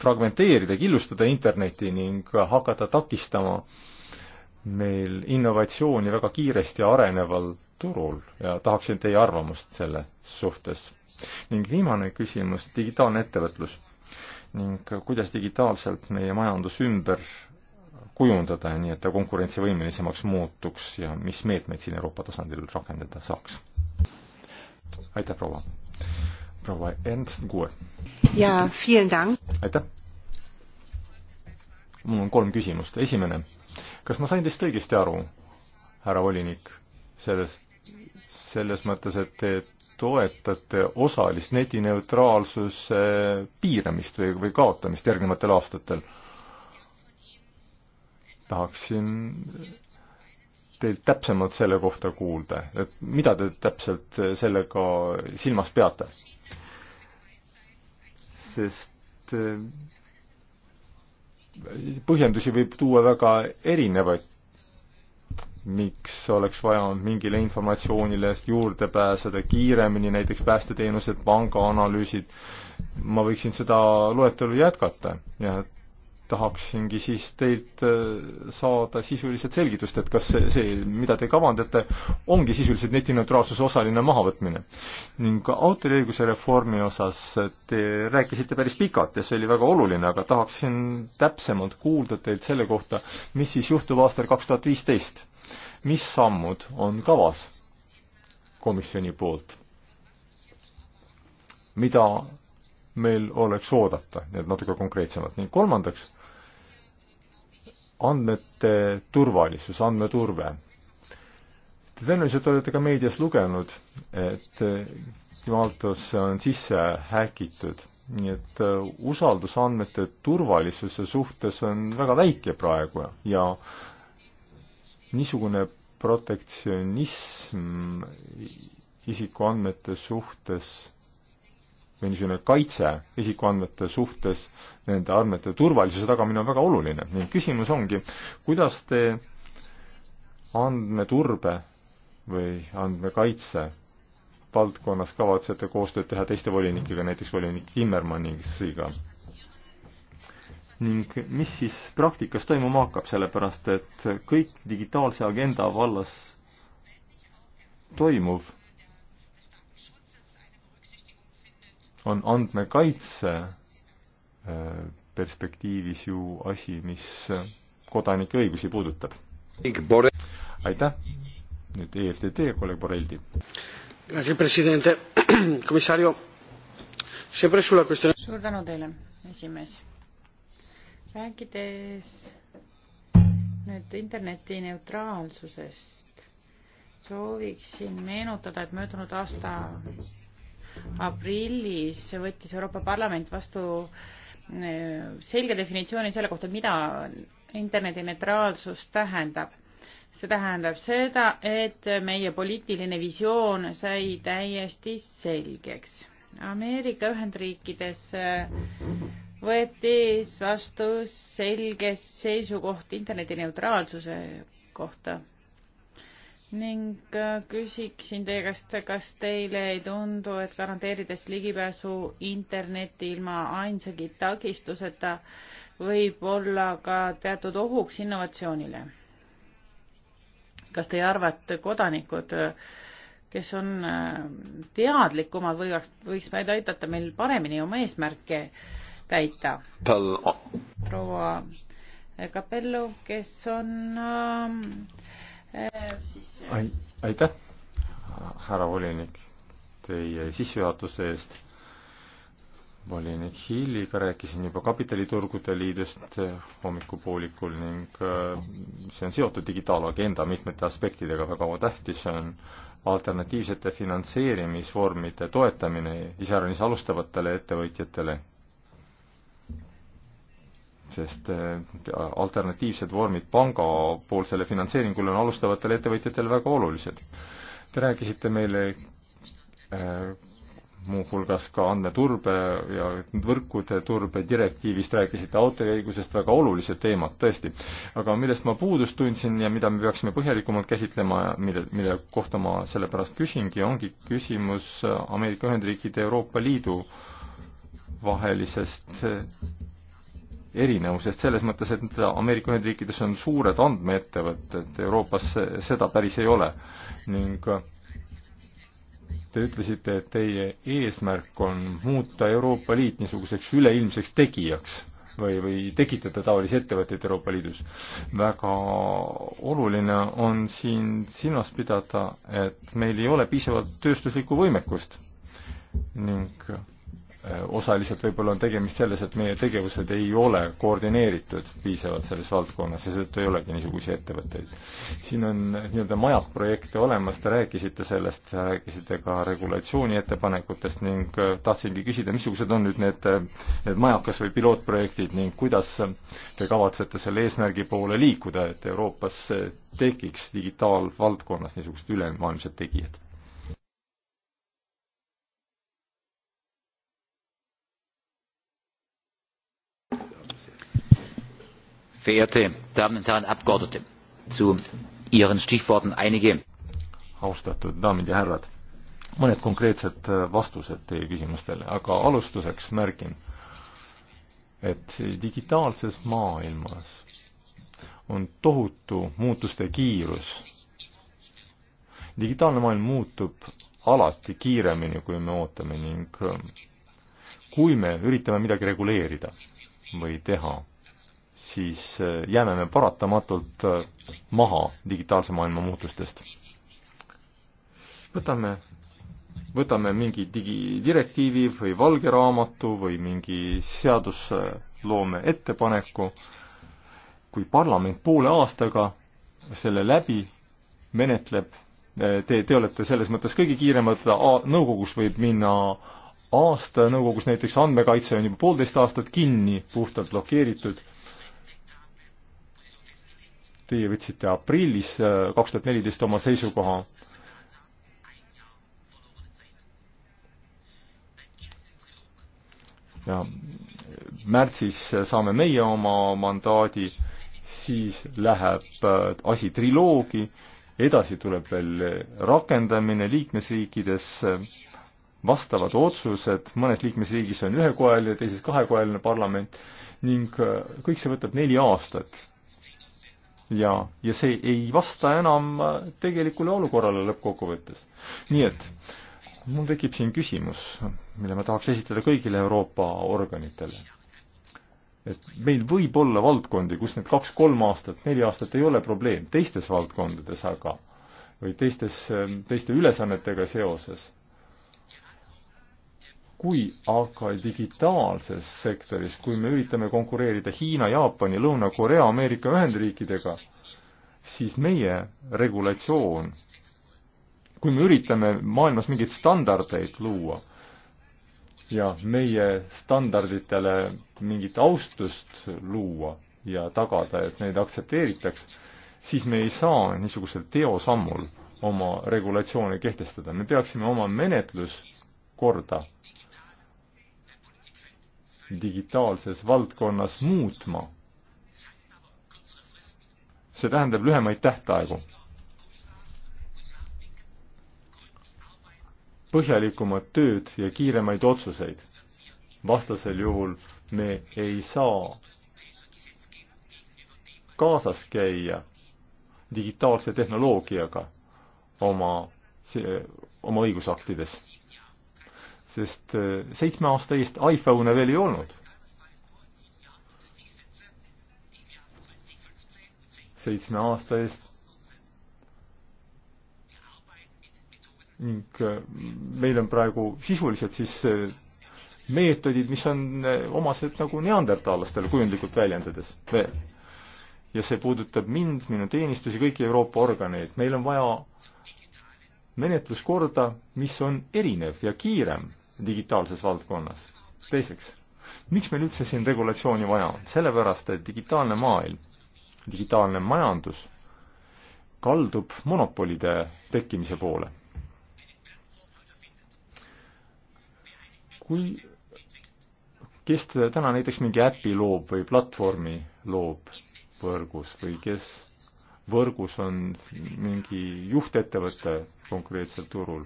fragmenteerida, killustada interneti ning hakata takistama meil innovatsiooni väga kiiresti areneval turul ja tahaksin teie arvamust selle suhtes ning viimane küsimus, digitaalne ettevõtlus ning kuidas digitaalselt meie majandus ümber kujundada, nii et ta konkurentsivõimelisemaks muutuks ja mis meetmeid siin Euroopa tasandil rakendada saaks? aitäh, proua. proua Ernst Kuue. jaa, aitäh. mul on kolm küsimust. esimene, kas ma sain teist õigesti aru, härra volinik, selles, selles mõttes, et, et toetate osalist netineutraalsuse piiramist või, või kaotamist järgnevatel aastatel. tahaksin teilt täpsemalt selle kohta kuulda, et mida te täpselt sellega silmas peate? sest eh, põhjendusi võib tuua väga erinevaid miks oleks vaja mingile informatsioonile juurde pääseda kiiremini, näiteks päästeteenused, pangaanalüüsid, ma võiksin seda loetelu jätkata ja tahaksingi siis teilt äh, saada sisuliselt selgitust, et kas see, see, mida te kavandate, ongi sisuliselt netineutraalsuse osaline mahavõtmine. ning autoriõiguse reformi osas te rääkisite päris pikalt ja see oli väga oluline, aga tahaksin täpsemalt kuulda teilt selle kohta, mis siis juhtub aastal kaks tuhat viisteist mis sammud on kavas komisjoni poolt, mida meil oleks oodata, need natuke konkreetsemalt. ning kolmandaks, andmete turvalisus, andmeturve. Te tõenäoliselt olete ka meedias lugenud, et Maltosse on sisse häkitud, nii et äh, usaldus andmete turvalisuse suhtes on väga väike praegu ja niisugune protektsionism isikuandmete suhtes või niisugune kaitse isikuandmete suhtes, nende andmete turvalisuse tagamine on väga oluline ning küsimus ongi, kuidas te andmeturbe või andmekaitse valdkonnas kavatsete koostööd teha teiste volinikega, näiteks volinik Timmermansiga ning mis siis praktikas toimuma hakkab, sellepärast et kõik digitaalse agenda vallas toimuv on andmekaitse äh, perspektiivis ju asi, mis kodanike õigusi puudutab. aitäh, nüüd EFTT kolleeg Borrelli. suur tänu teile, esimees rääkides nüüd interneti neutraalsusest, sooviksin meenutada, et möödunud aasta aprillis võttis Euroopa Parlament vastu äh, selge definitsiooni selle kohta, mida interneti neutraalsus tähendab. see tähendab seda, et meie poliitiline visioon sai täiesti selgeks. Ameerika Ühendriikides äh, võeti vastu selge seisukoht interneti neutraalsuse kohta ning äh, küsiksin teie käest, kas teile ei tundu, et garanteerides ligipääsu internetti ilma ainsagi takistuseta, võib olla ka teatud ohuks innovatsioonile? kas teie arvate, kodanikud, kes on äh, teadlikumad, võiks, võiks meid aidata meil paremini oma eesmärke äh, täita. proua Capello, kes on ähm, äh, siis äh, Ai, aitäh, härra volinik, teie sissejuhatuse eest. volinik Hilliga rääkisin juba kapitaliturgude liidust äh, hommikupoolikul ning äh, see on seotud digitaalagenda mitmete aspektidega, väga tähtis on alternatiivsete finantseerimisvormide toetamine iseäranis alustavatele ettevõtjatele sest äh, alternatiivsed vormid pangapoolsele finantseeringule on alustavatele ettevõtjatele väga olulised. Te rääkisite meile äh, muuhulgas ka andmeturbe ja võrkude turbe direktiivist rääkisite autoriõigusest, väga olulised teemad tõesti. aga millest ma puudust tundsin ja mida me peaksime põhjalikumalt käsitlema ja mille, mille kohta ma sellepärast küsingi, ongi küsimus Ameerika Ühendriikide ja Euroopa Liidu vahelisest erinevusest selles mõttes, et Ameerika Ühendriikides on suured andmeettevõtted, Euroopas seda päris ei ole. ning te ütlesite, et teie eesmärk on muuta Euroopa Liit niisuguseks üleilmseks tegijaks või, või tekitada taolisi ettevõtteid Euroopa Liidus. väga oluline on siin silmas pidada, et meil ei ole piisavalt tööstuslikku võimekust ning Äh, osaliselt võib-olla on tegemist selles, et meie tegevused ei ole koordineeritud piisavalt selles valdkonnas ja seetõttu ei olegi niisuguseid ettevõtteid. siin on nii-öelda majad projekte olemas, te rääkisite sellest, rääkisite ka regulatsiooni ettepanekutest ning äh, tahtsingi küsida, missugused on nüüd need, need majakas või pilootprojektid ning kuidas te kavatsete selle eesmärgi poole liikuda, et Euroopas äh, tekiks digitaalvaldkonnas niisugused ülemaailmsed tegijad? verehrte Damen und Herren Abgeordnete, zu Ihren Stichworten einige. austatud daamid ja härrad, mõned konkreetsed äh, vastused teie küsimustele, aga alustuseks märgin, et digitaalses maailmas on tohutu muutuste kiirus. digitaalne maailm muutub alati kiiremini, kui me ootame ning äh, kui me üritame midagi reguleerida või teha siis eh, jääme me paratamatult eh, maha digitaalse maailma muutustest. võtame, võtame mingi digidirektiivi või valge raamatu või mingi seadusloome ettepaneku, kui parlament poole aastaga selle läbi menetleb, eh, te, te olete selles mõttes kõige kiiremad, nõukogus võib minna aasta nõukogus näiteks andmekaitse on juba poolteist aastat kinni, puhtalt blokeeritud Teie võtsite aprillis äh, kaks tuhat neliteist oma seisukoha. ja märtsis saame meie oma mandaadi, siis läheb äh, asi triloogi, edasi tuleb veel rakendamine liikmesriikides, vastavad otsused, mõnes liikmesriigis on ühekojaline, teises kahekojaline parlament ning äh, kõik see võtab neli aastat ja, ja see ei vasta enam äh, tegelikule olukorrale lõppkokkuvõttes. nii et mul tekib siin küsimus, mille ma tahaks esitada kõigile Euroopa organitele. et meil võib olla valdkondi, kus need kaks-kolm aastat, neli aastat ei ole probleem, teistes valdkondades aga, või teistes, teiste ülesannetega seoses kui aga digitaalses sektoris, kui me üritame konkureerida Hiina, Jaapani, Lõuna-Korea, Ameerika Ühendriikidega, siis meie regulatsioon, kui me üritame maailmas mingeid standardeid luua ja meie standarditele mingit austust luua ja tagada, et neid aktsepteeritaks, siis me ei saa niisugusel teosammul oma regulatsioone kehtestada, me peaksime oma menetluskorda digitaalses valdkonnas muutma. see tähendab lühemaid tähtaegu. põhjalikumat tööd ja kiiremaid otsuseid. vastasel juhul me ei saa kaasas käia digitaalse tehnoloogiaga oma, oma õigusaktides sest äh, seitsme aasta eest iPhone'e veel ei olnud. seitsme aasta eest ning äh, meil on praegu sisuliselt siis äh, meetodid, mis on omased nagu neandertaalastele kujundlikult väljendades veel. ja see puudutab mind, minu teenistusi, kõiki Euroopa organeid, meil on vaja menetluskorda, mis on erinev ja kiirem digitaalses valdkonnas. teiseks, miks meil üldse siin regulatsiooni vaja on? sellepärast, et digitaalne maailm, digitaalne majandus kaldub monopolide tekkimise poole. kui, kes täna näiteks mingi äpi loob või platvormi loob võrgus või kes võrgus on mingi juhtettevõte konkreetsel turul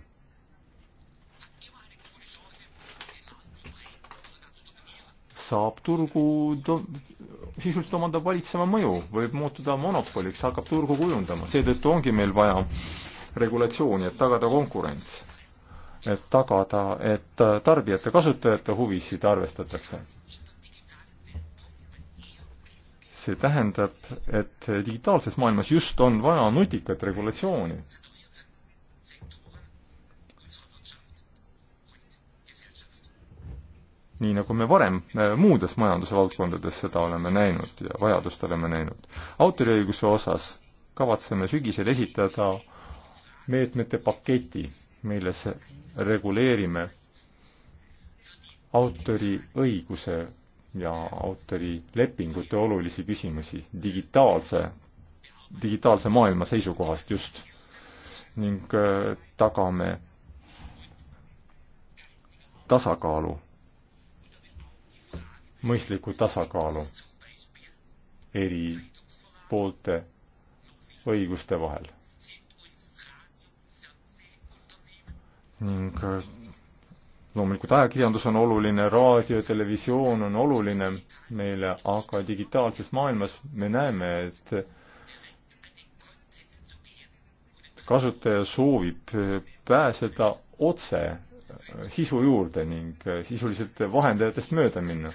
saab turgu, sisuliselt omandab valitsema mõju, võib muutuda monopoliks, hakkab turgu kujundama, seetõttu ongi meil vaja regulatsiooni, et tagada konkurents. et tagada, et tarbijate, kasutajate huvisid arvestatakse. see tähendab, et digitaalses maailmas just on vaja nutikat regulatsiooni nii nagu me varem muudes majanduse valdkondades seda oleme näinud ja vajadust oleme näinud. autoriõiguse osas kavatseme sügisel esitada meetmete paketi, milles reguleerime autoriõiguse ja autorilepingute olulisi küsimusi digitaalse, digitaalse maailma seisukohast just ning äh, tagame tasakaalu mõistliku tasakaalu eri poolte õiguste vahel. ning äh, loomulikult ajakirjandus on oluline, raadio, televisioon on oluline meile, aga digitaalses maailmas me näeme, et kasutaja soovib äh, pääseda otse äh, sisu juurde ning sisuliselt vahendajatest mööda minna.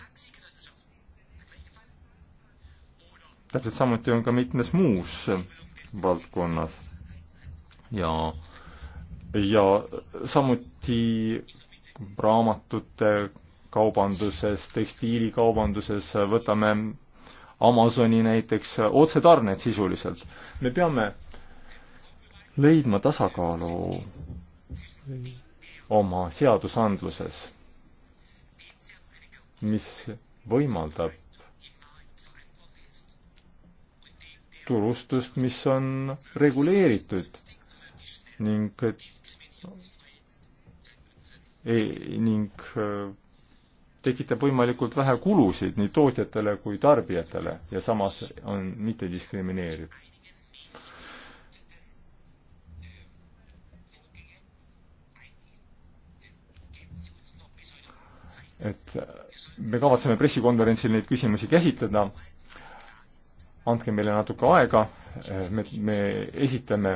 täpselt samuti on ka mitmes muus valdkonnas. ja, ja samuti raamatute kaubanduses, tekstiilikaubanduses, võtame Amazoni näiteks, otsetarned sisuliselt. me peame leidma tasakaalu oma seadusandluses, mis võimaldab turustust, mis on reguleeritud ning et ei, ning äh, tekitab võimalikult vähe kulusid nii tootjatele kui tarbijatele ja samas on mittediskrimineeriv. et me kavatseme pressikonverentsil neid küsimusi käsitleda andke meile natuke aega, me, me esitame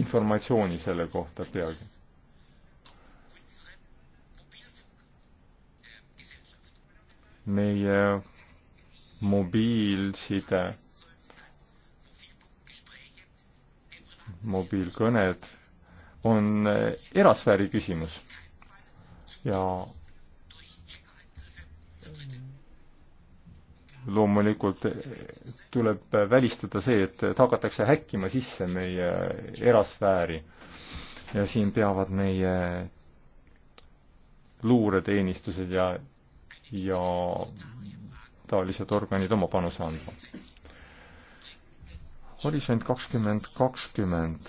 informatsiooni selle kohta peagi. meie mobiilside, mobiilkõned on erasfääri küsimus ja loomulikult tuleb välistada see, et, et hakatakse häkkima sisse meie erasfääri. ja siin peavad meie luureteenistused ja, ja taolised organid oma panuse andma. horisont kakskümmend kakskümmend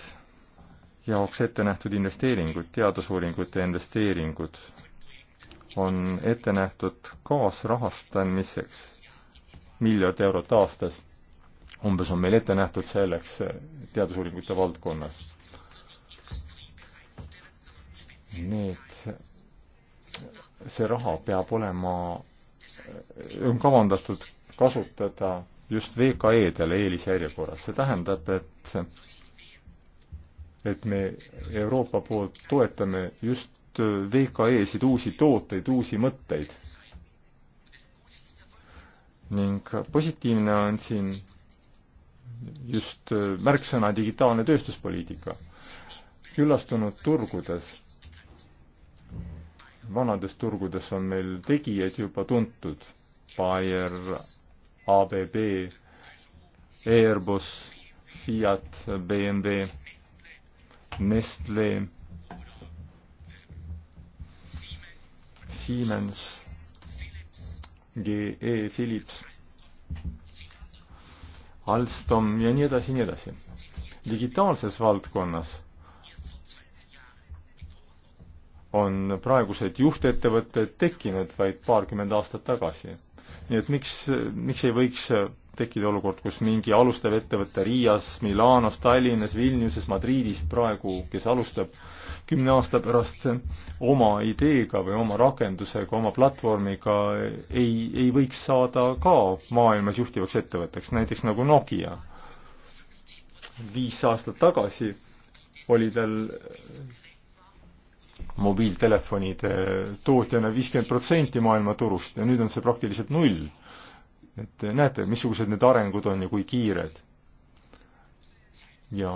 jaoks ette nähtud investeeringud, teadusuuringute investeeringud on ette nähtud kaasrahastamiseks miljard eurot aastas. umbes on meil ette nähtud selleks teadusuuringute valdkonnas. Need, see raha peab olema, on kavandatud kasutada just VKE-dele eelisjärjekorras, see tähendab, et et me Euroopa poolt toetame just VKE-sid, uusi tooteid, uusi mõtteid. ning positiivne on siin just märksõna digitaalne tööstuspoliitika. küllastunud turgudes, vanades turgudes on meil tegijad juba tuntud, Bayer, ABB, Airbus, Fiat, BMW Nestle, Siemens, GE Philips, Alstom ja nii edasi, nii edasi. digitaalses valdkonnas on praegused juhtettevõtted tekkinud vaid paarkümmend aastat tagasi. nii et miks, miks ei võiks tekkida olukord, kus mingi alustav ettevõte Riias, Milanos, Tallinnas, Vilniuses, Madridis praegu, kes alustab kümne aasta pärast oma ideega või oma rakendusega, oma platvormiga, ei, ei võiks saada ka maailmas juhtivaks ettevõtteks, näiteks nagu Nokia. viis aastat tagasi oli tal mobiiltelefonide tootjana viiskümmend protsenti maailma turust ja nüüd on see praktiliselt null et eh, näete, missugused need arengud on ja kui kiired. ja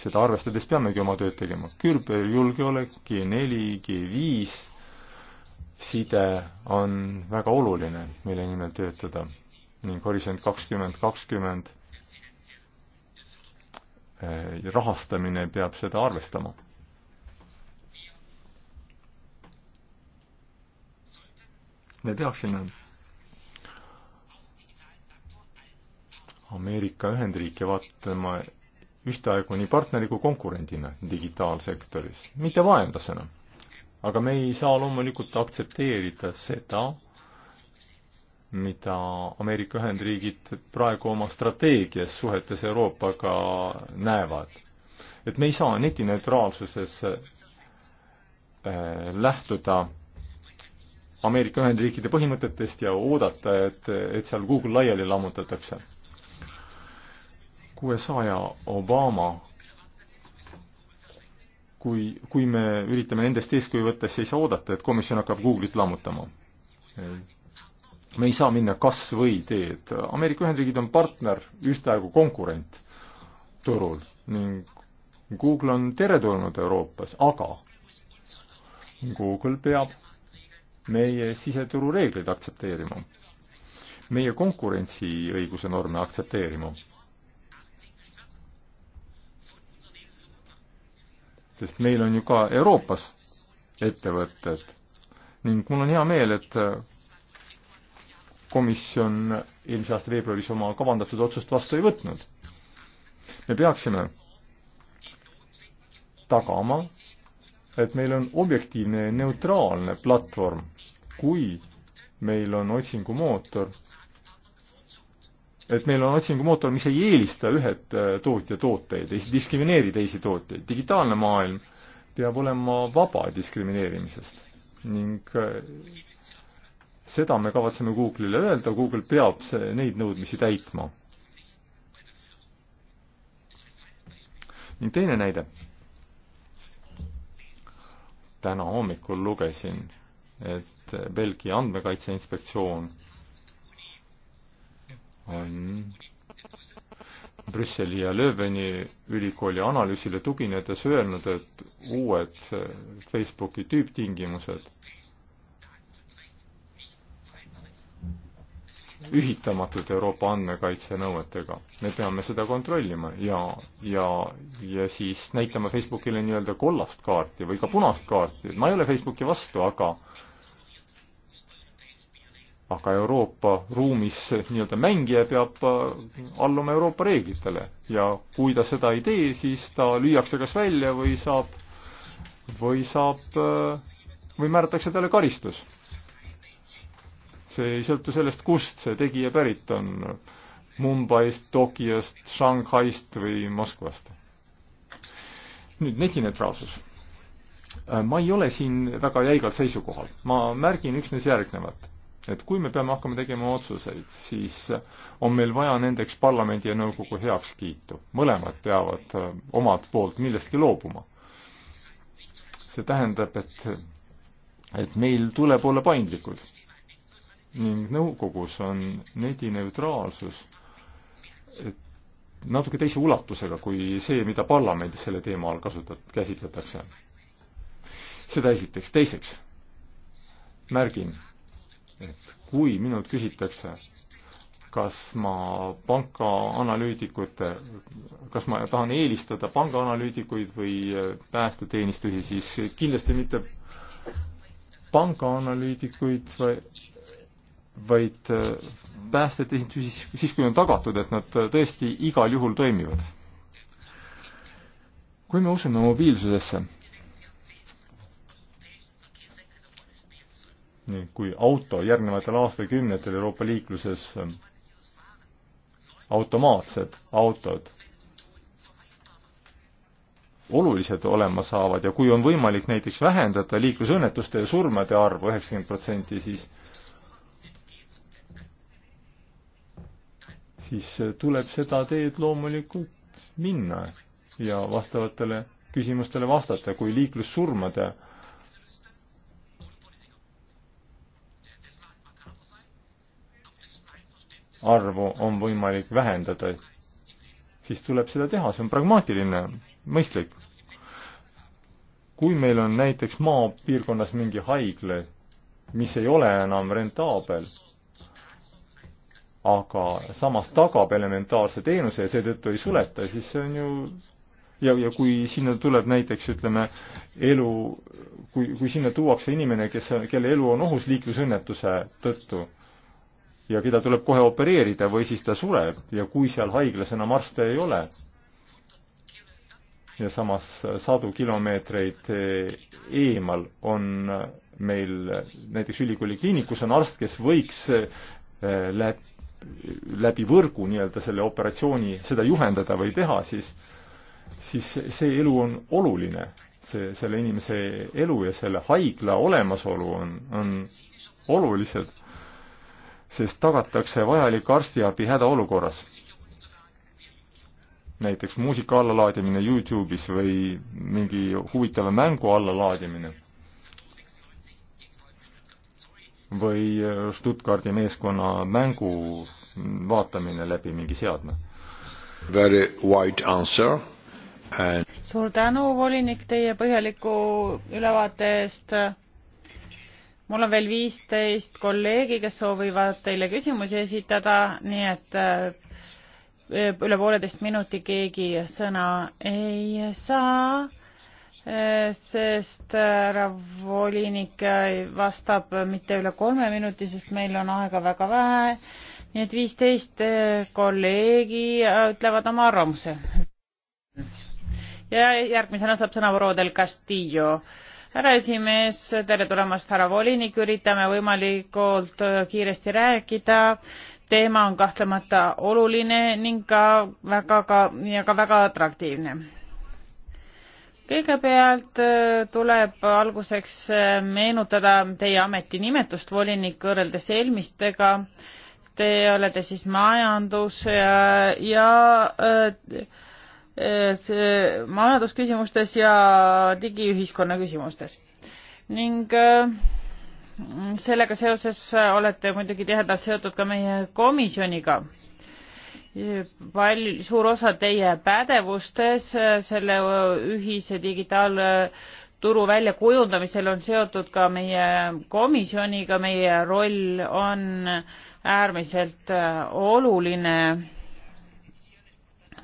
seda arvestades peamegi oma tööd tegema. küberjulgeolek, G4, G5 side on väga oluline, mille nimel töötada ning Horisont kakskümmend kakskümmend eh, rahastamine peab seda arvestama. me peaksime Ameerika Ühendriike vaatama ühtaegu nii partneri kui konkurendina digitaalsektoris, mitte vaenlasena. aga me ei saa loomulikult aktsepteerida seda, mida Ameerika Ühendriigid praegu oma strateegias suhetes Euroopaga näevad. et me ei saa netineutraalsuses äh, lähtuda Ameerika Ühendriikide põhimõtetest ja oodata, et, et seal Google laiali lammutatakse kuuesaja ja Obama, kui, kui me üritame nendest eeskuju võtta, siis ei saa oodata, et komisjon hakkab Google'it lammutama. me ei saa minna kas-või teed. Ameerika Ühendriigid on partner, ühtaegu konkurent turul ning Google on teretulnud Euroopas, aga Google peab meie siseturu reegleid aktsepteerima, meie konkurentsiõiguse norme aktsepteerima sest meil on ju ka Euroopas ettevõtted ning mul on hea meel, et komisjon eelmise aasta veebruaris oma kavandatud otsust vastu ei võtnud. me peaksime tagama, et meil on objektiivne ja neutraalne platvorm, kui meil on otsingumootor, et meil on otsingumootor, mis ei eelista ühet äh, tootja tooteid, ei diskrimineeri teisi tooteid. digitaalne maailm peab olema vaba diskrimineerimisest ning äh, seda me kavatseme Google'ile öelda, Google peab see, neid nõudmisi täitma. ning teine näide. täna hommikul lugesin, et Belgia andmekaitse inspektsioon on Brüsseli ja Lööveni ülikooli analüüsile tuginedes öelnud, et uued Facebooki tüüptingimused ühitamatud Euroopa andmekaitse nõuetega. me peame seda kontrollima ja, ja, ja siis näitama Facebookile nii-öelda kollast kaarti või ka punast kaarti, et ma ei ole Facebooki vastu, aga aga Euroopa ruumis nii-öelda mängija peab äh, alluma Euroopa reeglitele ja kui ta seda ei tee, siis ta lüüakse kas välja või saab, või saab, äh, või määratakse talle karistus. see ei sõltu sellest, kust see tegija pärit on, Mumbaist, Tokyost, Shanghaist või Moskvast. nüüd netineutraalsus äh, ma ei ole siin väga jäigalt seisukohal, ma märgin üksnes järgnevat et kui me peame hakkama tegema otsuseid, siis on meil vaja nendeks parlamendi ja nõukogu heakskiitu. mõlemad peavad äh, omalt poolt millestki loobuma. see tähendab, et, et meil tuleb olla paindlikud. ning nõukogus on netineutraalsus natuke teise ulatusega kui see, mida parlamendis selle teema all kasutat-, käsitletakse. seda esiteks. teiseks märgin et kui minult küsitakse, kas ma pangaanalüütikute, kas ma tahan eelistada pangaanalüütikuid või päästeteenistusi, siis kindlasti mitte pangaanalüütikuid, vaid päästeteenistusi siis, siis, kui on tagatud, et nad tõesti igal juhul toimivad. kui me usume mobiilsusesse kui auto järgnevatel aastakümnetel Euroopa liikluses ähm, automaatsed autod oluliselt olema saavad ja kui on võimalik näiteks vähendada liiklusõnnetuste ja surmade arvu üheksakümmend protsenti, siis siis äh, tuleb seda teed loomulikult minna ja vastavatele küsimustele vastata, kui liiklussurmade äh, arvu on võimalik vähendada, siis tuleb seda teha, see on pragmaatiline, mõistlik. kui meil on näiteks maapiirkonnas mingi haigla, mis ei ole enam rentaabel, aga samas tagab elementaarse teenuse ja seetõttu ei suleta, siis see on ju ja, ja kui sinna tuleb näiteks ütleme, elu, kui, kui sinna tuuakse inimene, kes, kelle elu on ohus liiklusõnnetuse tõttu ja keda tuleb kohe opereerida või siis ta sureb ja kui seal haiglas enam arste ei ole ja samas sadu kilomeetreid eemal on meil näiteks ülikooli kliinikus on arst, kes võiks eh, läbi, läbi võrgu nii-öelda selle operatsiooni seda juhendada või teha, siis, siis see elu on oluline. see, selle inimese elu ja selle haigla olemasolu on, on olulised sest tagatakse vajalik arstiabi hädaolukorras. näiteks muusika allalaadimine Youtube'is või mingi huvitava mängu allalaadimine. või Stuttgardi meeskonna mängu vaatamine läbi mingi seadme. Very wide answer and.... suur tänu, volinik, teie põhjaliku ülevaate eest mul on veel viisteist kolleegi, kes soovivad teile küsimusi esitada, nii et äh, üle pooleteist minuti keegi sõna ei saa, äh, sest äh, härra volinik vastab mitte üle kolme minuti, sest meil on aega väga vähe. nii et viisteist kolleegi ütlevad oma arvamuse. ja järgmisena saab sõna Rodel Castillo härra esimees, tere tulemast, härra volinik, üritame võimalikult äh, kiiresti rääkida. teema on kahtlemata oluline ning ka väga ka ja ka väga atraktiivne. kõigepealt äh, tuleb alguseks äh, meenutada teie ametinimetust volinik võrreldes eelmistega Te olete siis majandus ja, ja Eh, eh, majandusküsimustes ja digiühiskonna küsimustes. ning eh, sellega seoses olete muidugi tihedalt seotud ka meie komisjoniga. palju, suur osa teie pädevustes selle ühise digitaalturu väljakujundamisel on seotud ka meie komisjoniga, meie roll on äärmiselt oluline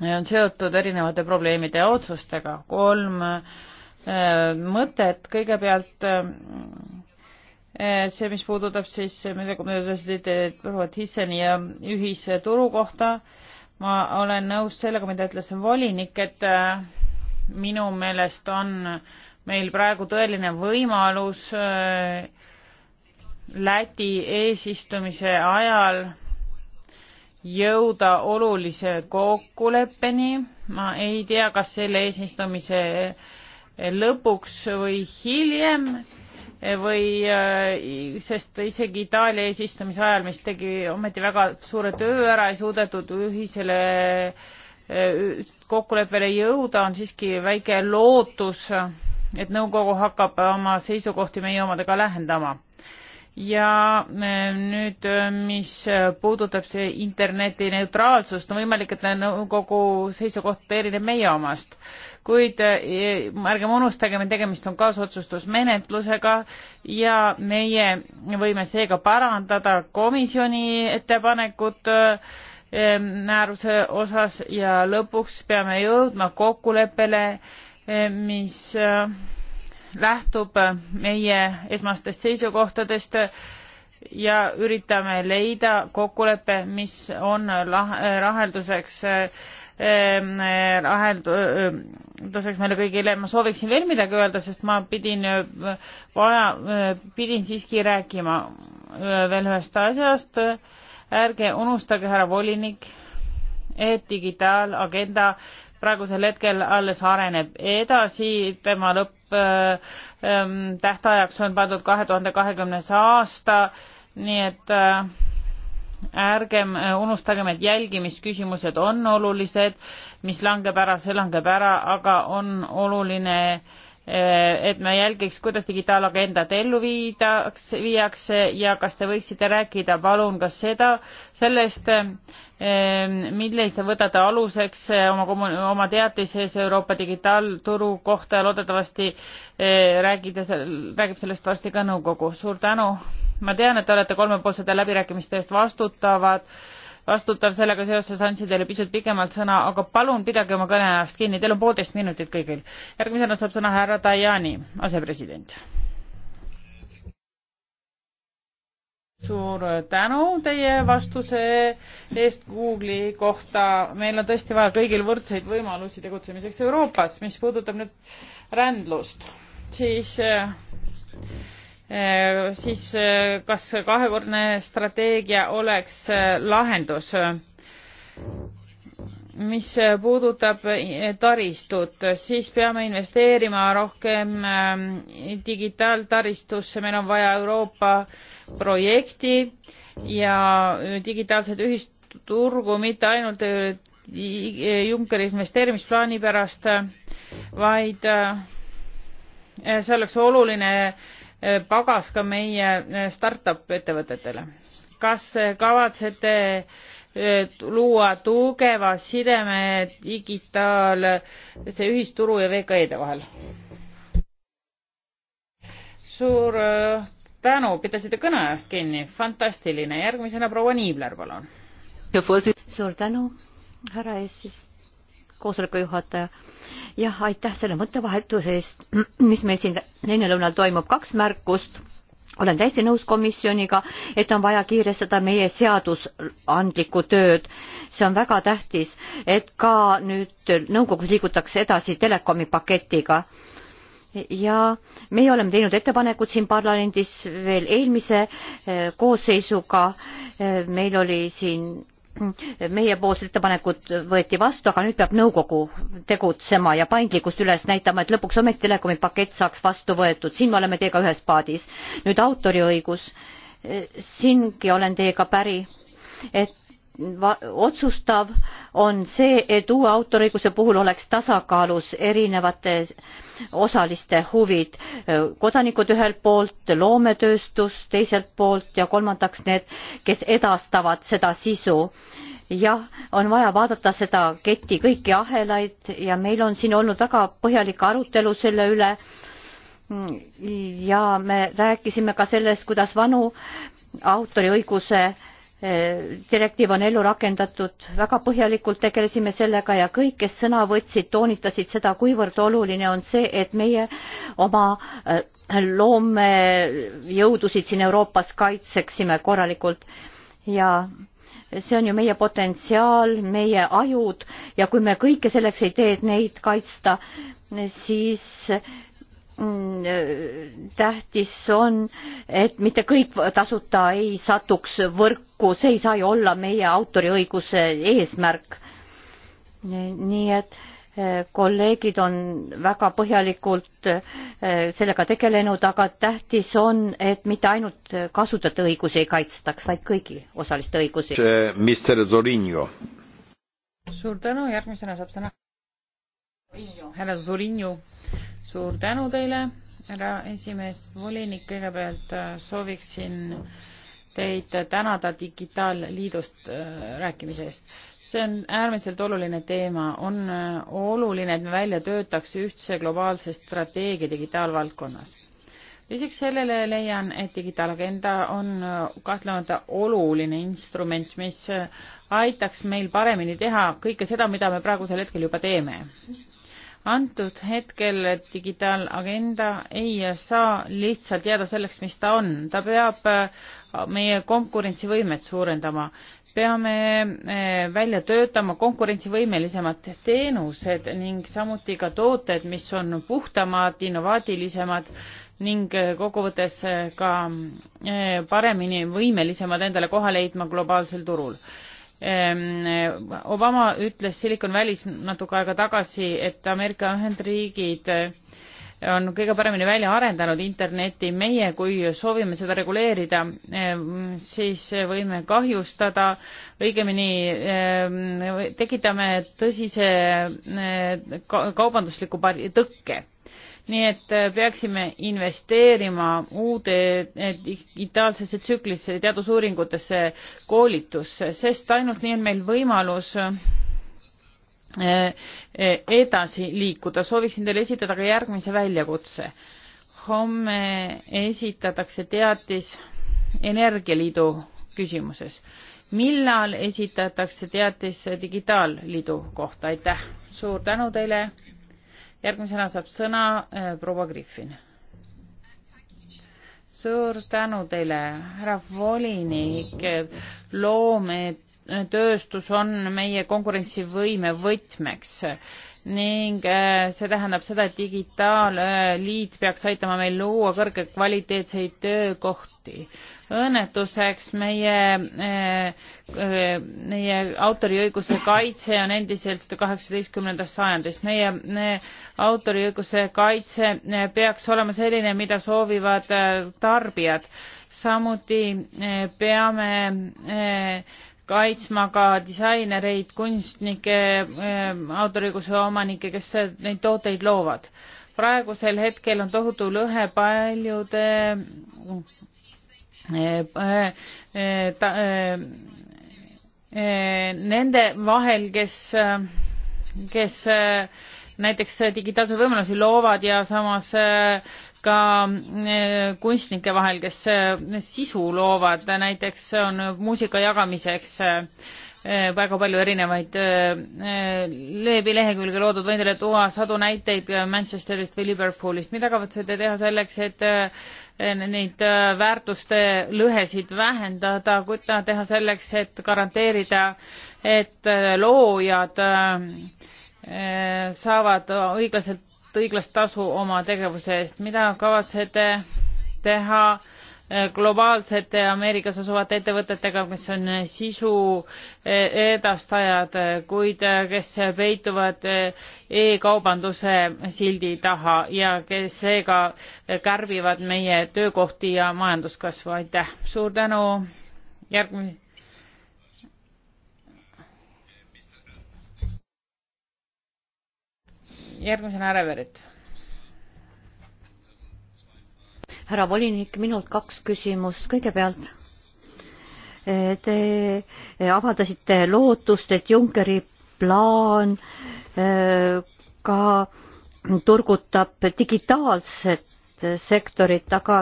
on seotud erinevate probleemide ja otsustega. kolm äh, mõtet, kõigepealt äh, see, mis puudutab siis, millega me ütlesite proua Thyssen'i ja ühise turu kohta, ma olen nõus sellega, mida ütles volinik, et äh, minu meelest on meil praegu tõeline võimalus Läti eesistumise ajal jõuda olulise kokkuleppeni. ma ei tea, kas selle eesistumise lõpuks või hiljem või äh, sest isegi Itaalia eesistumise ajal, mis tegi ometi väga suure töö ära, ei suudetud ühisele äh, kokkuleppele jõuda, on siiski väike lootus, et nõukogu hakkab oma seisukohti meie omadega lähendama ja nüüd, mis puudutab see interneti neutraalsust, on võimalik, et nõukogu seisukoht erineb meie omast, kuid eh, ärgem unustagem, et tegemist on kaasotsustusmenetlusega ja meie võime seega parandada komisjoni ettepanekut eh, määruse osas ja lõpuks peame jõudma kokkuleppele, eh, mis lähtub meie esmastest seisukohtadest ja üritame leida kokkuleppe, mis on lahenduseks lahenduseks ähm, meile kõigile. ma sooviksin veel midagi öelda, sest ma pidin vaja, pidin siiski rääkima äh, veel ühest asjast. ärge unustage, härra volinik, et digitaalagenda praegusel hetkel alles areneb edasi, tema lõpp lõpptähtajaks äh, ähm, on pandud kahe tuhande kahekümnes aasta, nii et äh, ärgem äh, unustagem, et jälgimisküsimused on olulised, mis langeb ära, see langeb ära, aga on oluline äh, Eh, et me jälgiks, kuidas digitaalagendat ellu viidaks, viiakse ja kas te võiksite rääkida palun ka seda, sellest, eh, mille te võtate aluseks eh, oma, oma teatises Euroopa digitaalturu kohta ja loodetavasti räägite, räägib sellest varsti ka nõukogu. suur tänu. ma tean, et te olete kolmepoolsete läbirääkimiste eest vastutavad vastutav sellega seoses andsin teile pisut pikemalt sõna, aga palun pidage oma kõne ajast kinni, teil on poolteist minutit kõigil. järgmisena saab sõna härra Tajani, asepresident. suur tänu teie vastuse eest Google'i kohta. meil on tõesti vaja kõigil võrdseid võimalusi tegutsemiseks Euroopas, mis puudutab nüüd rändlust, siis äh, Äh, siis äh, kas kahekordne strateegia oleks äh, lahendus? mis puudutab taristut, siis peame investeerima rohkem digitaaltaristusse, meil on vaja Euroopa projekti ja digitaalset ühisturgu mitte ainult Junckeri investeerimisplaani pärast, vaid see oleks oluline äh, pagas ka meie eh, startup ettevõtetele. kas eh, kavatsete eh, luua tugeva sideme digitaalse ühisturu ja VKE-de vahel? suur tänu, pidasite kõne ajast kinni, fantastiline. järgmisena proua Niibler, palun. suur tänu, härra eesistuja koosoleku juhataja. jah, aitäh selle mõttevahetuse eest, mis meil siin ennelõunal toimub, kaks märkust olen täiesti nõus komisjoniga, et on vaja kiirestada meie seadusandlikku tööd. see on väga tähtis, et ka nüüd nõukogus liigutakse edasi telekomi paketiga. ja meie oleme teinud ettepanekud siin parlamendis veel eelmise eh, koosseisuga. Eh, meil oli siin Mm. meiepoolsed ettepanekud võeti vastu aga nüüd peab nõukogu tegutsema ja paindlikkust üles näitama et lõpuks ometi telekomi pakett saaks vastu võetud siin me oleme teiega ühes paadis. nüüd autoriõigus siingi olen teiega päri et otsustav on see, et uue autoriõiguse puhul oleks tasakaalus erinevate osaliste huvid, kodanikud ühelt poolt, loometööstus teiselt poolt ja kolmandaks need, kes edastavad seda sisu jah, on vaja vaadata seda keti kõiki ahelaid ja meil on siin olnud väga põhjalik arutelu selle üle. ja me rääkisime ka sellest, kuidas vanu autoriõiguse äh, direktiiv on ellu rakendatud väga põhjalikult tegelesime sellega ja kõik kes sõna võtsid toonitasid seda kuivõrd oluline on see et meie oma äh, loomejõudusid siin euroopas kaitseksime korralikult ja see on ju meie potentsiaal meie ajud ja kui me kõike selleks ei tee et neid kaitsta siis Mm, äh, tähtis on, et mitte kõik tasuta ei satuks võrku, see ei saa ju olla meie autoriõiguse eesmärk. nii et äh, kolleegid on väga põhjalikult äh, sellega tegelenud, aga tähtis on, et mitte ainult kasutajate õigusi ei kaitstaks, vaid kõigi osaliste õigusi. Mr Zorinio. suur tänu, järgmisena saab sõna härra Zorinio suur tänu teile, härra esimees, volinik, kõigepealt äh, sooviksin teid tänada Digitaalliidust äh, rääkimise eest. see on äärmiselt oluline teema, on äh, oluline, et me välja töötaks ühtse globaalse strateegia digitaalvaldkonnas lisaks sellele leian, et digitaalagenda on kahtlemata oluline instrument, mis aitaks meil paremini teha kõike seda, mida me praegusel hetkel juba teeme antud hetkel digitaalagenda ei saa lihtsalt jääda selleks, mis ta on, ta peab äh, meie konkurentsivõimet suurendama. peame äh, välja töötama konkurentsivõimelisemad teenused ning samuti ka tooted, mis on puhtamad, innovaatilisemad ning äh, kokkuvõttes ka paremini võimelisemad endale koha leidma globaalsel turul Ehm, Obama ütles Silicon Valley's natuke aega tagasi, et Ameerika Ühendriigid eh, on kõige paremini välja arendanud interneti, meie, kui soovime seda reguleerida, ehm, siis võime kahjustada, õigemini ehm, tekitame tõsise eh, kaubandusliku tõkke nii et äh, peaksime investeerima uude äh, digitaalsesse tsüklisse, teadusuuringutesse, koolitusse, sest ainult nii on meil võimalus äh, edasi liikuda. sooviksin teile esitada ka järgmise väljakutse. homme esitatakse teatis Energialiidu küsimuses. millal esitatakse teatis Digitaalliidu kohta? aitäh, suur tänu teile järgmisena saab sõna äh, proua Griffin. suur tänu teile, härra volinik, loometööstus äh, on meie konkurentsivõime võtmeks ning äh, see tähendab seda, et digitaalliit peaks aitama meil luua kõrgekvaliteetseid töökohti. õnnetuseks meie äh, Äh, meie autoriõiguse kaitse on endiselt kaheksateistkümnendast sajandist. meie ne, autoriõiguse kaitse äh, peaks olema selline, mida soovivad äh, tarbijad. samuti peame kaitsma ka disainereid, kunstnikke, autoriõiguse omanikke, kes neid tooteid loovad. praegusel hetkel on tohutu lõhe paljude ta, Eh, nende vahel, kes, eh, kes eh, näiteks digitaalseid võimalusi loovad ja samas ka kunstnike vahel, kes sisu loovad, näiteks on muusika jagamiseks väga palju erinevaid leebilehekülge loodud, võin teile tuua sadu näiteid Manchesterist või Liverpoolist, mida kavatsete teha selleks, et neid äh, väärtuste lõhesid vähendada, kuidas teha selleks, et garanteerida, et äh, loojad äh, saavad õiglaselt, õiglast tasu oma tegevuse eest. mida kavatsete teha globaalsete Ameerikas asuvate ettevõtetega, kes on sisu edastajad, kuid kes peituvad e-kaubanduse sildi taha ja kes seega kärbivad meie töökohti ja majanduskasvu. aitäh, suur tänu, järgmine. järgmisena Äreverit härra volinik, minult kaks küsimust. kõigepealt eh, te eh, avaldasite lootust, et Junckeri plaan eh, ka turgutab digitaalset sektorit, aga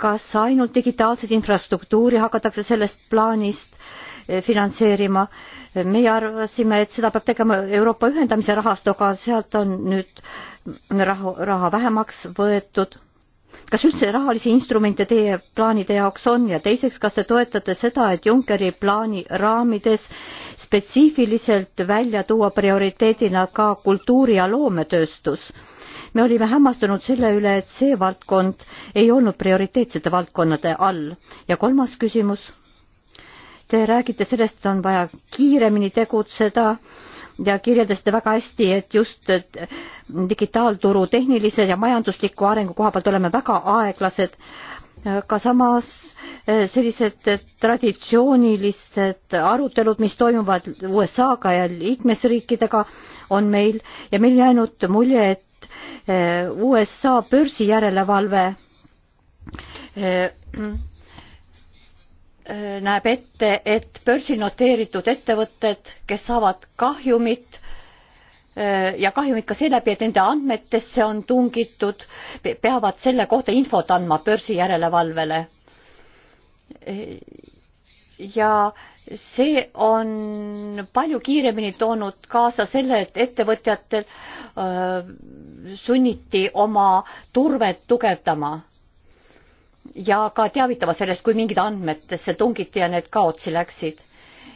kas ainult digitaalset infrastruktuuri hakatakse sellest plaanist finantseerima? meie arvasime, et seda peab tegema Euroopa ühendamise rahastuga, sealt on nüüd raha, raha vähemaks võetud kas üldse rahalisi instrumente teie plaanide jaoks on ja teiseks, kas te toetate seda, et Junckeri plaani raamides spetsiifiliselt välja tuua prioriteedina ka kultuuri ja loometööstus? me olime hämmastunud selle üle, et see valdkond ei olnud prioriteetsete valdkonnade all. ja kolmas küsimus. Te räägite sellest, et on vaja kiiremini tegutseda ja kirjeldasite väga hästi, et just et digitaalturu tehnilise ja majandusliku arengu koha pealt oleme väga aeglased, aga samas eh, sellised traditsioonilised arutelud, mis toimuvad USA-ga ja liikmesriikidega, on meil ja meil on jäänud mulje, et eh, USA börsi järelevalve eh, näeb ette, et börsil noteeritud ettevõtted, kes saavad kahjumit ja kahjumit ka seeläbi, et nende andmetesse on tungitud, peavad selle kohta infot andma börsi järelevalvele. ja see on palju kiiremini toonud kaasa selle, et ettevõtjatel äh, sunniti oma turvet tugevdama ja ka teavitama sellest, kui mingid andmetesse tungiti ja need kaotsi läksid.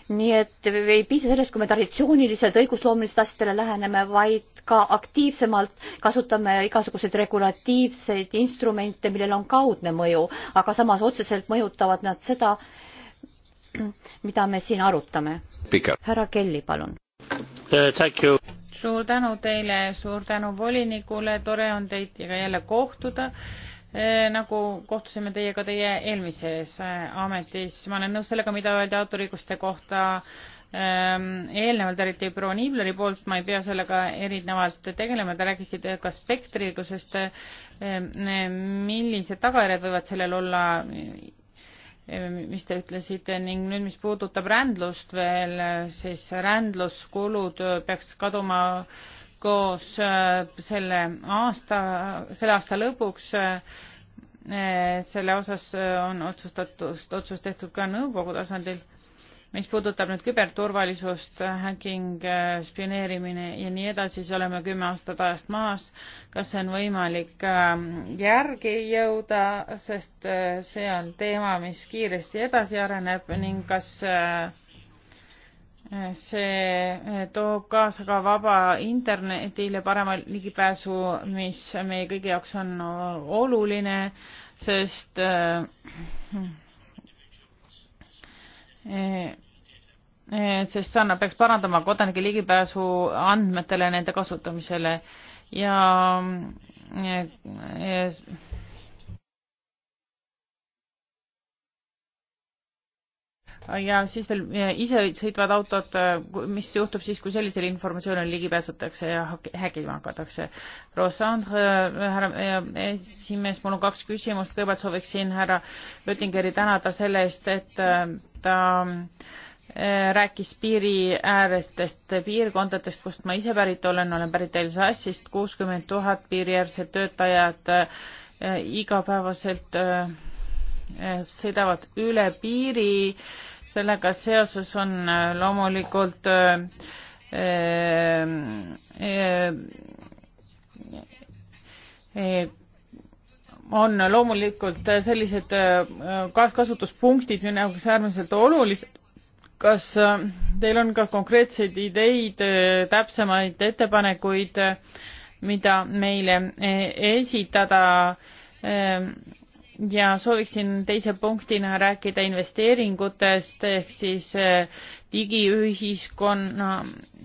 nii et ei piisa sellest, kui me traditsiooniliselt õigusloomeliselt asjadele läheneme, vaid ka aktiivsemalt kasutame igasuguseid regulatiivseid instrumente, millel on kaudne mõju, aga samas otseselt mõjutavad nad seda, mida me siin arutame. härra Kelly, palun uh,. suur tänu teile, suur tänu volinikule, tore on teid jälle kohtuda Eh, nagu kohtusime teiega teie eelmises eh, ametis. ma olen nõus sellega, mida öeldi autoriõiguste kohta ehm, eelnevalt, eriti proua Niibleri poolt, ma ei pea sellega erinevalt tegelema, te rääkisite ka spektriõigusest, ehm, millised tagajärjed võivad sellel olla, ehm, mis te ütlesite ning nüüd, mis puudutab rändlust veel, eh, siis rändluskulud peaks kaduma koos äh, selle aasta, selle aasta lõpuks äh, selle osas äh, on otsustatud, otsus tehtud ka nõukogu tasandil. mis puudutab nüüd küberturvalisust, häkking, spioneerimine ja nii edasi, siis oleme kümme aastat ajast maas. kas see on võimalik ähm, järgi jõuda, sest see on teema, mis kiiresti edasi areneb ning kas äh, see eh, toob kaasa ka vaba internetile parema ligipääsu, mis meie kõigi jaoks on oluline, sest eh, eh, sest see annab, peaks parandama kodanike ligipääsu andmetele, nende kasutamisele ja, ja ja siis veel isesõitvad autod, mis juhtub siis, kui sellisele informatsioonile ligi pääsetakse ja häkima hakatakse. proua Sandre, härra esimees, mul on kaks küsimust, kõigepealt sooviksin härra Oettingeri tänada selle eest, et äh, ta äh, rääkis piiriäärestest piirkondadest, kust ma ise pärit olen, olen pärit Elsassist, kuuskümmend tuhat piiriäärsed töötajad äh, igapäevaselt sõidavad üle piiri sellega seoses on äh, loomulikult äh, äh, äh, on loomulikult sellised äh, kaaskasutuspunktid minu jaoks äärmiselt olulised. kas teil on ka konkreetseid ideid, täpsemaid ettepanekuid, mida meile esitada? ja sooviksin teise punktina rääkida investeeringutest ehk siis eh, digiühiskonna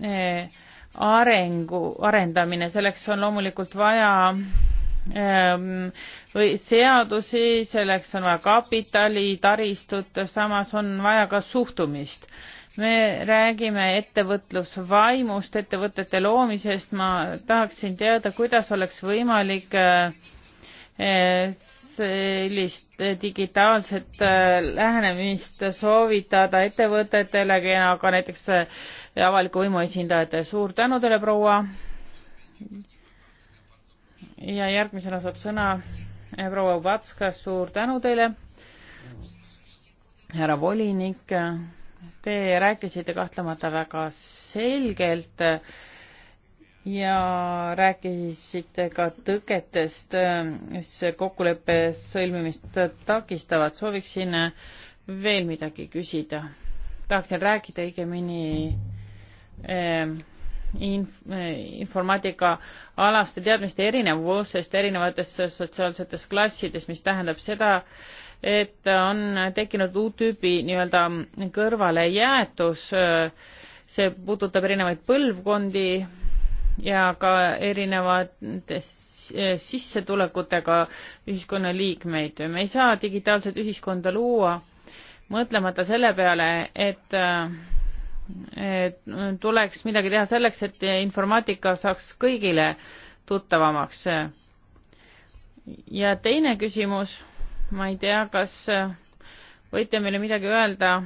eh, arengu, arendamine, selleks on loomulikult vaja ehm, või seadusi, selleks on vaja kapitali, taristut, samas on vaja ka suhtumist. me räägime ettevõtlusvaimust, ettevõtete loomisest, ma tahaksin teada, kuidas oleks võimalik eh, sellist eh, digitaalset eh, lähenemist soovitada ettevõtetele, aga näiteks eh, avaliku võimu esindajatele. suur tänu teile, proua. ja järgmisena saab sõna proua Ubatska, suur tänu teile. härra volinik, te rääkisite kahtlemata väga selgelt äh, ja rääkisite ka tõketest, mis kokkuleppe sõlmimist takistavad. sooviksin veel midagi küsida. tahaksin rääkida õigemini ehm, inf-, eh, informaatika alaste teadmiste erinevusest erinevates sotsiaalsetes klassides, mis tähendab seda, et on tekkinud uut tüüpi nii-öelda kõrvalejäetus, see puudutab erinevaid põlvkondi ja ka erinevate eh, sissetulekutega ühiskonnaliikmeid. me ei saa digitaalset ühiskonda luua mõtlemata selle peale, et et tuleks midagi teha selleks, et informaatika saaks kõigile tuttavamaks. ja teine küsimus, ma ei tea, kas võite meile midagi öelda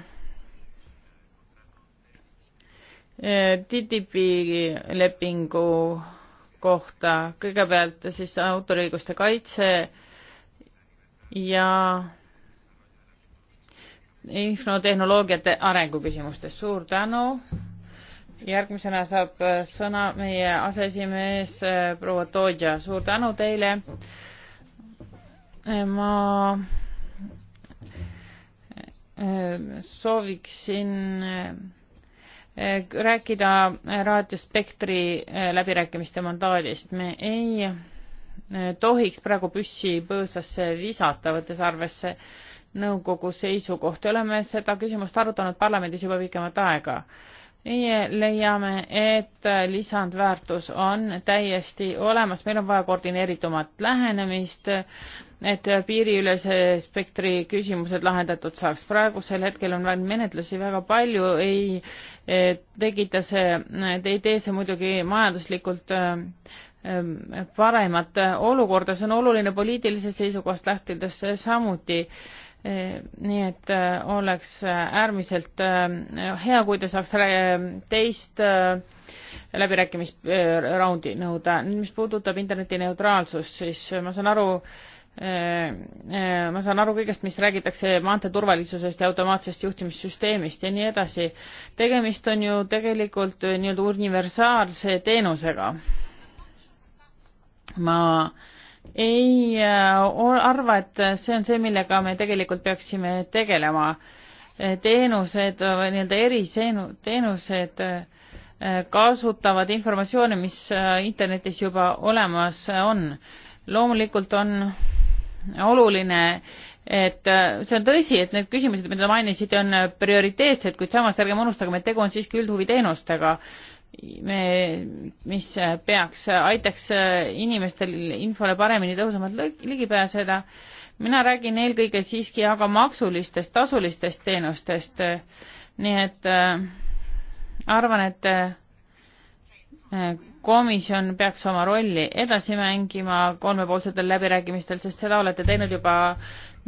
Eh, TTIP-i lepingu kohta, kõigepealt siis autoriõiguste kaitse ja infotehnoloogiate arengu küsimustes. suur tänu. järgmisena saab sõna meie aseesimees eh, proua Toodja. suur tänu teile. Eh, ma sooviksin Eh, rääkida eh, raadiospektri eh, läbirääkimiste mandaadist. me ei tohiks praegu püssi põõsasse visata, võttes arvesse nõukogu seisukohti. oleme seda küsimust arutanud parlamendis juba pikemat aega. meie leiame, et lisandväärtus on täiesti olemas, meil on vaja koordineeritumat lähenemist et piiriülese spektri küsimused lahendatud saaks. praegusel hetkel on menetlusi väga palju, ei e, tekita see, ei tee see muidugi majanduslikult e, e, paremat olukorda, see on oluline poliitilisest seisukohast lähtudes samuti. nii et oleks äärmiselt hea, kui ta saaks teist läbirääkimisraundi nõuda. mis puudutab interneti neutraalsust, siis ma saan aru, Äh, äh, ma saan aru kõigest, mis räägitakse maantee turvalisusest ja automaatsest juhtimissüsteemist ja nii edasi. tegemist on ju tegelikult äh, nii-öelda universaalse teenusega. ma ei arva, et see on see, millega me tegelikult peaksime tegelema. teenused, nii-öelda eriteenused kasutavad informatsiooni, mis internetis juba olemas on. loomulikult on oluline, et äh, see on tõsi, et need küsimused, mida mainisite, on prioriteetsed, kuid samas ärgem unustagem, et tegu on siiski üldhuviteenustega, me, mis peaks, aitaks inimestel infole paremini tõhusamalt ligi pääseda. mina räägin eelkõige siiski aga maksulistest, tasulistest teenustest, nii et äh, arvan, et äh, komisjon peaks oma rolli edasi mängima kolmepoolsetel läbirääkimistel, sest seda olete teinud juba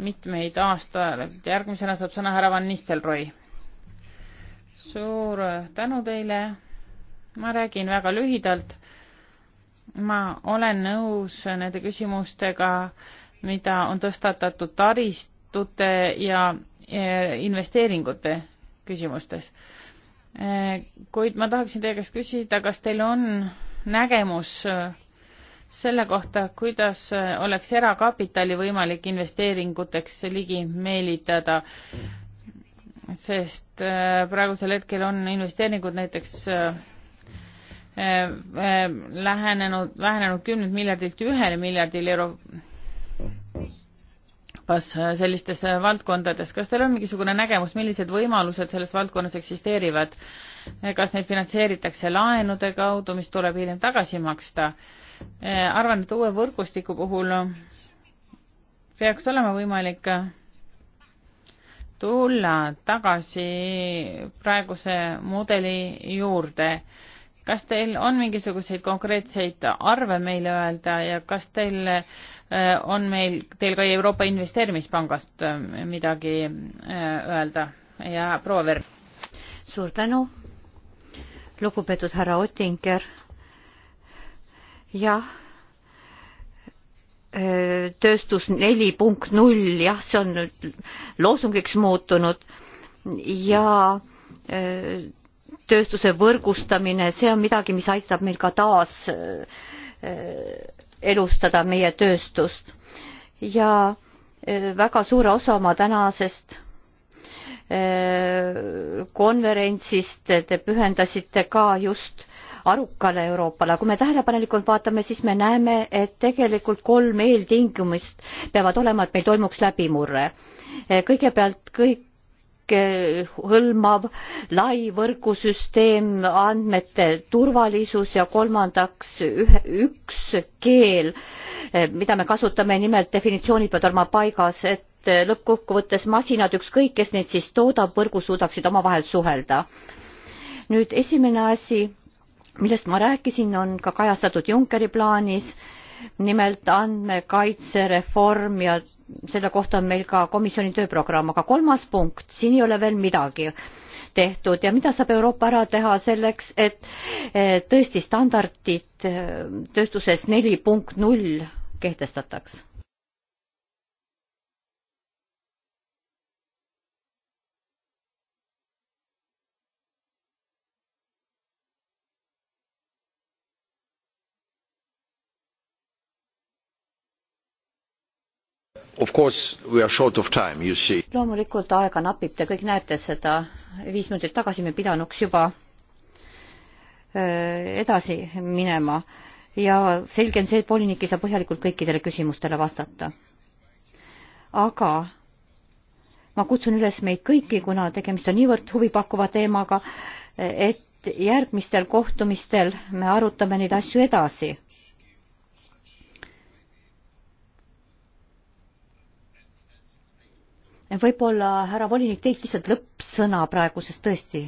mitmeid aastaid. järgmisena saab sõna härra Van Nistelrooy. suur tänu teile. ma räägin väga lühidalt. ma olen nõus nende küsimustega, mida on tõstatatud taristute ja e, investeeringute küsimustes. E, kuid ma tahaksin teie käest küsida, kas teil on nägemus äh, selle kohta, kuidas äh, oleks erakapitali võimalik investeeringuteks ligi meelitada, sest äh, praegusel hetkel on investeeringud näiteks lähenenud, vähenenud kümnelt miljardilt ühele miljardile euro kas sellistes valdkondades, kas teil on mingisugune nägemus, millised võimalused selles valdkonnas eksisteerivad? kas neid finantseeritakse laenude kaudu, mis tuleb hiljem tagasi maksta. Eh, arvan, et uue võrgustiku puhul peaks olema võimalik tulla tagasi praeguse mudeli juurde. kas teil on mingisuguseid konkreetseid arve meile öelda ja kas teil eh, on meil, teil ka Euroopa Investeerimispangast eh, midagi öelda ja proua Verv? suur tänu, lugupeetud härra Ottinger. jah, äh, tööstus neli punkt null, jah, see on nüüd loosungiks muutunud ja äh, tööstuse võrgustamine, see on midagi, mis aitab meil ka taas äh, elustada meie tööstust ja väga suure osa oma tänasest Äh, konverentsist te pühendasite ka just arukale Euroopale, kui me tähelepanelikult vaatame, siis me näeme, et tegelikult kolm eeltingimust peavad olema, et meil toimuks läbimurre. Äh, kõigepealt kõik äh, hõlmav lai võrgusüsteem, andmete turvalisus ja kolmandaks ühe, üks keel, mida me kasutame, nimelt definitsioonid peavad olema paigas, et et lõppkokkuvõttes masinad, ükskõik kes neid siis toodab, võrgus suudaksid omavahel suhelda. nüüd esimene asi, millest ma rääkisin, on ka kajastatud Junckeri plaanis, nimelt andmekaitsereform ja selle kohta on meil ka komisjoni tööprogramm, aga kolmas punkt, siin ei ole veel midagi tehtud ja mida saab Euroopa ära teha selleks, et tõesti standardid tööstuses neli punkt null kehtestataks? loomulikult aega napib, te kõik näete seda, viis minutit tagasi me pidanuks juba äh, edasi minema ja selge on see, et volinik ei saa põhjalikult kõikidele küsimustele vastata. aga ma kutsun üles meid kõiki, kuna tegemist on niivõrd huvipakkuva teemaga, et järgmistel kohtumistel me arutame neid asju edasi võib-olla härra volinik teeb lihtsalt lõppsõna praegu, sest tõesti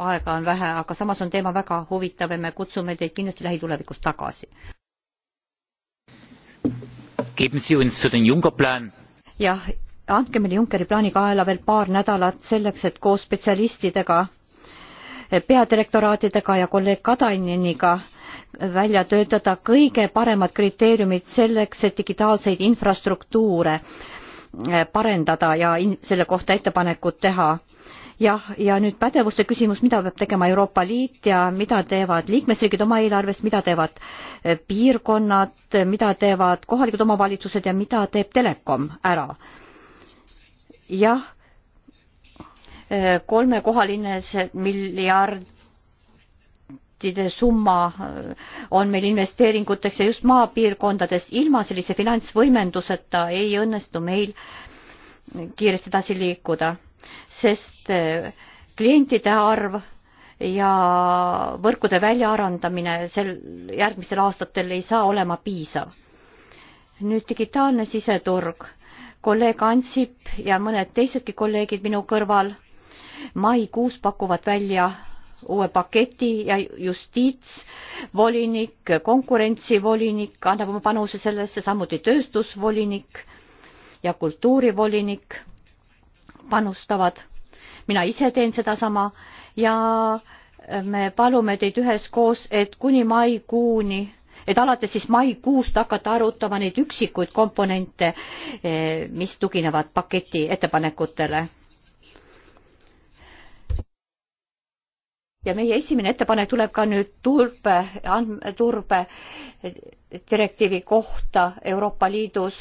aega on vähe, aga samas on teema väga huvitav ja me kutsume teid kindlasti lähitulevikus tagasi. jah, andke meile Junckeri plaani kaela veel paar nädalat selleks, et koos spetsialistidega, peadirektoraatidega ja kolleeg Kataininiga välja töötada kõige paremad kriteeriumid selleks, et digitaalseid infrastruktuure äh, Äh, parendada ja selle kohta ettepanekut teha. jah, ja nüüd pädevuste küsimus, mida peab tegema Euroopa Liit ja mida teevad liikmesriigid oma eelarvest, mida teevad äh, piirkonnad, mida teevad kohalikud omavalitsused ja mida teeb Telekom ära? jah, äh, kolmekohaline miljard miljardide summa äh, on meil investeeringuteks ja just maapiirkondades. ilma sellise finantsvõimenduseta ei õnnestu meil kiiresti edasi liikuda, sest äh, klientide arv ja võrkude väljaarendamine sel, järgmistel aastatel ei saa olema piisav. nüüd digitaalne siseturg. kolleeg Ansip ja mõned teisedki kolleegid minu kõrval maikuus pakuvad välja uue paketi ja justiitsvolinik, konkurentsivolinik annab oma panuse sellesse, samuti tööstusvolinik ja kultuurivolinik panustavad. mina ise teen sedasama ja me palume teid üheskoos, et kuni maikuuni et alates siis maikuust hakata arutama neid üksikuid komponente, eh, mis tuginevad paketi ettepanekutele ja meie esimene ettepanek tuleb ka nüüd turbe, andmeturbe direktiivi kohta Euroopa Liidus,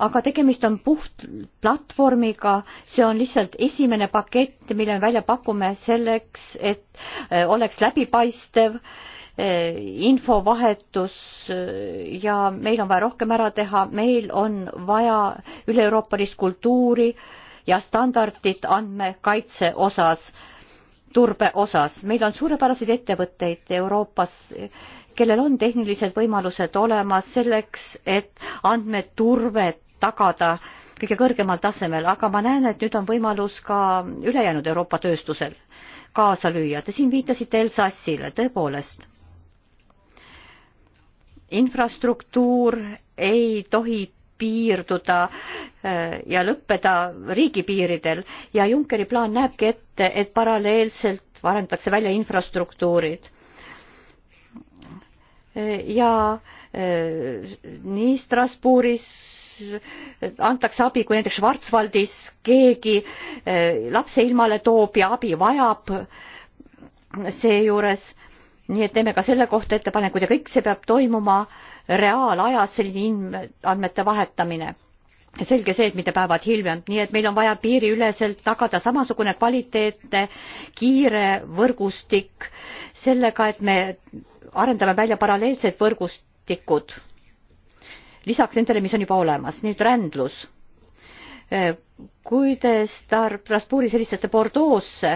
aga tegemist on puht platvormiga, see on lihtsalt esimene pakett, mille me välja pakume selleks, et äh, oleks läbipaistev äh, infovahetus äh, ja meil on vaja rohkem ära teha, meil on vaja üle-euroopalist kultuuri ja standardit andmekaitse osas turbe osas. meil on suurepäraseid ettevõtteid Euroopas, kellel on tehnilised võimalused olemas selleks, et andmeturvet tagada kõige kõrgemal tasemel, aga ma näen, et nüüd on võimalus ka ülejäänud Euroopa tööstusel kaasa lüüa. Te siin viitasite Elsassile, tõepoolest. infrastruktuur ei tohi piirduda eh, ja lõppeda riigipiiridel ja Junckeri plaan näebki ette, et paralleelselt arendatakse välja infrastruktuurid. Eh, ja eh, nii Strasbourgis antakse abi, kui näiteks Schwarzwaldis keegi lapse ilmale toob ja abi vajab seejuures, nii et teeme ka selle kohta ettepanekud ja kõik see peab toimuma äh, reaalajas selline andmete vahetamine selge see, et mitte päevad hiljem, nii et meil on vaja piiriüleselt tagada samasugune kvaliteetne kiire võrgustik sellega, et me arendame välja paralleelsed võrgustikud lisaks nendele, mis on juba olemas. nüüd rändlus Eh, kui te Star-, Strasbourgis helistate Bordeaux'e,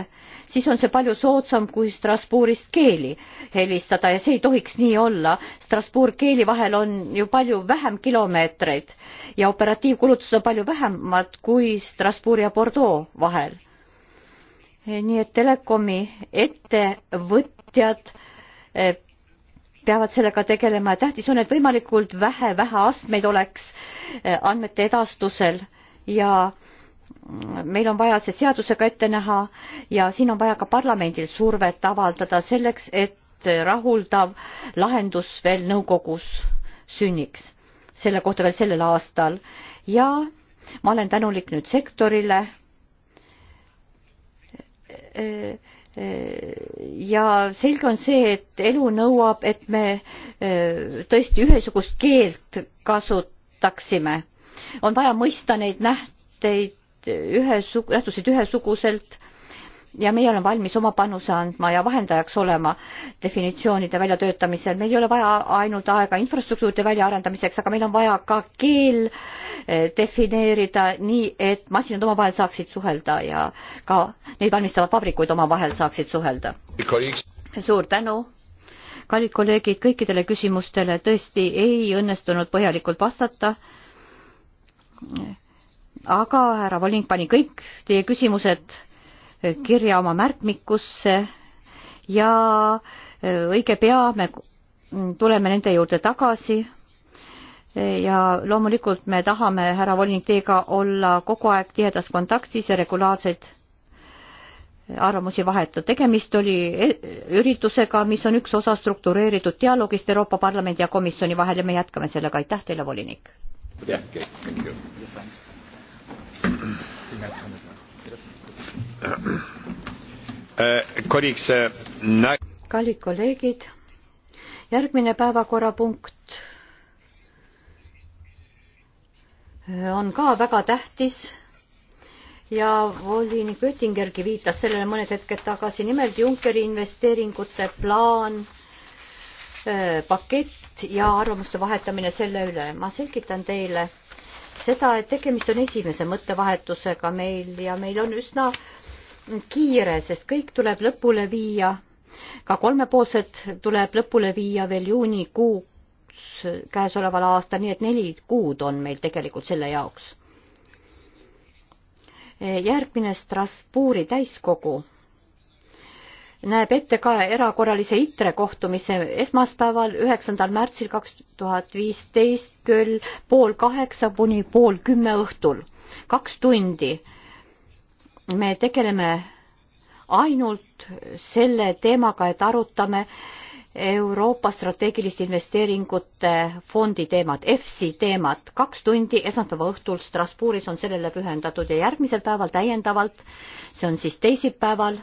siis on see palju soodsam kui Strasbourgist keeli helistada ja see ei tohiks nii olla. Strasbourg keeli vahel on ju palju vähem kilomeetreid ja operatiivkulutused on palju vähemad kui Strasbourg ja Bordeaux vahel. Eh, nii et telekomi ettevõtjad eh, peavad sellega tegelema ja tähtis on, et võimalikult vähe väheastmeid oleks andmete edastusel ja meil on vaja see seadusega ette näha ja siin on vaja ka parlamendil survet avaldada selleks, et rahuldav lahendus veel nõukogus sünniks, selle kohta veel sellel aastal ja ma olen tänulik nüüd sektorile. ja selge on see, et elu nõuab, et me tõesti ühesugust keelt kasutaksime on vaja mõista neid nähteid ühesug-, nähtusid ühesuguselt ja meie oleme valmis oma panuse andma ja vahendajaks olema definitsioonide väljatöötamisel. meil ei ole vaja ainult aega infrastruktuuride väljaarendamiseks, aga meil on vaja ka keel eh, defineerida nii, et masinad omavahel saaksid suhelda ja ka neid valmistavad vabrikud omavahel saaksid suhelda. suur tänu, kallid kolleegid, kõikidele küsimustele tõesti ei õnnestunud põhjalikult vastata aga härra Volling pani kõik teie küsimused kirja oma märkmikusse ja äh, õige pea me tuleme nende juurde tagasi ja loomulikult me tahame, härra volinik, teiega olla kogu aeg tihedas kontaktis ja regulaarseid arvamusi vahetada. tegemist oli e-, üritusega, mis on üks osa struktureeritud dialoogist Euroopa Parlamendi ja komisjoni vahel ja me jätkame sellega. aitäh teile, volinik! Yeah, okay. Thank you. Uh, uh, kallid kolleegid, järgmine päevakorrapunkt äh, on ka väga tähtis ja volinik Oettingergi viitas sellele mõned hetked tagasi, nimelt Junckeri investeeringute plaan Eh, pakett ja arvamuste vahetamine selle üle. ma selgitan teile seda, et tegemist on esimese mõttevahetusega meil ja meil on üsna kiire, sest kõik tuleb lõpule viia, ka kolmepoolsed tuleb lõpule viia veel juunikuuks käesoleval aastal, nii et neli kuud on meil tegelikult selle jaoks. Eh, järgmine Strasbourgi täiskogu näeb ette ka erakorralise ITRE kohtumise esmaspäeval, üheksandal märtsil kaks tuhat viisteist kell pool kaheksa kuni pool kümme õhtul. kaks tundi me tegeleme ainult selle teemaga, et arutame Euroopa strateegiliste investeeringute fondi teemat, EFSI teemat. kaks tundi esmaspäeva õhtul Strasbourgis on sellele pühendatud ja järgmisel päeval täiendavalt, see on siis teisipäeval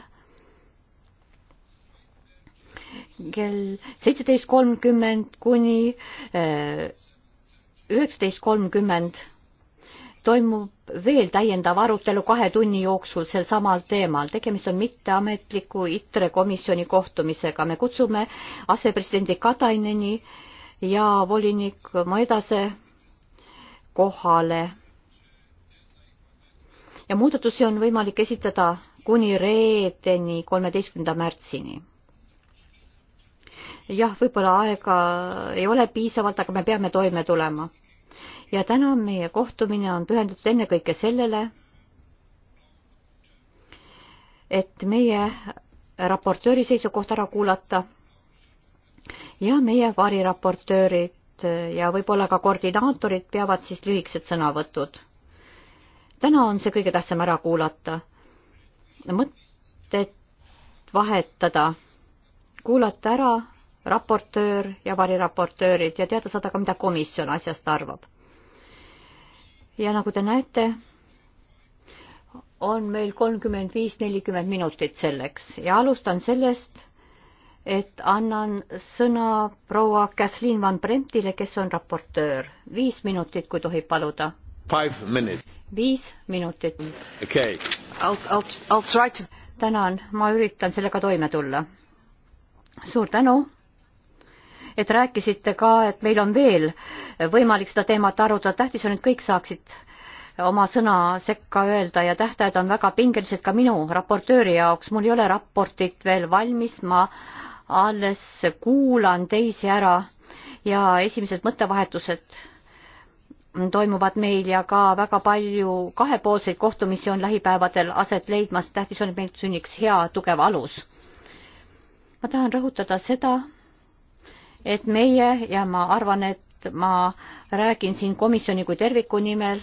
kell seitseteist kolmkümmend kuni äh, üheksateist kolmkümmend toimub veel täiendav arutelu kahe tunni jooksul sel samal teemal. tegemist on mitteametliku ITRE komisjoni kohtumisega. me kutsume asepresidendi Kataineni ja volinik Moedase kohale. ja muudatusi on võimalik esitada kuni reedeni, kolmeteistkümnenda märtsini jah, võib-olla aega ei ole piisavalt, aga me peame toime tulema. ja täna meie kohtumine on pühendatud ennekõike sellele, et meie raportööri seisukoht ära kuulata ja meie variraportöörid ja võib-olla ka koordinaatorid peavad siis lühikesed sõnavõtud. täna on see kõige tähtsam ära kuulata, mõtted vahetada, kuulata ära raportöör ja variraportöörid ja teada saada ka, mida komisjon asjast arvab. ja nagu te näete, on meil kolmkümmend viis, nelikümmend minutit selleks ja alustan sellest, et annan sõna proua Kathleen Van Bremtile, kes on raportöör. viis minutit, kui tohib paluda. viis minutit okay.. To... tänan, ma üritan sellega toime tulla. suur tänu et rääkisite ka, et meil on veel võimalik seda teemat arutada, tähtis on, et kõik saaksid oma sõna sekka öelda ja tähtajad on väga pingelised ka minu raportööri jaoks, mul ei ole raportit veel valmis, ma alles kuulan teisi ära ja esimesed mõttevahetused toimuvad meil ja ka väga palju kahepoolseid kohtumisi on lähipäevadel aset leidmas, tähtis on, et meil sünniks hea tugev alus. ma tahan rõhutada seda, et meie ja ma arvan, et ma räägin siin komisjoni kui terviku nimel,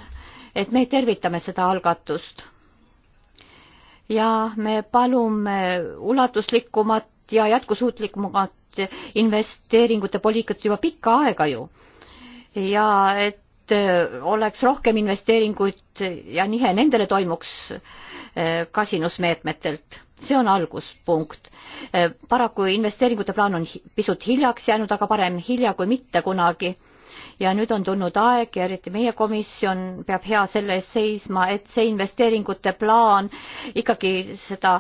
et me tervitame seda algatust. ja me palume ulatuslikumat ja jätkusuutlikumat investeeringute poliitikat juba pikka aega ju. ja et äh, oleks rohkem investeeringuid ja nihe nendele toimuks äh, kasinusmeetmetelt see on alguspunkt. Eh, paraku investeeringute plaan on pisut hiljaks jäänud, aga parem hilja kui mitte kunagi. ja nüüd on tulnud aeg ja eriti meie komisjon peab hea selle eest seisma, et see investeeringute plaan ikkagi seda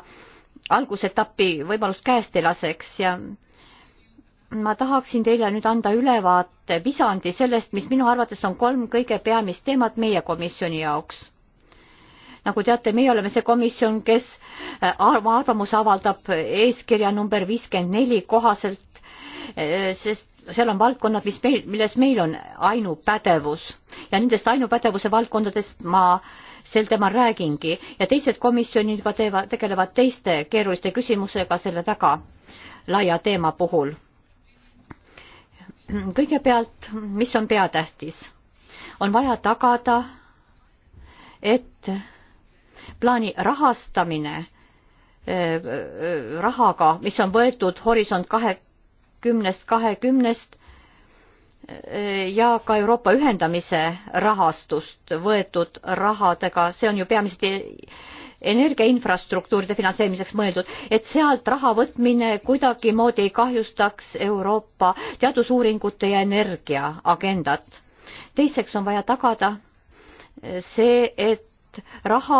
algusetappi võimalust käest ei laseks ja ma tahaksin teile nüüd anda ülevaate visandi sellest, mis minu arvates on kolm kõige peamist teemat meie komisjoni jaoks nagu teate, meie oleme see komisjon, kes oma äh, arvamuse avaldab eeskirja number viiskümmend neli kohaselt, äh, sest seal on valdkonnad, mis meil, milles meil on ainupädevus ja nendest ainupädevuse valdkondadest ma sel teemal räägingi ja teised komisjonid juba teevad, tegelevad teiste keeruliste küsimusega selle väga laia teema puhul. kõigepealt, mis on peatähtis? on vaja tagada, et plaani rahastamine eh, eh, rahaga, mis on võetud Horisont kahekümnest kahekümnest eh, ja ka Euroopa ühendamise rahastust võetud rahadega, see on ju peamiselt energiainfrastruktuuride finantseerimiseks mõeldud, et sealt raha võtmine kuidagimoodi ei kahjustaks Euroopa teadusuuringute ja energia agendat. teiseks on vaja tagada see, et et raha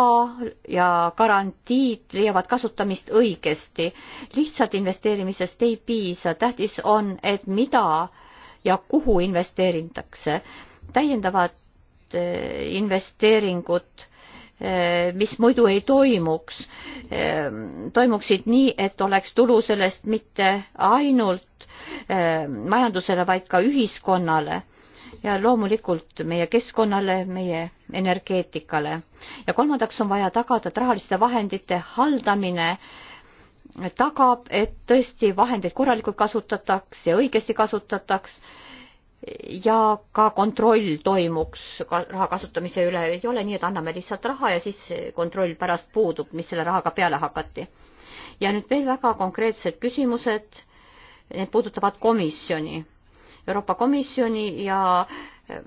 ja garantiid leiavad kasutamist õigesti. lihtsalt investeerimisest ei piisa, tähtis on, et mida ja kuhu investeeritakse. täiendavad eh, investeeringud, eh, mis muidu ei toimuks, eh, toimuksid nii, et oleks tulu sellest mitte ainult majandusele, vaid ka ühiskonnale ja loomulikult meie keskkonnale, meie energeetikale. ja kolmandaks on vaja tagada, et rahaliste vahendite haldamine tagab, et tõesti vahendeid korralikult kasutataks ja õigesti kasutataks ja ka kontroll toimuks ka raha kasutamise üle, ei ole nii, et anname lihtsalt raha ja siis kontroll pärast puudub, mis selle rahaga peale hakati. ja nüüd veel väga konkreetsed küsimused, need puudutavad komisjoni Euroopa Komisjoni ja äh,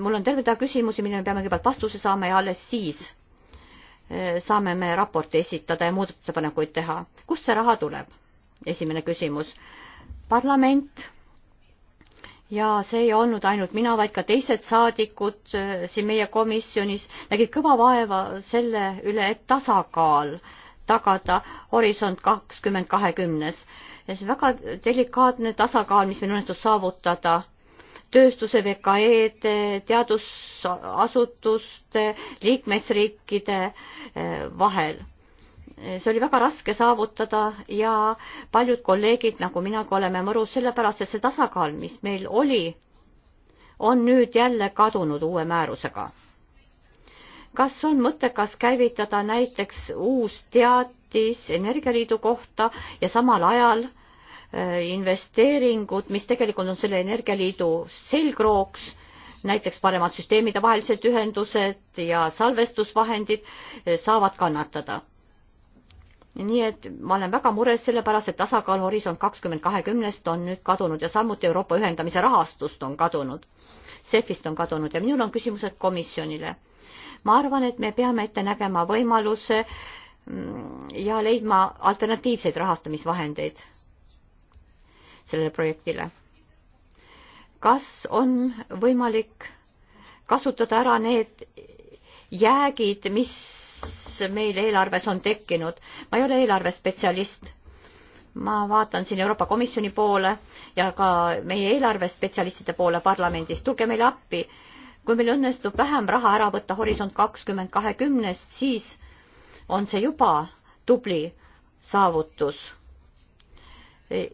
mul on terve rida küsimusi, millele me peame kõigepealt vastuse saama ja alles siis äh, saame me raporti esitada ja muudatusettepanekuid teha. kust see raha tuleb? esimene küsimus. parlament ja see ei olnud ainult mina, vaid ka teised saadikud äh, siin meie komisjonis nägid kõva vaeva selle üle, et tasakaal tagada Horisont kakskümmend kahekümnes ja see on väga delikaatne tasakaal, mis meil õnnestus saavutada tööstuse, VKE-de, teadusasutuste, liikmesriikide eh, vahel. see oli väga raske saavutada ja paljud kolleegid, nagu minagi, oleme mõrus sellepärast, et see tasakaal, mis meil oli, on nüüd jälle kadunud uue määrusega. kas on mõttekas käivitada näiteks uus tead-, tähtis Energialiidu kohta ja samal ajal äh, investeeringud, mis tegelikult on selle Energialiidu selgrooks, näiteks paremad süsteemide vahelised ühendused ja salvestusvahendid äh, saavad kannatada. nii et ma olen väga mures selle pärast, et tasakaal Horisont kakskümmend kahekümnest on nüüd kadunud ja samuti Euroopa ühendamise rahastust on kadunud. CEF-ist on kadunud ja minul on küsimused komisjonile ma arvan, et me peame ette nägema võimaluse Mm, ja leidma alternatiivseid rahastamisvahendeid sellele projektile. kas on võimalik kasutada ära need jäägid, mis meil eelarves on tekkinud. ma ei ole eelarvespetsialist. ma vaatan siin Euroopa Komisjoni poole ja ka meie eelarvespetsialistide poole parlamendis. tulge meile appi. kui meil õnnestub vähem raha ära võtta Horisont kakskümmend kahekümnest, siis on see juba tubli saavutus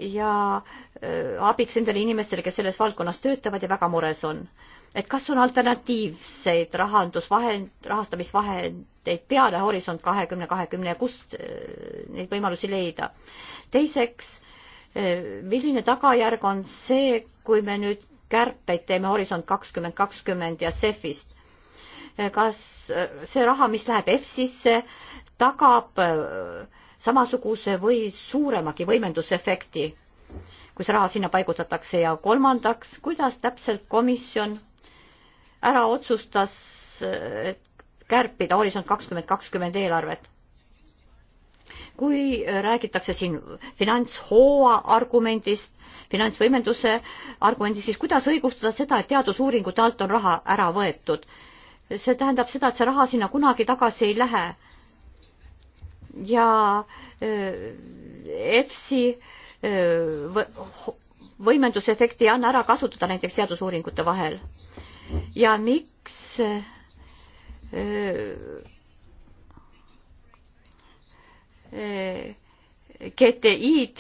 ja äh, abiks nendele inimestele, kes selles valdkonnas töötavad ja väga mures on. et kas on alternatiivseid rahandusvahend, rahastamisvahendeid peale Horisont kahekümne kahekümne ja kust äh, neid võimalusi leida? teiseks, äh, milline tagajärg on see, kui me nüüd kärpeid teeme Horisont kakskümmend kakskümmend ja CEF-ist? kas see raha, mis läheb EFSisse, tagab äh, samasuguse või suuremagi võimendusefekti, kui see raha sinna paigutatakse ja kolmandaks, kuidas täpselt komisjon ära otsustas äh, kärpida Horisont kakskümmend kakskümmend eelarvet? kui räägitakse siin finantshooa argumendist, finantsvõimenduse argumendist, siis kuidas õigustada seda, et teadusuuringute alt on raha ära võetud see tähendab seda, et see raha sinna kunagi tagasi ei lähe. ja äh, EFSI äh, võimendusefekti ei anna ära kasutada näiteks teadusuuringute vahel. ja miks äh, GTI-d,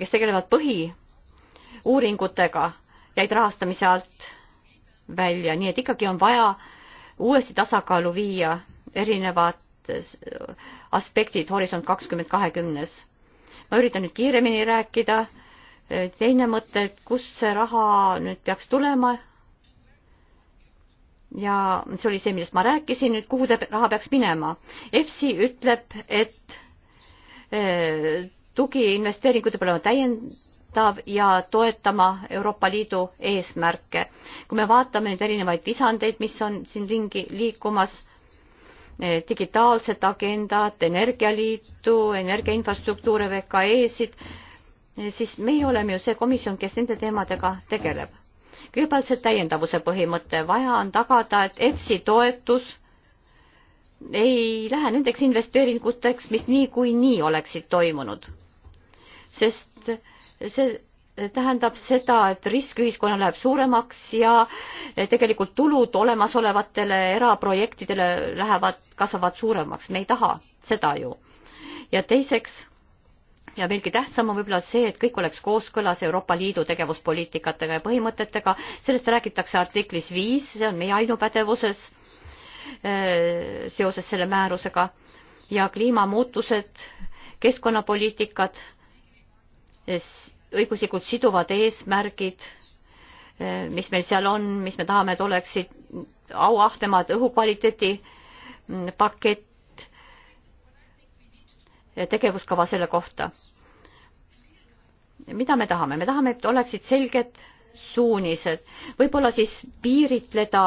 kes tegelevad põhiuuringutega, jäid rahastamise alt välja, nii et ikkagi on vaja äh, uuesti tasakaalu viia erinevad aspektid Horisont kakskümmend kahekümnes. ma üritan nüüd kiiremini rääkida. teine mõte, et kust see raha nüüd peaks tulema. ja see oli see, millest ma rääkisin, nüüd kuhu ta raha peaks minema. EFSI ütleb, et eh, tugiinvesteeringud peavad olema täiend-, toetav ja toetama Euroopa Liidu eesmärke. kui me vaatame neid erinevaid lisandeid, mis on siin ringi liikumas, eh, digitaalset agendat, energialiitu, energiainfrastruktuure, VKE-sid, eh, siis meie oleme ju see komisjon, kes nende teemadega tegeleb. kõigepealt see täiendavuse põhimõte, vaja on tagada, et EFSI toetus ei lähe nendeks investeeringuteks, mis niikuinii nii oleksid toimunud. sest see tähendab seda, et risk ühiskonnal läheb suuremaks ja eh, tegelikult tulud olemasolevatele eraprojektidele lähevad, kasvavad suuremaks, me ei taha seda ju. ja teiseks ja veelgi tähtsam on võib-olla see, et kõik oleks kooskõlas Euroopa Liidu tegevuspoliitikatega ja põhimõtetega, sellest räägitakse artiklis viis, see on meie ainupädevuses eh, seoses selle määrusega ja kliimamuutused, keskkonnapoliitikad õiguslikult siduvad eesmärgid, eh, mis meil seal on, mis me tahame, et oleksid auahnemad õhukvaliteedi mm, pakett, tegevuskava selle kohta. mida me tahame, me tahame, et oleksid selged suunised, võib-olla siis piiritleda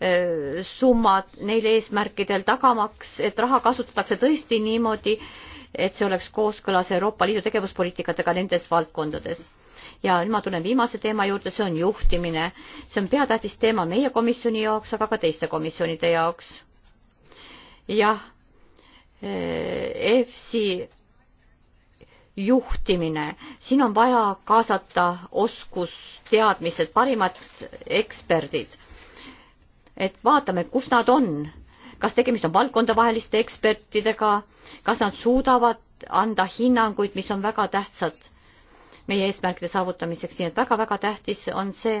eh, summad neil eesmärkidel tagamaks, et raha kasutatakse tõesti niimoodi, et see oleks kooskõlas Euroopa Liidu tegevuspoliitikatega nendes valdkondades. ja nüüd ma tulen viimase teema juurde, see on juhtimine. see on peatähtis teema meie komisjoni jaoks, aga ka teiste komisjonide jaoks. jah, EFSi juhtimine, siin on vaja kaasata oskusteadmised, parimad eksperdid. et vaatame, kus nad on kas tegemist on valdkondavaheliste ekspertidega, kas nad suudavad anda hinnanguid, mis on väga tähtsad meie eesmärkide saavutamiseks, nii et väga-väga tähtis on see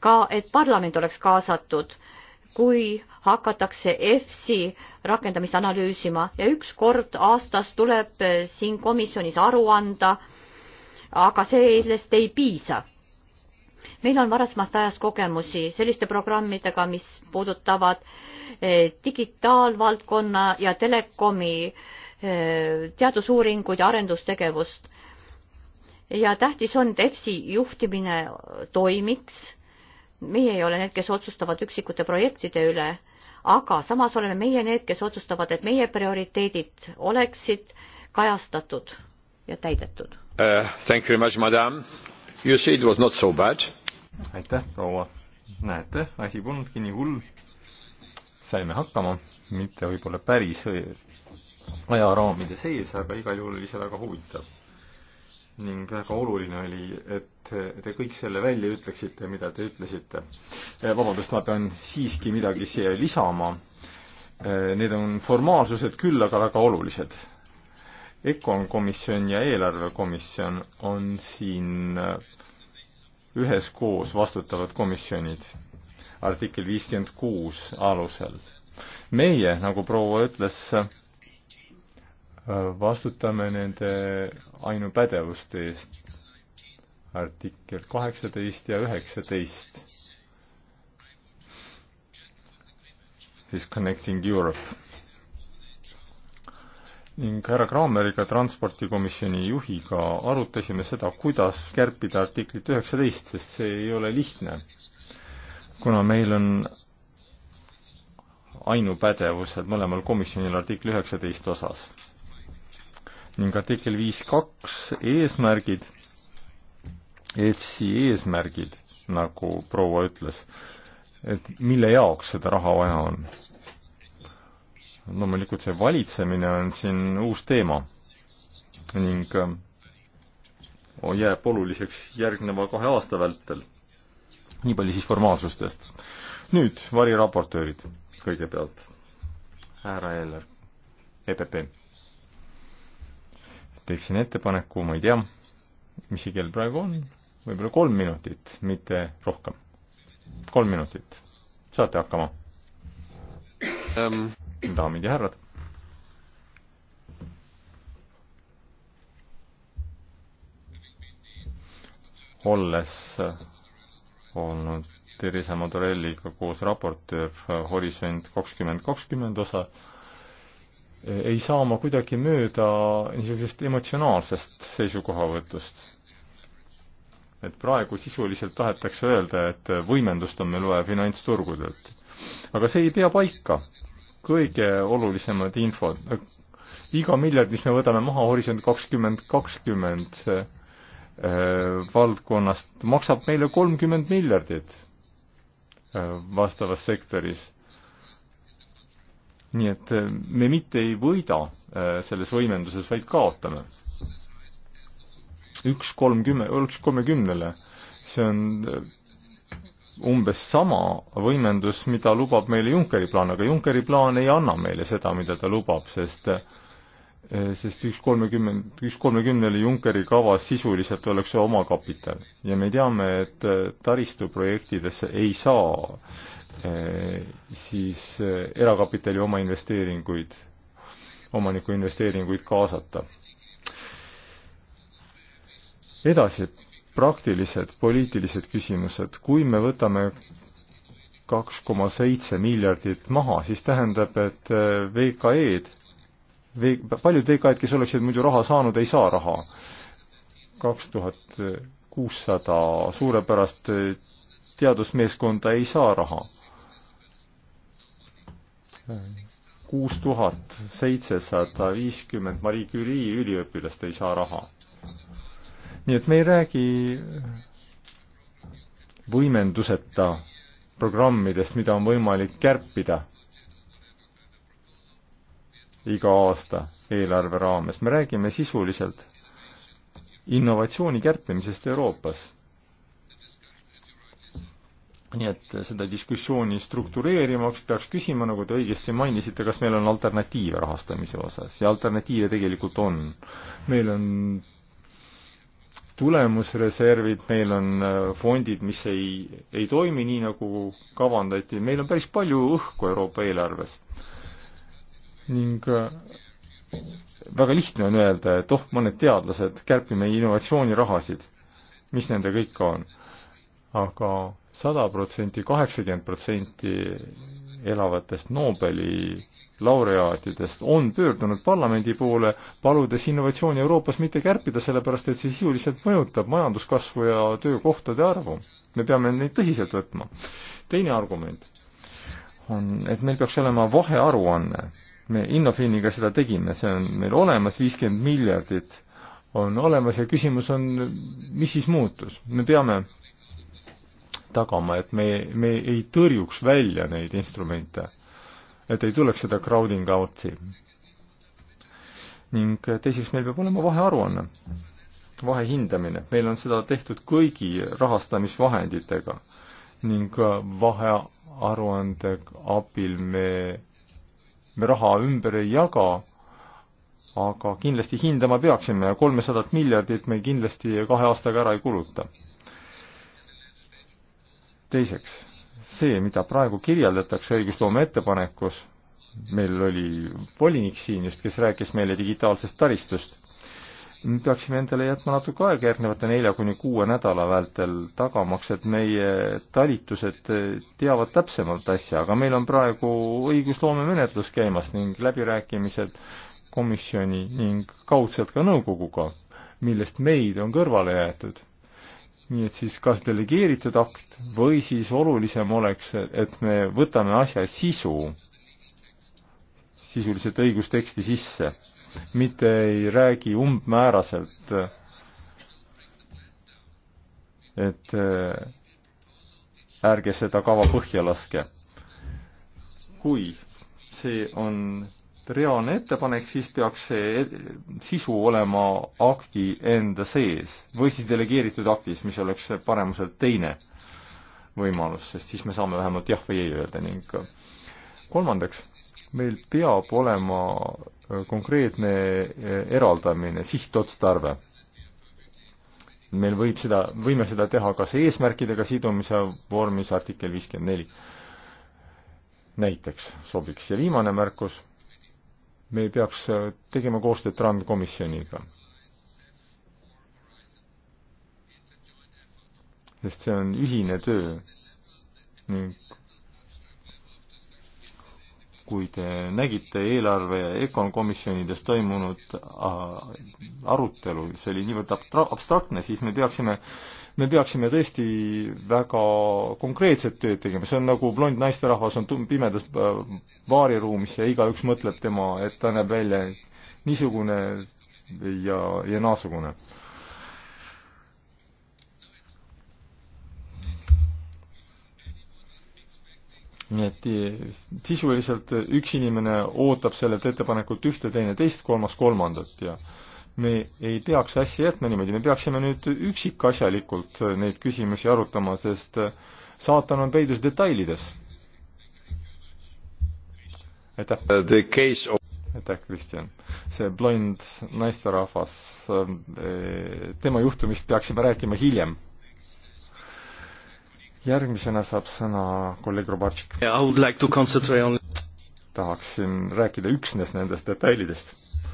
ka, et parlament oleks kaasatud, kui hakatakse EFSI rakendamist analüüsima ja üks kord aastas tuleb äh, siin komisjonis aru anda, aga sellest ei piisa meil on varasemast ajast kogemusi selliste programmidega, mis puudutavad eh, digitaalvaldkonna ja telekomi eh, teadusuuringuid ja arendustegevust. ja tähtis on, et EFSI juhtimine toimiks. meie ei ole need, kes otsustavad üksikute projektide üle, aga samas oleme meie need, kes otsustavad, et meie prioriteedid oleksid kajastatud ja täidetud uh,. Thank you very much, madam You said it was not so bad. aitäh, proua. näete, asi polnudki nii hull. saime hakkama, mitte võib-olla päris ajaraamide sees, aga igal juhul oli see väga huvitav. ning väga oluline oli, et te kõik selle välja ütleksite, mida te ütlesite. Eh, vabandust, ma pean siiski midagi siia lisama. Eh, need on formaalsused küll, aga väga olulised. EKOn komisjon ja eelarvekomisjon on siin eh, üheskoos vastutavad komisjonid artikkel viiskümmend kuus alusel. meie, nagu proua ütles, vastutame nende ainupädevuste eest artikkel kaheksateist ja üheksateist siis Connecting Europe ning härra Kraameriga, transpordikomisjoni juhiga, arutasime seda, kuidas kärpida artiklit üheksateist, sest see ei ole lihtne. kuna meil on ainupädevused mõlemal komisjonil artikli üheksateist osas ning artikkel viis kaks eesmärgid, EFSi eesmärgid, nagu proua ütles, et mille jaoks seda raha vaja on loomulikult see valitsemine on siin uus teema ning äh, jääb oluliseks järgneva kahe aasta vältel. nii palju siis formaalsustest. nüüd variraportöörid kõigepealt. härra Eller, EPP. teeksin ettepaneku, ma ei tea, mis see kell praegu on, võib-olla kolm minutit, mitte rohkem. kolm minutit, saate hakkama um.? daamid ja härrad. olles olnud Teresa Madurelliga koos raportöör Horisont kakskümmend kakskümmend osa, ei saa ma kuidagi mööda niisugusest emotsionaalsest seisukohavõtust. et praegu sisuliselt tahetakse öelda, et võimendust on meil vaja finantsturgudelt. aga see ei pea paika, kõige olulisemad infod. iga miljard, mis me võtame maha Horisont kakskümmend kakskümmend äh, valdkonnast, maksab meile kolmkümmend miljardit äh, vastavas sektoris. nii et äh, me mitte ei võida selles võimenduses, vaid kaotame. üks kolmkümmend, üks kolmekümnele, see on umbes sama võimendus, mida lubab meile Junckeri plaan, aga Junckeri plaan ei anna meile seda, mida ta lubab, sest eh, sest üks kolmekümmend, üks kolmekümne oli Junckeri kava sisuliselt oleks omakapital. ja me teame, et eh, taristuprojektidesse ei saa eh, siis erakapitali oma investeeringuid, omaniku investeeringuid kaasata. edasi, praktilised poliitilised küsimused, kui me võtame kaks koma seitse miljardit maha, siis tähendab, et äh, VKE-d, paljud VKE-d, kes oleksid muidu raha saanud, ei saa raha. kaks tuhat kuussada suurepärast äh, teadusmeeskonda ei saa raha. kuus tuhat seitsesada viiskümmend Marie Curie üliõpilast ei saa raha nii et me ei räägi võimenduseta programmidest, mida on võimalik kärpida iga aasta eelarve raames, me räägime sisuliselt innovatsiooni kärpimisest Euroopas. nii et seda diskussiooni struktureerimaks peaks küsima, nagu te õigesti mainisite, kas meil on alternatiive rahastamise osas ja alternatiive tegelikult on. meil on tulemusreservid, meil on äh, fondid, mis ei, ei toimi nii, nagu kavandati, meil on päris palju õhku Euroopa eelarves. ning äh, väga lihtne on öelda, et oh, mõned teadlased, kärpime innovatsioonirahasid. mis nende kõik on? aga sada protsenti, kaheksakümmend protsenti elavatest Nobeli laureaatidest on pöördunud parlamendi poole, paludes innovatsiooni Euroopas mitte kärpida, sellepärast et see sisuliselt mõjutab majanduskasvu ja töökohtade arvu. me peame neid tõsiselt võtma. teine argument on, et meil peaks olema vahearuanne. me Innofiniga seda tegime, see on meil olemas, viiskümmend miljardit on olemas ja küsimus on, mis siis muutus. me peame tagama, et me, me ei tõrjuks välja neid instrumente. et ei tuleks seda crowding out'i. ning teiseks, meil peab olema vahearuanne, vahehindamine. meil on seda tehtud kõigi rahastamisvahenditega ning vahearuande abil me, me raha ümber ei jaga aga kindlasti hindama peaksime ja kolmesadat miljardit me kindlasti kahe aastaga ära ei kuluta teiseks, see, mida praegu kirjeldatakse õigusloome ettepanekus, meil oli volinik siin just, kes rääkis meile digitaalsest taristust, me peaksime endale jätma natuke aega järgnevate nelja kuni kuue nädala vältel, tagamaks, et meie talitused teavad täpsemalt asja, aga meil on praegu õigusloome menetlus käimas ning läbirääkimised komisjoni ning kaudselt ka nõukoguga, millest meid on kõrvale jäetud nii et siis kas delegeeritud akt või siis olulisem oleks, et me võtame asja sisu sisuliselt õigusteksti sisse, mitte ei räägi umbmääraselt, et ärge seda kava põhja laske. kui see on reaalne ettepanek, siis peaks see e-, sisu olema akti enda sees või siis delegeeritud aktis, mis oleks paremuselt teine võimalus, sest siis me saame vähemalt jah või ei öelda ning äh, kolmandaks, meil peab olema äh, konkreetne äh, eraldamine, sihtotstarve. meil võib seda, võime seda teha kas eesmärkidega sidumise vormis artikkel viiskümmend neli näiteks sobiks ja viimane märkus me ei peaks äh, tegema koostööd RAND komisjoniga. sest see on ühine töö ning kui te nägite eelarve ja EKOn komisjonides toimunud äh, arutelu, see oli niivõrd abstraktne, siis me peaksime äh, me peaksime tõesti väga konkreetset tööd tegema, see on nagu blond naisterahvas on pimedas äh, baariruumis ja igaüks mõtleb tema, et ta näeb välja niisugune ja, ja naasugune. nii et eh, sisuliselt üks inimene ootab sellelt ettepanekult ühte, teine teist, kolmas kolmandat ja äh, me ei peaks asja jätma niimoodi, me peaksime nüüd üksikasjalikult neid küsimusi arutama, sest äh, saatan on peidus detailides. aitäh. aitäh, Kristjan. see blond naisterahvas, äh, tema juhtumist peaksime rääkima hiljem. järgmisena saab sõna kolleeg Robartšik. tahaksin rääkida üksnes nendest detailidest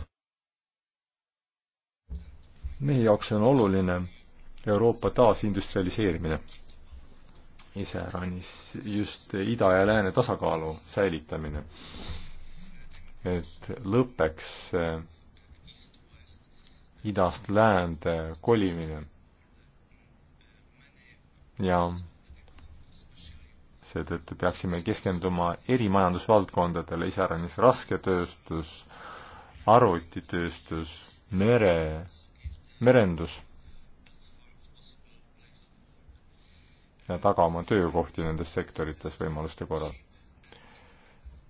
meie jaoks on oluline Euroopa taasindustrialiseerimine, iseäranis just ida ja lääne tasakaalu säilitamine. et lõpeks eh, idast läände kolimine ja seetõttu peaksime keskenduma eri majandusvaldkondadele, iseäranis rasketööstus, arvutitööstus, mere, merendus ja tagama töökohti nendes sektorites võimaluste korral.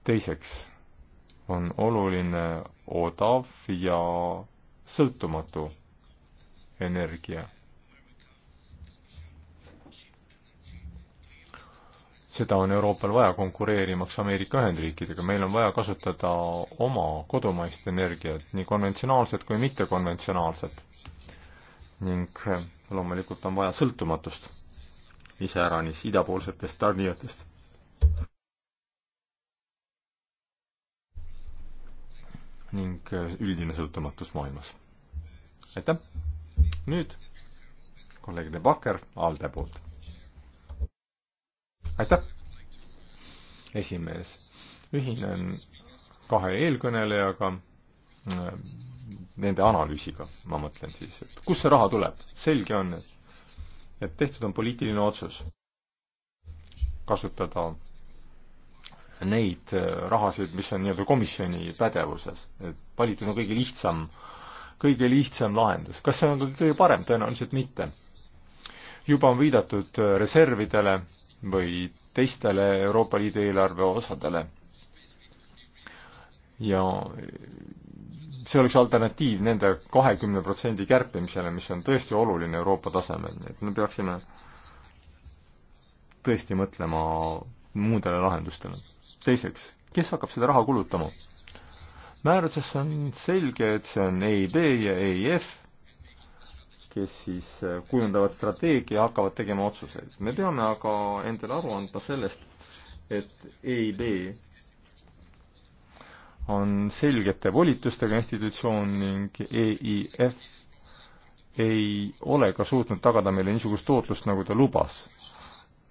teiseks on oluline odav ja sõltumatu energia. seda on Euroopal vaja konkureerimaks Ameerika Ühendriikidega, meil on vaja kasutada oma kodumaist energiat, nii konventsionaalset kui mittekonventsionaalset ning eh, loomulikult on vaja sõltumatust, iseäranis idapoolsetest tarnijatest. ning eh, üldine sõltumatus maailmas. aitäh! nüüd kolleeg De Backer ALDE poolt. aitäh! esimees, ühinen kahe eelkõnelejaga eh, nende analüüsiga, ma mõtlen siis, et kust see raha tuleb. selge on, et, et tehtud on poliitiline otsus kasutada neid äh, rahasid, mis on nii-öelda komisjoni pädevuses, et valitud on kõige lihtsam, kõige lihtsam lahendus. kas see on ka kõige parem? tõenäoliselt mitte. juba on viidatud äh, reservidele või teistele Euroopa Liidu eelarve osadele ja see oleks alternatiiv nende kahekümne protsendi kärpimisele, mis on tõesti oluline Euroopa tasemel, et me peaksime tõesti mõtlema muudele lahendustele. teiseks, kes hakkab seda raha kulutama? määruses on selge, et see on EIB ja EIF, kes siis äh, kujundavad strateegia ja hakkavad tegema otsuseid. me peame aga endale aru andma sellest, et EIB on selgete volitustega institutsioon ning EIF ei ole ka suutnud tagada meile niisugust tootlust, nagu ta lubas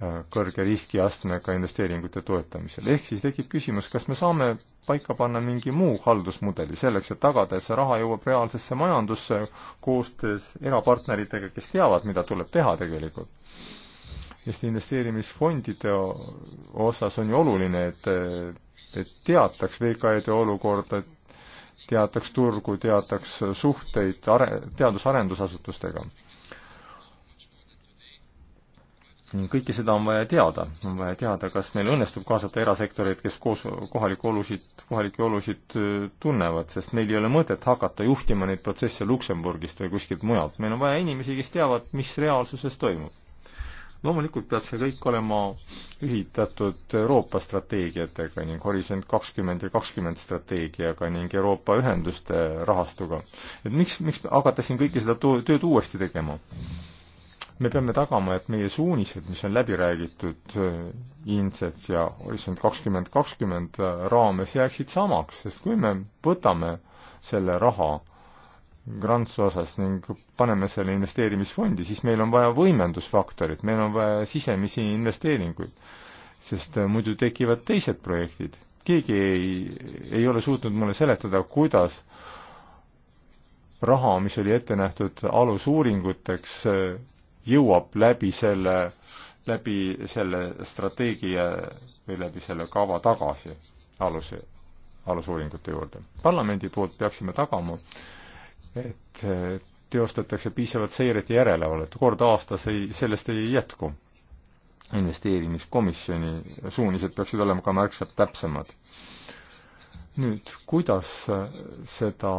äh, kõrge riskiastmega investeeringute toetamisel. ehk siis tekib küsimus, kas me saame paika panna mingi muu haldusmudeli selleks, et tagada, et see raha jõuab reaalsesse majandusse koostöös erapartneritega, kes teavad, mida tuleb teha tegelikult. sest investeerimisfondide osas on ju oluline, et et teataks VKE-de olukorda, teataks turgu, teataks suhteid are-, teadus-arendusasutustega. kõike seda on vaja teada, on vaja teada, kas meil õnnestub kaasata erasektoreid, kes koos kohalikke olusid, kohalikke olusid äh, tunnevad, sest meil ei ole mõtet hakata juhtima neid protsesse Luksemburgist või kuskilt mujalt, meil on vaja inimesi, kes teavad, mis reaalsuses toimub loomulikult peab see kõik olema ühitatud Euroopa strateegiatega ning Horisont kakskümmend ja kakskümmend strateegiaga ning Euroopa ühenduste rahastuga. et miks, miks hakata siin kõike seda tööd uuesti tegema? me peame tagama, et meie suunised, mis on läbi räägitud äh, INSET ja Horisont kakskümmend kakskümmend äh, raames, jääksid samaks, sest kui me võtame selle raha grantsu osas ning paneme selle investeerimisfondi, siis meil on vaja võimendusfaktorit, meil on vaja sisemisi investeeringuid, sest äh, muidu tekivad teised projektid. keegi ei, ei ole suutnud mulle seletada, kuidas raha, mis oli ette nähtud alusuuringuteks, äh, jõuab läbi selle, läbi selle strateegia või läbi selle kava tagasi aluse, alusuuringute juurde. parlamendi poolt peaksime tagama, et teostatakse piisavalt seiret ja järelevalvet, kord aastas ei, sellest ei jätku. investeerimiskomisjoni suunised peaksid olema ka märksa täpsemad. nüüd, kuidas seda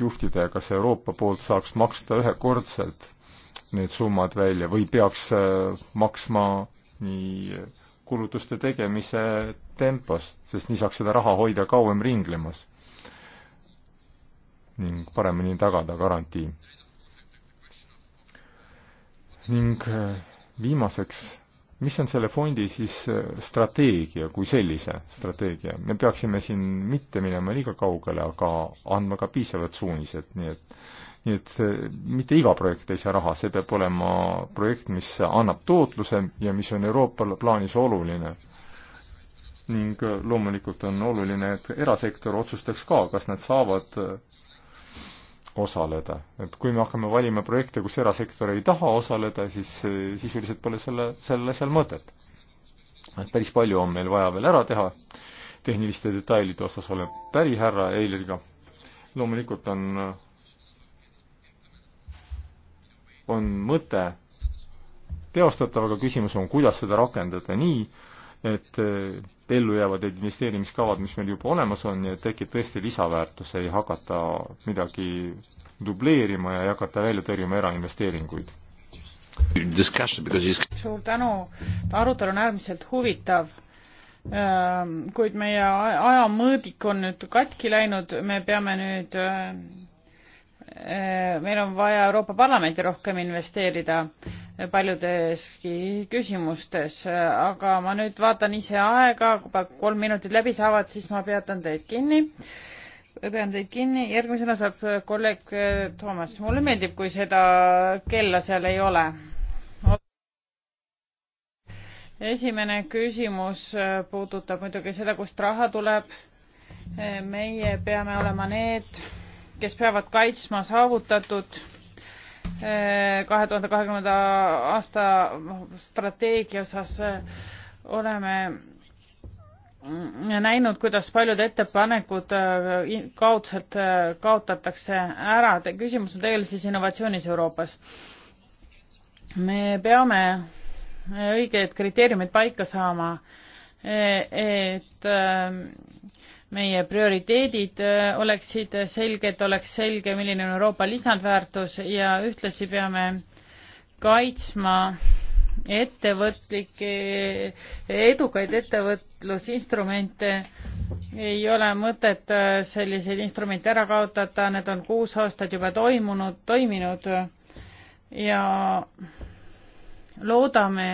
juhtida ja kas Euroopa poolt saaks maksta ühekordselt need summad välja või peaks äh, maksma nii kulutuste tegemise tempos, sest nii saaks seda raha hoida kauem ringlemas ning paremini tagada garantii. ning äh, viimaseks, mis on selle fondi siis äh, strateegia kui sellise strateegia? me peaksime siin mitte minema liiga kaugele, aga andma ka piisavad suunised, nii et nii et äh, mitte iga projekt ei saa raha, see peab olema projekt, mis annab tootluse ja mis on Euroopale plaanis oluline ning loomulikult on oluline, et erasektor otsustaks ka, kas nad saavad osaleda. et kui me hakkame valima projekte, kus erasektor ei taha osaleda, siis eh, sisuliselt pole selle, selle seal mõtet. et päris palju on meil vaja veel ära teha, tehniliste detailide osas olen päri härra Eileriga. loomulikult on, on mõte teostatav, aga küsimus on, kuidas seda rakendada nii, et eh, ellu jäävad need investeerimiskavad, mis meil juba olemas on ja tekib tõesti lisaväärtus, ei hakata midagi dubleerima ja ei hakata välja tõrjuma erainvesteeringuid. suur tänu, arutelu on äärmiselt huvitav. Ähm, kuid meie ajamõõdik on nüüd katki läinud, me peame nüüd, äh, äh, meil on vaja Euroopa Parlamenti rohkem investeerida paljudeski küsimustes, aga ma nüüd vaatan ise aega, kui kolm minutit läbi saavad, siis ma peatan teid kinni. pean teid kinni, järgmisena saab kolleeg eh, Toomas, mulle meeldib, kui seda kella seal ei ole. esimene küsimus eh, puudutab muidugi seda, kust raha tuleb. Eh, meie peame olema need, kes peavad kaitsma saavutatud Eh, kahe tuhande kahekümnenda aasta strateegia osas eh, oleme näinud, kuidas paljud ettepanekud eh, kaudselt kaotatakse ära. küsimus on tegelikult siis innovatsioonis Euroopas. me peame õiged kriteeriumid paika saama, et meie prioriteedid äh, oleksid selged, oleks selge, milline on Euroopa lisandväärtus ja ühtlasi peame kaitsma ettevõtlikke, edukaid ettevõtlusinstrumente. ei ole mõtet äh, selliseid instrumente ära kaotada, need on kuus aastat juba toimunud, toiminud ja loodame,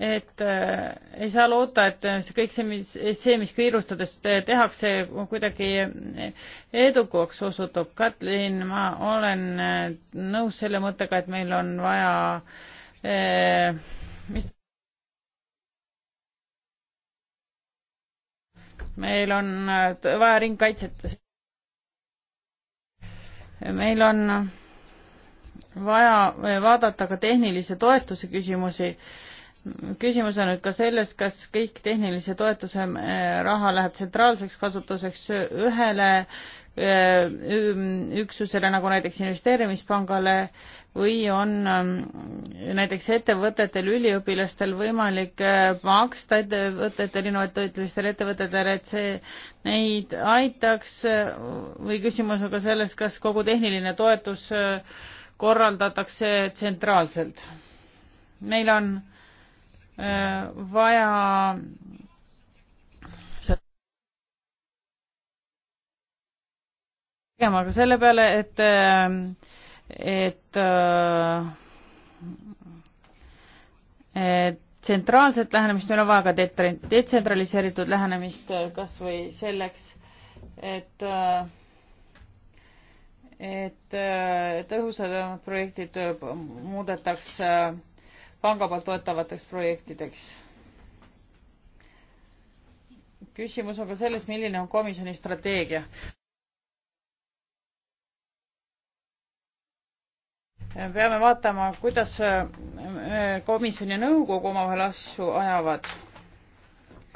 et äh, ei saa loota, et see kõik see, mis, see, mis kiirustades tehakse, kuidagi edukaks osutub. Katlin, ma olen äh, nõus selle mõttega, et meil on vaja äh, mis meil on äh, vaja ringkaitset. meil on vaja vaadata ka tehnilise toetuse küsimusi äh, küsimus on nüüd ka selles, kas kõik tehnilise toetuse äh, raha läheb tsentraalseks kasutuseks ühele äh, üksusele, nagu näiteks investeerimispangale, või on ähm, näiteks ettevõtetel, üliõpilastel võimalik äh, maksta ettevõtetel, innovatiivsetele ettevõtetele, et see neid aitaks või küsimus on ka selles, kas kogu tehniline toetus korraldatakse tsentraalselt. meil on äh, Äh, vaja tegema ka selle peale, et, et, et tsentraalset lähenemist, meil on vaja ka detsentraliseeritud lähenemist kas või selleks, et, et tõhusamad projektid muudetakse panga poolt toetavateks projektideks. küsimus on ka selles, milline on komisjoni strateegia. peame vaatama, kuidas äh, komisjon ja nõukogu omavahel asju ajavad.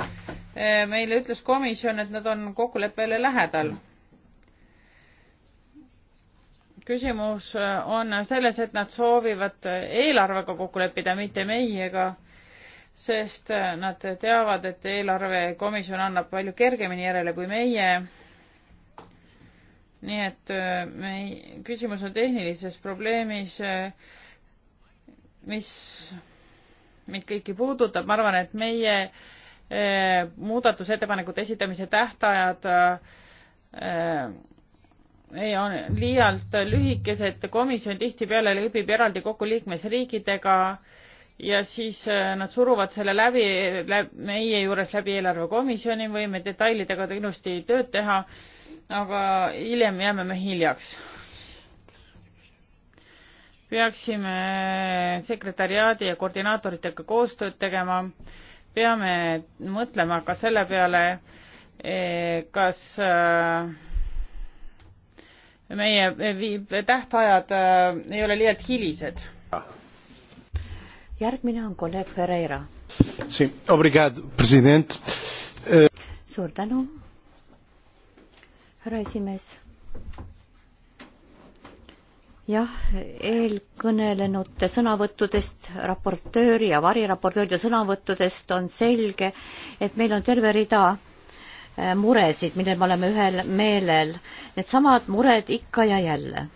Äh, meile ütles komisjon, et nad on kokkuleppele lähedal küsimus äh, on selles, et nad soovivad eelarvega kokku leppida, mitte meiega, sest äh, nad teavad, et eelarvekomisjon annab palju kergemini järele kui meie. nii et äh, me ei, küsimus on tehnilises probleemis, mis meid kõiki puudutab, ma arvan, et meie muudatusettepanekute esitamise tähtajad ei, on liialt lühikesed, komisjon tihtipeale lepib eraldi kokku liikmesriikidega ja siis äh, nad suruvad selle läbi, läbi meie juures läbi eelarvekomisjoni, võime detailidega ilusti tööd teha, aga hiljem jääme me hiljaks. peaksime sekretäriaadi ja koordinaatoritega koostööd tegema, peame mõtlema ka selle peale, eh, kas äh, meie eh, tähtajad äh, ei ole liialt hilised. järgmine on kolleeg Ferreira. Eh, suur tänu, härra esimees. jah, eelkõnelenute sõnavõttudest, raportööri ja variraportööride sõnavõttudest on selge, et meil on terve rida äh, Äh, muresid, millel me oleme ühel meelel. Needsamad mured ikka ja jälle.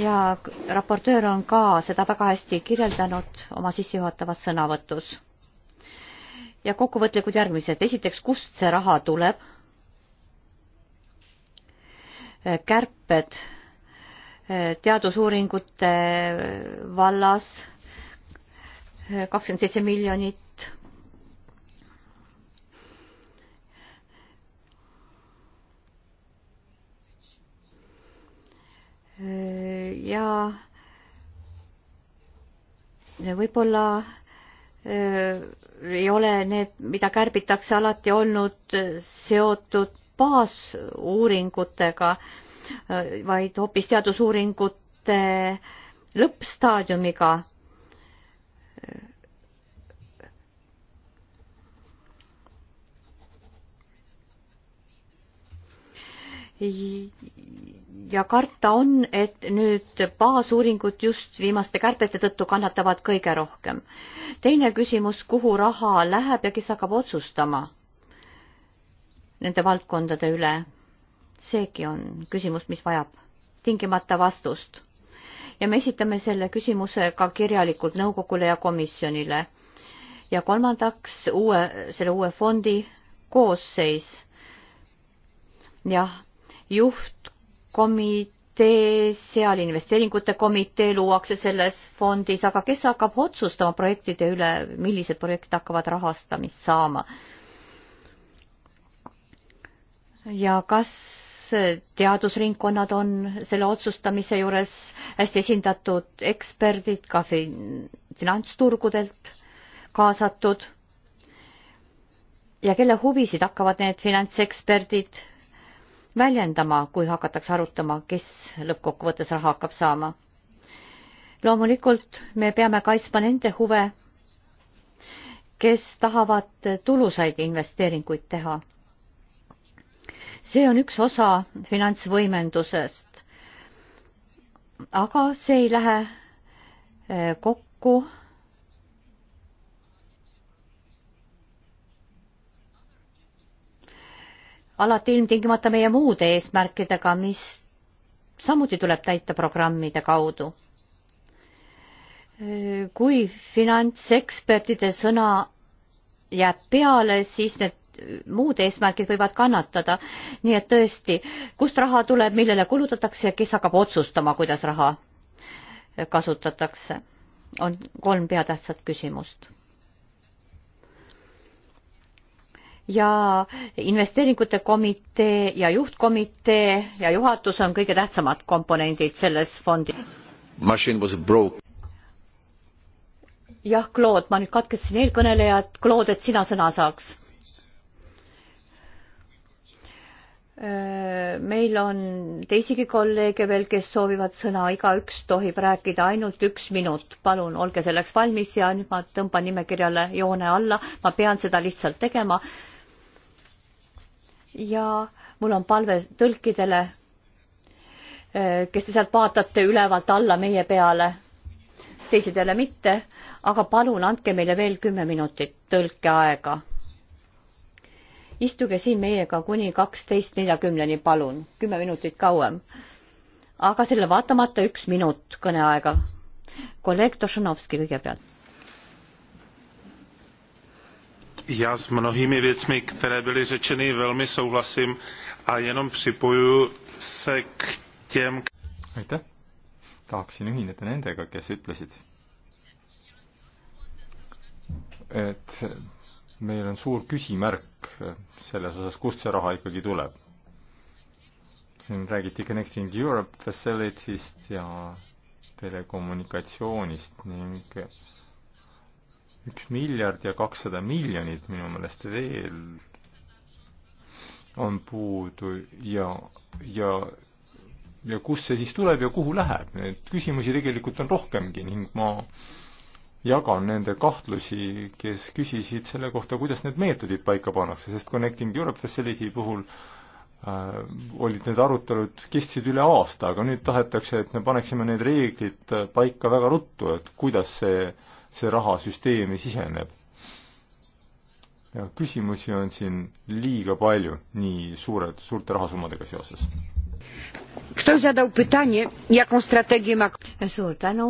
ja raportöör on ka seda väga hästi kirjeldanud oma sissejuhatavas sõnavõtus. ja kokkuvõtlikud järgmised. esiteks, kust see raha tuleb? Äh, kärped äh, teadusuuringute vallas kakskümmend seitse miljonit ja võib-olla äh, ei ole need, mida kärbitakse, alati olnud seotud baasuuringutega, äh, vaid hoopis teadusuuringute lõppstaadiumiga ja karta on, et nüüd baasuuringud just viimaste kärbeste tõttu kannatavad kõige rohkem. teine küsimus, kuhu raha läheb ja kes hakkab otsustama nende valdkondade üle? seegi on küsimus, mis vajab tingimata vastust. ja me esitame selle küsimuse ka kirjalikult nõukogule ja komisjonile. ja kolmandaks uue, selle uue fondi koosseis. jah juht komitee, seal investeeringute komitee luuakse selles fondis, aga kes hakkab otsustama projektide üle, millised projektid hakkavad rahastamist saama? ja kas teadusringkonnad on selle otsustamise juures hästi esindatud eksperdid ka fin-, finantsturgudelt kaasatud ja kelle huvisid hakkavad need finantseksperdid väljendama, kui hakatakse arutama, kes lõppkokkuvõttes raha hakkab saama. loomulikult me peame kaitsma nende huve, kes tahavad tulusaid investeeringuid teha. see on üks osa finantsvõimendusest. aga see ei lähe eh, kokku alati ilmtingimata meie muude eesmärkidega, mis samuti tuleb täita programmide kaudu. kui finantsekspertide sõna jääb peale, siis need muud eesmärgid võivad kannatada. nii et tõesti, kust raha tuleb, millele kulutatakse ja kes hakkab otsustama, kuidas raha kasutatakse, on kolm peatähtsat küsimust ja investeeringute komitee ja juhtkomitee ja juhatus on kõige tähtsamad komponendid selles fondis. jah, Claude, ma nüüd katkestasin eelkõnelejat, Claude, et sina sõna saaks. meil on teisigi kolleege veel, kes soovivad sõna, igaüks tohib rääkida ainult üks minut, palun olge selleks valmis ja nüüd ma tõmban nimekirjale joone alla, ma pean seda lihtsalt tegema ja mul on palve tõlkidele, äh, kes te sealt vaatate ülevalt alla meie peale, teised jälle mitte, aga palun andke meile veel kümme minutit tõlkeaega. istuge siin meiega kuni kaksteist neljakümneni, palun, kümme minutit kauem. aga selle vaatamata üks minut kõneaega. kolleeg Tošanovski kõigepealt. já s mnohými věcmi které byly řečeny velmi souhlasím a jenom připojuji se k těm aitäh tahaksin ühineda nendega kes ütlesid et meil on suur küsimärk selles osas kust see raha ikkagi tuleb siin räägiti Connecting Europe Facility'st ja telekommunikatsioonist ning üks miljard ja kakssada miljonit minu meelest veel on puudu ja, ja, ja kust see siis tuleb ja kuhu läheb, neid küsimusi tegelikult on rohkemgi ning ma jagan nende kahtlusi, kes küsisid selle kohta, kuidas need meetodid paika pannakse, sest Connecting Europe Facility puhul äh, olid need arutelud, kestsid üle aasta, aga nüüd tahetakse, et me paneksime need reeglid paika väga ruttu, et kuidas see äh, see raha süsteemi siseneb. ja küsimusi on siin liiga palju, nii suured, suurte rahasummadega seoses. suur tänu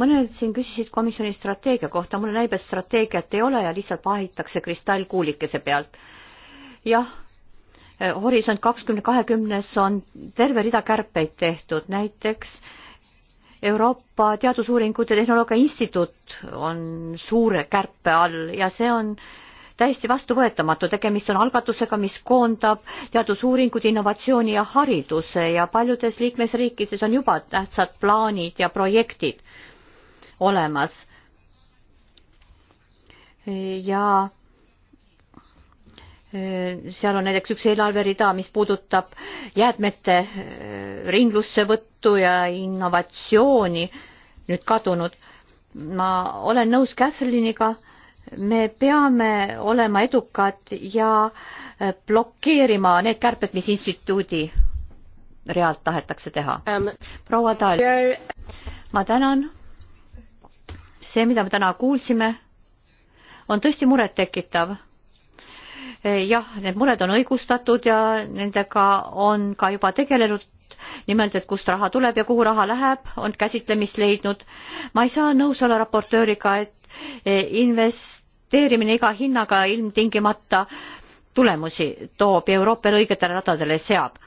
mõned siin küsisid komisjoni strateegia kohta, mulle näib, et strateegiat ei ole ja lihtsalt vahitakse kristallkuulikese pealt. jah, eh, Horisont kakskümmend kahekümnes on terve rida kärpeid tehtud, näiteks Euroopa Teadusuuringute Tehnoloogia Instituut on suure kärpe all ja see on täiesti vastuvõetamatu, tegemist on algatusega, mis koondab teadusuuringud, innovatsiooni ja hariduse ja paljudes liikmesriikides on juba tähtsad plaanid ja projektid olemas. ja seal on näiteks üks eelarverida, mis puudutab jäätmete äh, ringlussevõttu ja innovatsiooni nüüd kadunud. ma olen nõus Catherine'iga, me peame olema edukad ja äh, blokeerima need kärped, mis instituudi realt tahetakse teha. Ähm. proua Tal, äh. ma tänan. see, mida me täna kuulsime, on tõesti murettekitav jah, need mured on õigustatud ja nendega on ka juba tegelenud nimelt, et kust raha tuleb ja kuhu raha läheb, on käsitlemist leidnud. ma ei saa nõus olla raportööriga, et investeerimine iga hinnaga ilmtingimata tulemusi toob ja Euroopa õigetele radadele seab.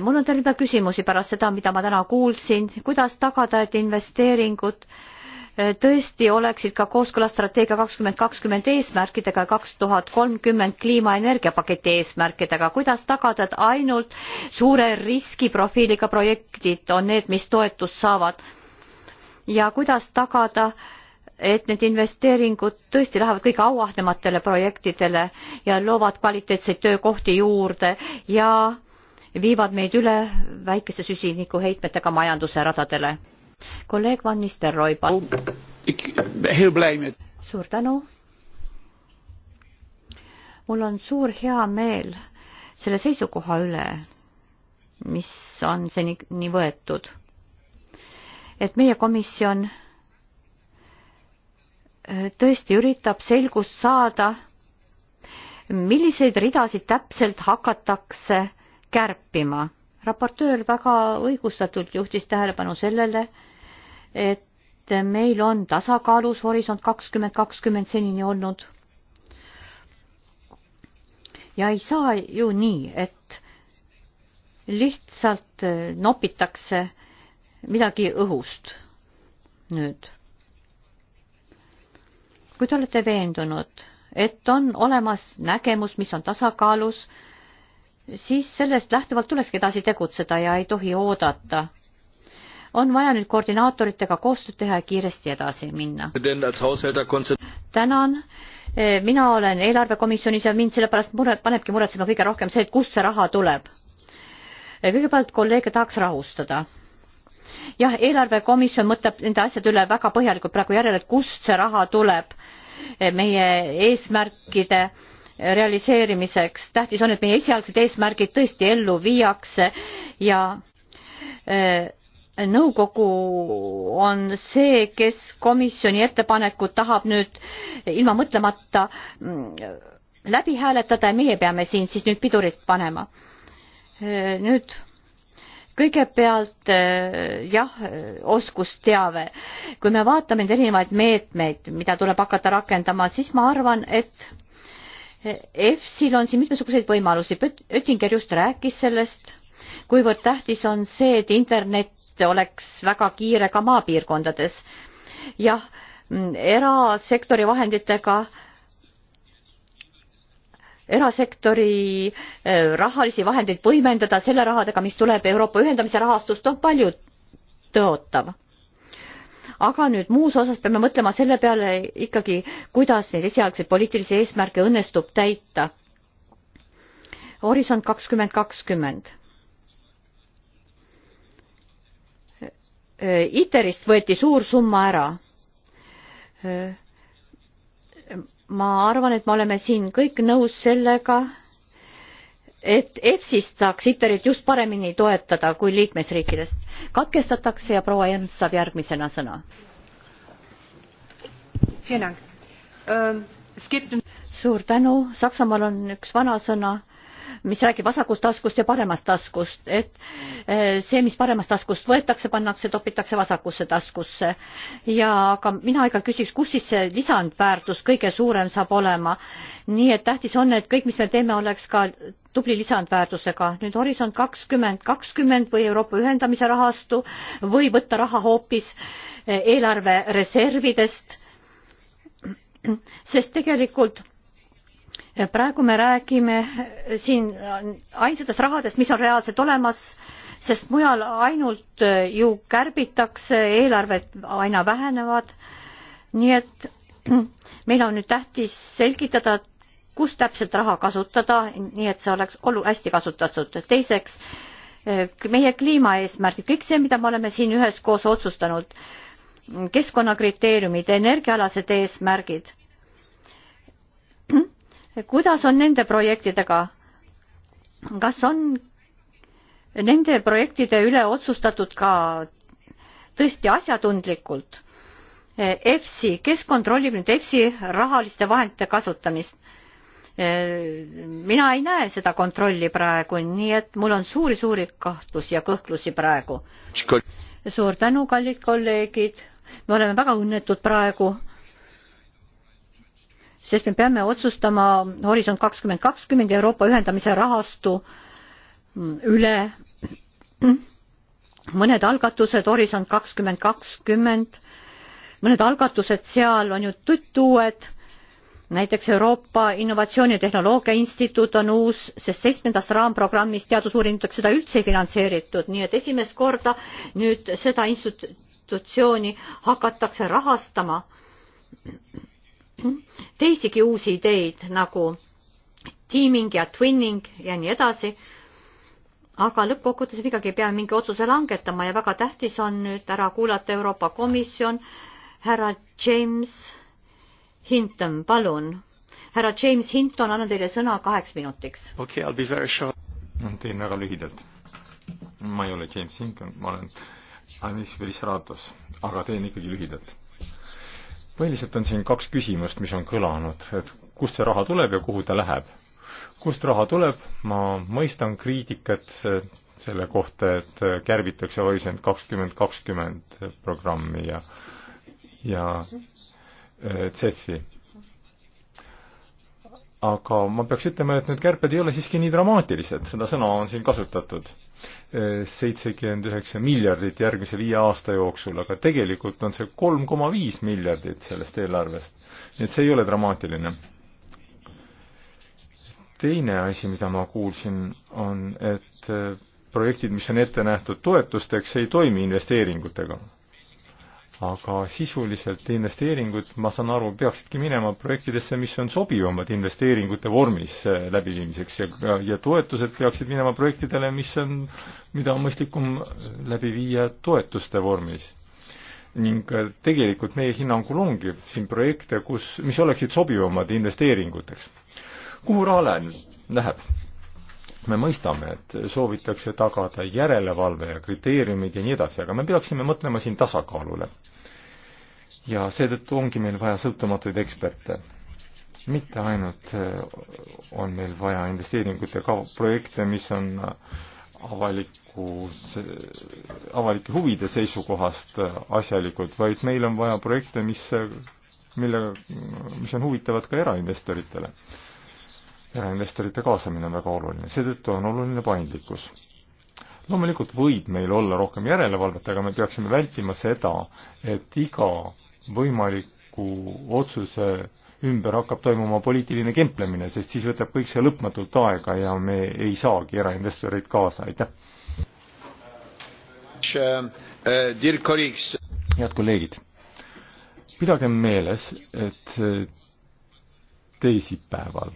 mul on terve küsimusi pärast seda, mida ma täna kuulsin, kuidas tagada, et investeeringud äh, Äh, tõesti oleksid ka kooskõlas strateegia kakskümmend kakskümmend eesmärkidega ja kaks tuhat kolmkümmend kliimaenergiapaketi eesmärkidega. kuidas tagada, et ainult suure riskiprofiiliga projektid on need, mis toetust saavad? ja kuidas tagada, et need investeeringud tõesti lähevad kõige auahnematele projektidele ja loovad kvaliteetseid töökohti juurde ja viivad meid üle väikeste süsinikuheitmetega majanduse radadele kolleeg Van Nistelrooy, palun. suur tänu. mul on suur hea meel selle seisukoha üle, mis on seni nii võetud. et meie komisjon äh, tõesti üritab selgust saada, milliseid ridasid täpselt hakatakse kärpima. raportöör väga õigustatult juhtis tähelepanu sellele, et meil on tasakaalus Horisont kakskümmend kakskümmend senini olnud. ja ei saa ju nii, et lihtsalt nopitakse midagi õhust nüüd. kui te olete veendunud, et on olemas nägemus, mis on tasakaalus, siis sellest lähtuvalt tulekski edasi tegutseda ja ei tohi oodata on vaja nüüd koordinaatoritega koostööd teha ja kiiresti edasi minna. tänan, e, mina olen eelarvekomisjonis ja mind sellepärast mure, panebki muretsema kõige rohkem see, et kust see raha tuleb. E, kõigepealt kolleege tahaks rahustada jah, eelarvekomisjon mõtleb nende asjade üle väga põhjalikult praegu järele, et kust see raha tuleb e, meie eesmärkide realiseerimiseks. tähtis on, et meie esialgsed eesmärgid tõesti ellu viiakse ja äh, nõukogu on see, kes komisjoni ettepanekut tahab nüüd ilma mõtlemata mm, läbi hääletada ja meie peame siin siis nüüd pidurit panema. nüüd kõigepealt eh, jah, oskusteave. kui me vaatame neid erinevaid meetmeid, mida tuleb hakata rakendama, siis ma arvan, et EFSil on siin mitmesuguseid võimalusi. Oettinger just rääkis sellest kuivõrd tähtis on see, et internet oleks väga kiire ka maapiirkondades. jah, mm, erasektori vahenditega erasektori äh, rahalisi vahendeid võimendada selle rahadega, mis tuleb Euroopa ühendamise rahastust, on palju tõotav. aga nüüd muus osas peame mõtlema selle peale ikkagi, kuidas neid esialgseid poliitilisi eesmärke õnnestub täita. horisont kakskümmend kakskümmend Äh, ITER-ist võeti suur summa ära. Äh, ma arvan, et me oleme siin kõik nõus sellega, et EFSist saaks ITER-it just paremini toetada kui liikmesriikidest. katkestatakse ja proua Jens saab järgmisena sõna. Ähm, suur tänu, Saksamaal on üks vanasõna mis räägib vasakust taskust ja paremast taskust, et eh, see, mis paremast taskust võetakse, pannakse, topitakse vasakusse taskusse. ja aga mina ikka küsiks, kus siis see lisandväärtus kõige suurem saab olema. nii et tähtis on, et kõik, mis me teeme, oleks ka tubli lisandväärtusega. nüüd Horisont kakskümmend kakskümmend või Euroopa ühendamise rahastu või võtta raha hoopis eh, eelarvereservidest, sest tegelikult praegu me räägime siin ainsatest rahadest, mis on reaalselt olemas, sest mujal ainult ju kärbitakse, eelarved aina vähenevad. nii et meil on nüüd tähtis selgitada, kus täpselt raha kasutada, nii et see oleks olu-, hästi kasutatud. teiseks, meie kliimaeesmärgid, kõik see, mida me oleme siin üheskoos otsustanud, keskkonnakriteeriumid, energiaalased eesmärgid kuidas on nende projektidega? kas on nende projektide üle otsustatud ka tõesti asjatundlikult? EFSI, kes kontrollib nüüd EFSI rahaliste vahendite kasutamist? mina ei näe seda kontrolli praegu, nii et mul on suuri-suuri kahtlusi ja kõhklusi praegu. suur tänu, kallid kolleegid, me oleme väga õnnetud praegu sest me peame otsustama Horisont kakskümmend kakskümmend Euroopa ühendamise rahastu mm, üle. mõned algatused Horisont kakskümmend kakskümmend, mõned algatused seal on ju tuttuued, näiteks Euroopa Innovatsiooni ja Tehnoloogia Instituut on uus, sest seitsmendas raamprogrammis teadusuuringuteks seda üldse ei finantseeritud, nii et esimest korda nüüd seda institutsiooni hakatakse rahastama teisigi uusi ideid nagu teaming ja twinning ja nii edasi. aga lõppkokkuvõttes me ikkagi peame mingi otsuse langetama ja väga tähtis on nüüd ära kuulata Euroopa Komisjon, härra James Hinton, palun. härra James Hinton, annan teile sõna kaheks minutiks. okei okay,, I will be very short. teen väga lühidalt. ma ei ole James Hinton, ma olen Anis Feliciatos, aga teen ikkagi lühidalt põhiliselt on siin kaks küsimust, mis on kõlanud, et kust see raha tuleb ja kuhu ta läheb. kust raha tuleb, ma mõistan kriitikat selle kohta, et kärbitakse Horisont kakskümmend kakskümmend programmi ja, ja äh, CEF-i. aga ma peaks ütlema, et need kärped ei ole siiski nii dramaatilised, seda sõna on siin kasutatud seitsekümmend üheksa miljardit järgmise viie aasta jooksul, aga tegelikult on see kolm koma viis miljardit sellest eelarvest. nii et see ei ole dramaatiline. teine asi, mida ma kuulsin, on, et projektid, mis on ette nähtud toetusteks, ei toimi investeeringutega aga sisuliselt investeeringud, ma saan aru, peaksidki minema projektidesse, mis on sobivamad investeeringute vormis eh, läbiviimiseks ja, ja toetused peaksid minema projektidele, mis on, mida on mõistlikum läbi viia toetuste vormis. ning eh, tegelikult meie hinnangul ongi siin projekte, kus, mis oleksid sobivamad investeeringuteks. kuhu raha läheb? me mõistame, et soovitakse tagada järelevalve ja kriteeriumid ja nii edasi, aga me peaksime mõtlema siin tasakaalule. ja seetõttu ongi meil vaja sõltumatuid eksperte. mitte ainult eh, on meil vaja investeeringute kav-, projekte, mis on avaliku, avalike huvide seisukohast asjalikud, vaid meil on vaja projekte, mis, mille, mis on huvitavad ka erainvestoritele investorite kaasamine on väga oluline, seetõttu on oluline paindlikkus. loomulikult võib meil olla rohkem järelevalvet, aga me peaksime vältima seda, et iga võimaliku otsuse ümber hakkab toimuma poliitiline kemplemine, sest siis võtab kõik see lõpmatult aega ja me ei saagi erainvestoreid kaasa, aitäh. head kolleegid, pidagem meeles, et teisipäeval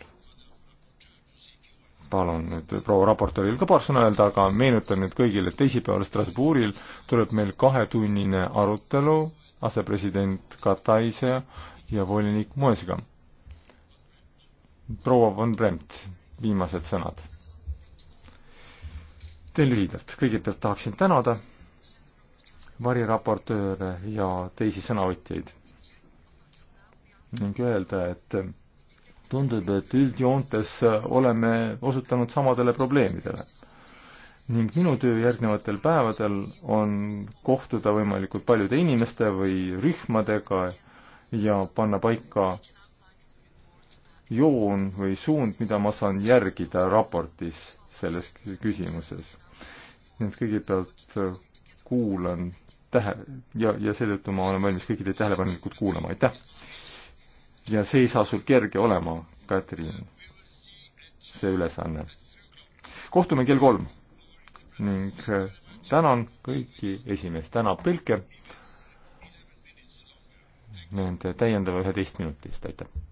palun nüüd proua raportööril ka paar sõna öelda, aga meenutan nüüd kõigile, et teisipäeval Strasbourgil tuleb meil kahetunnine arutelu asepresident Kataise ja volinik Moesiga. proua von Bremt, viimased sõnad. teen lühidalt, kõigepealt tahaksin tänada variraportööre ja teisi sõnavõtjaid ning öelda, et tundub, et üldjoontes oleme osutanud samadele probleemidele. ning minu töö järgnevatel päevadel on kohtuda võimalikult paljude inimeste või rühmadega ja panna paika joon või suund, mida ma saan järgida raportis selles küsimuses. nüüd kõigepealt kuulan tähe- ja, ja seetõttu ma olen valmis kõikide tähelepanelikult kuulama, aitäh! ja see ei saa sul kerge olema, Katrin, see ülesanne. kohtume kell kolm ning äh, tänan kõiki esimeest, tänab tõlke nende täiendava üheteist minuti eest, aitäh!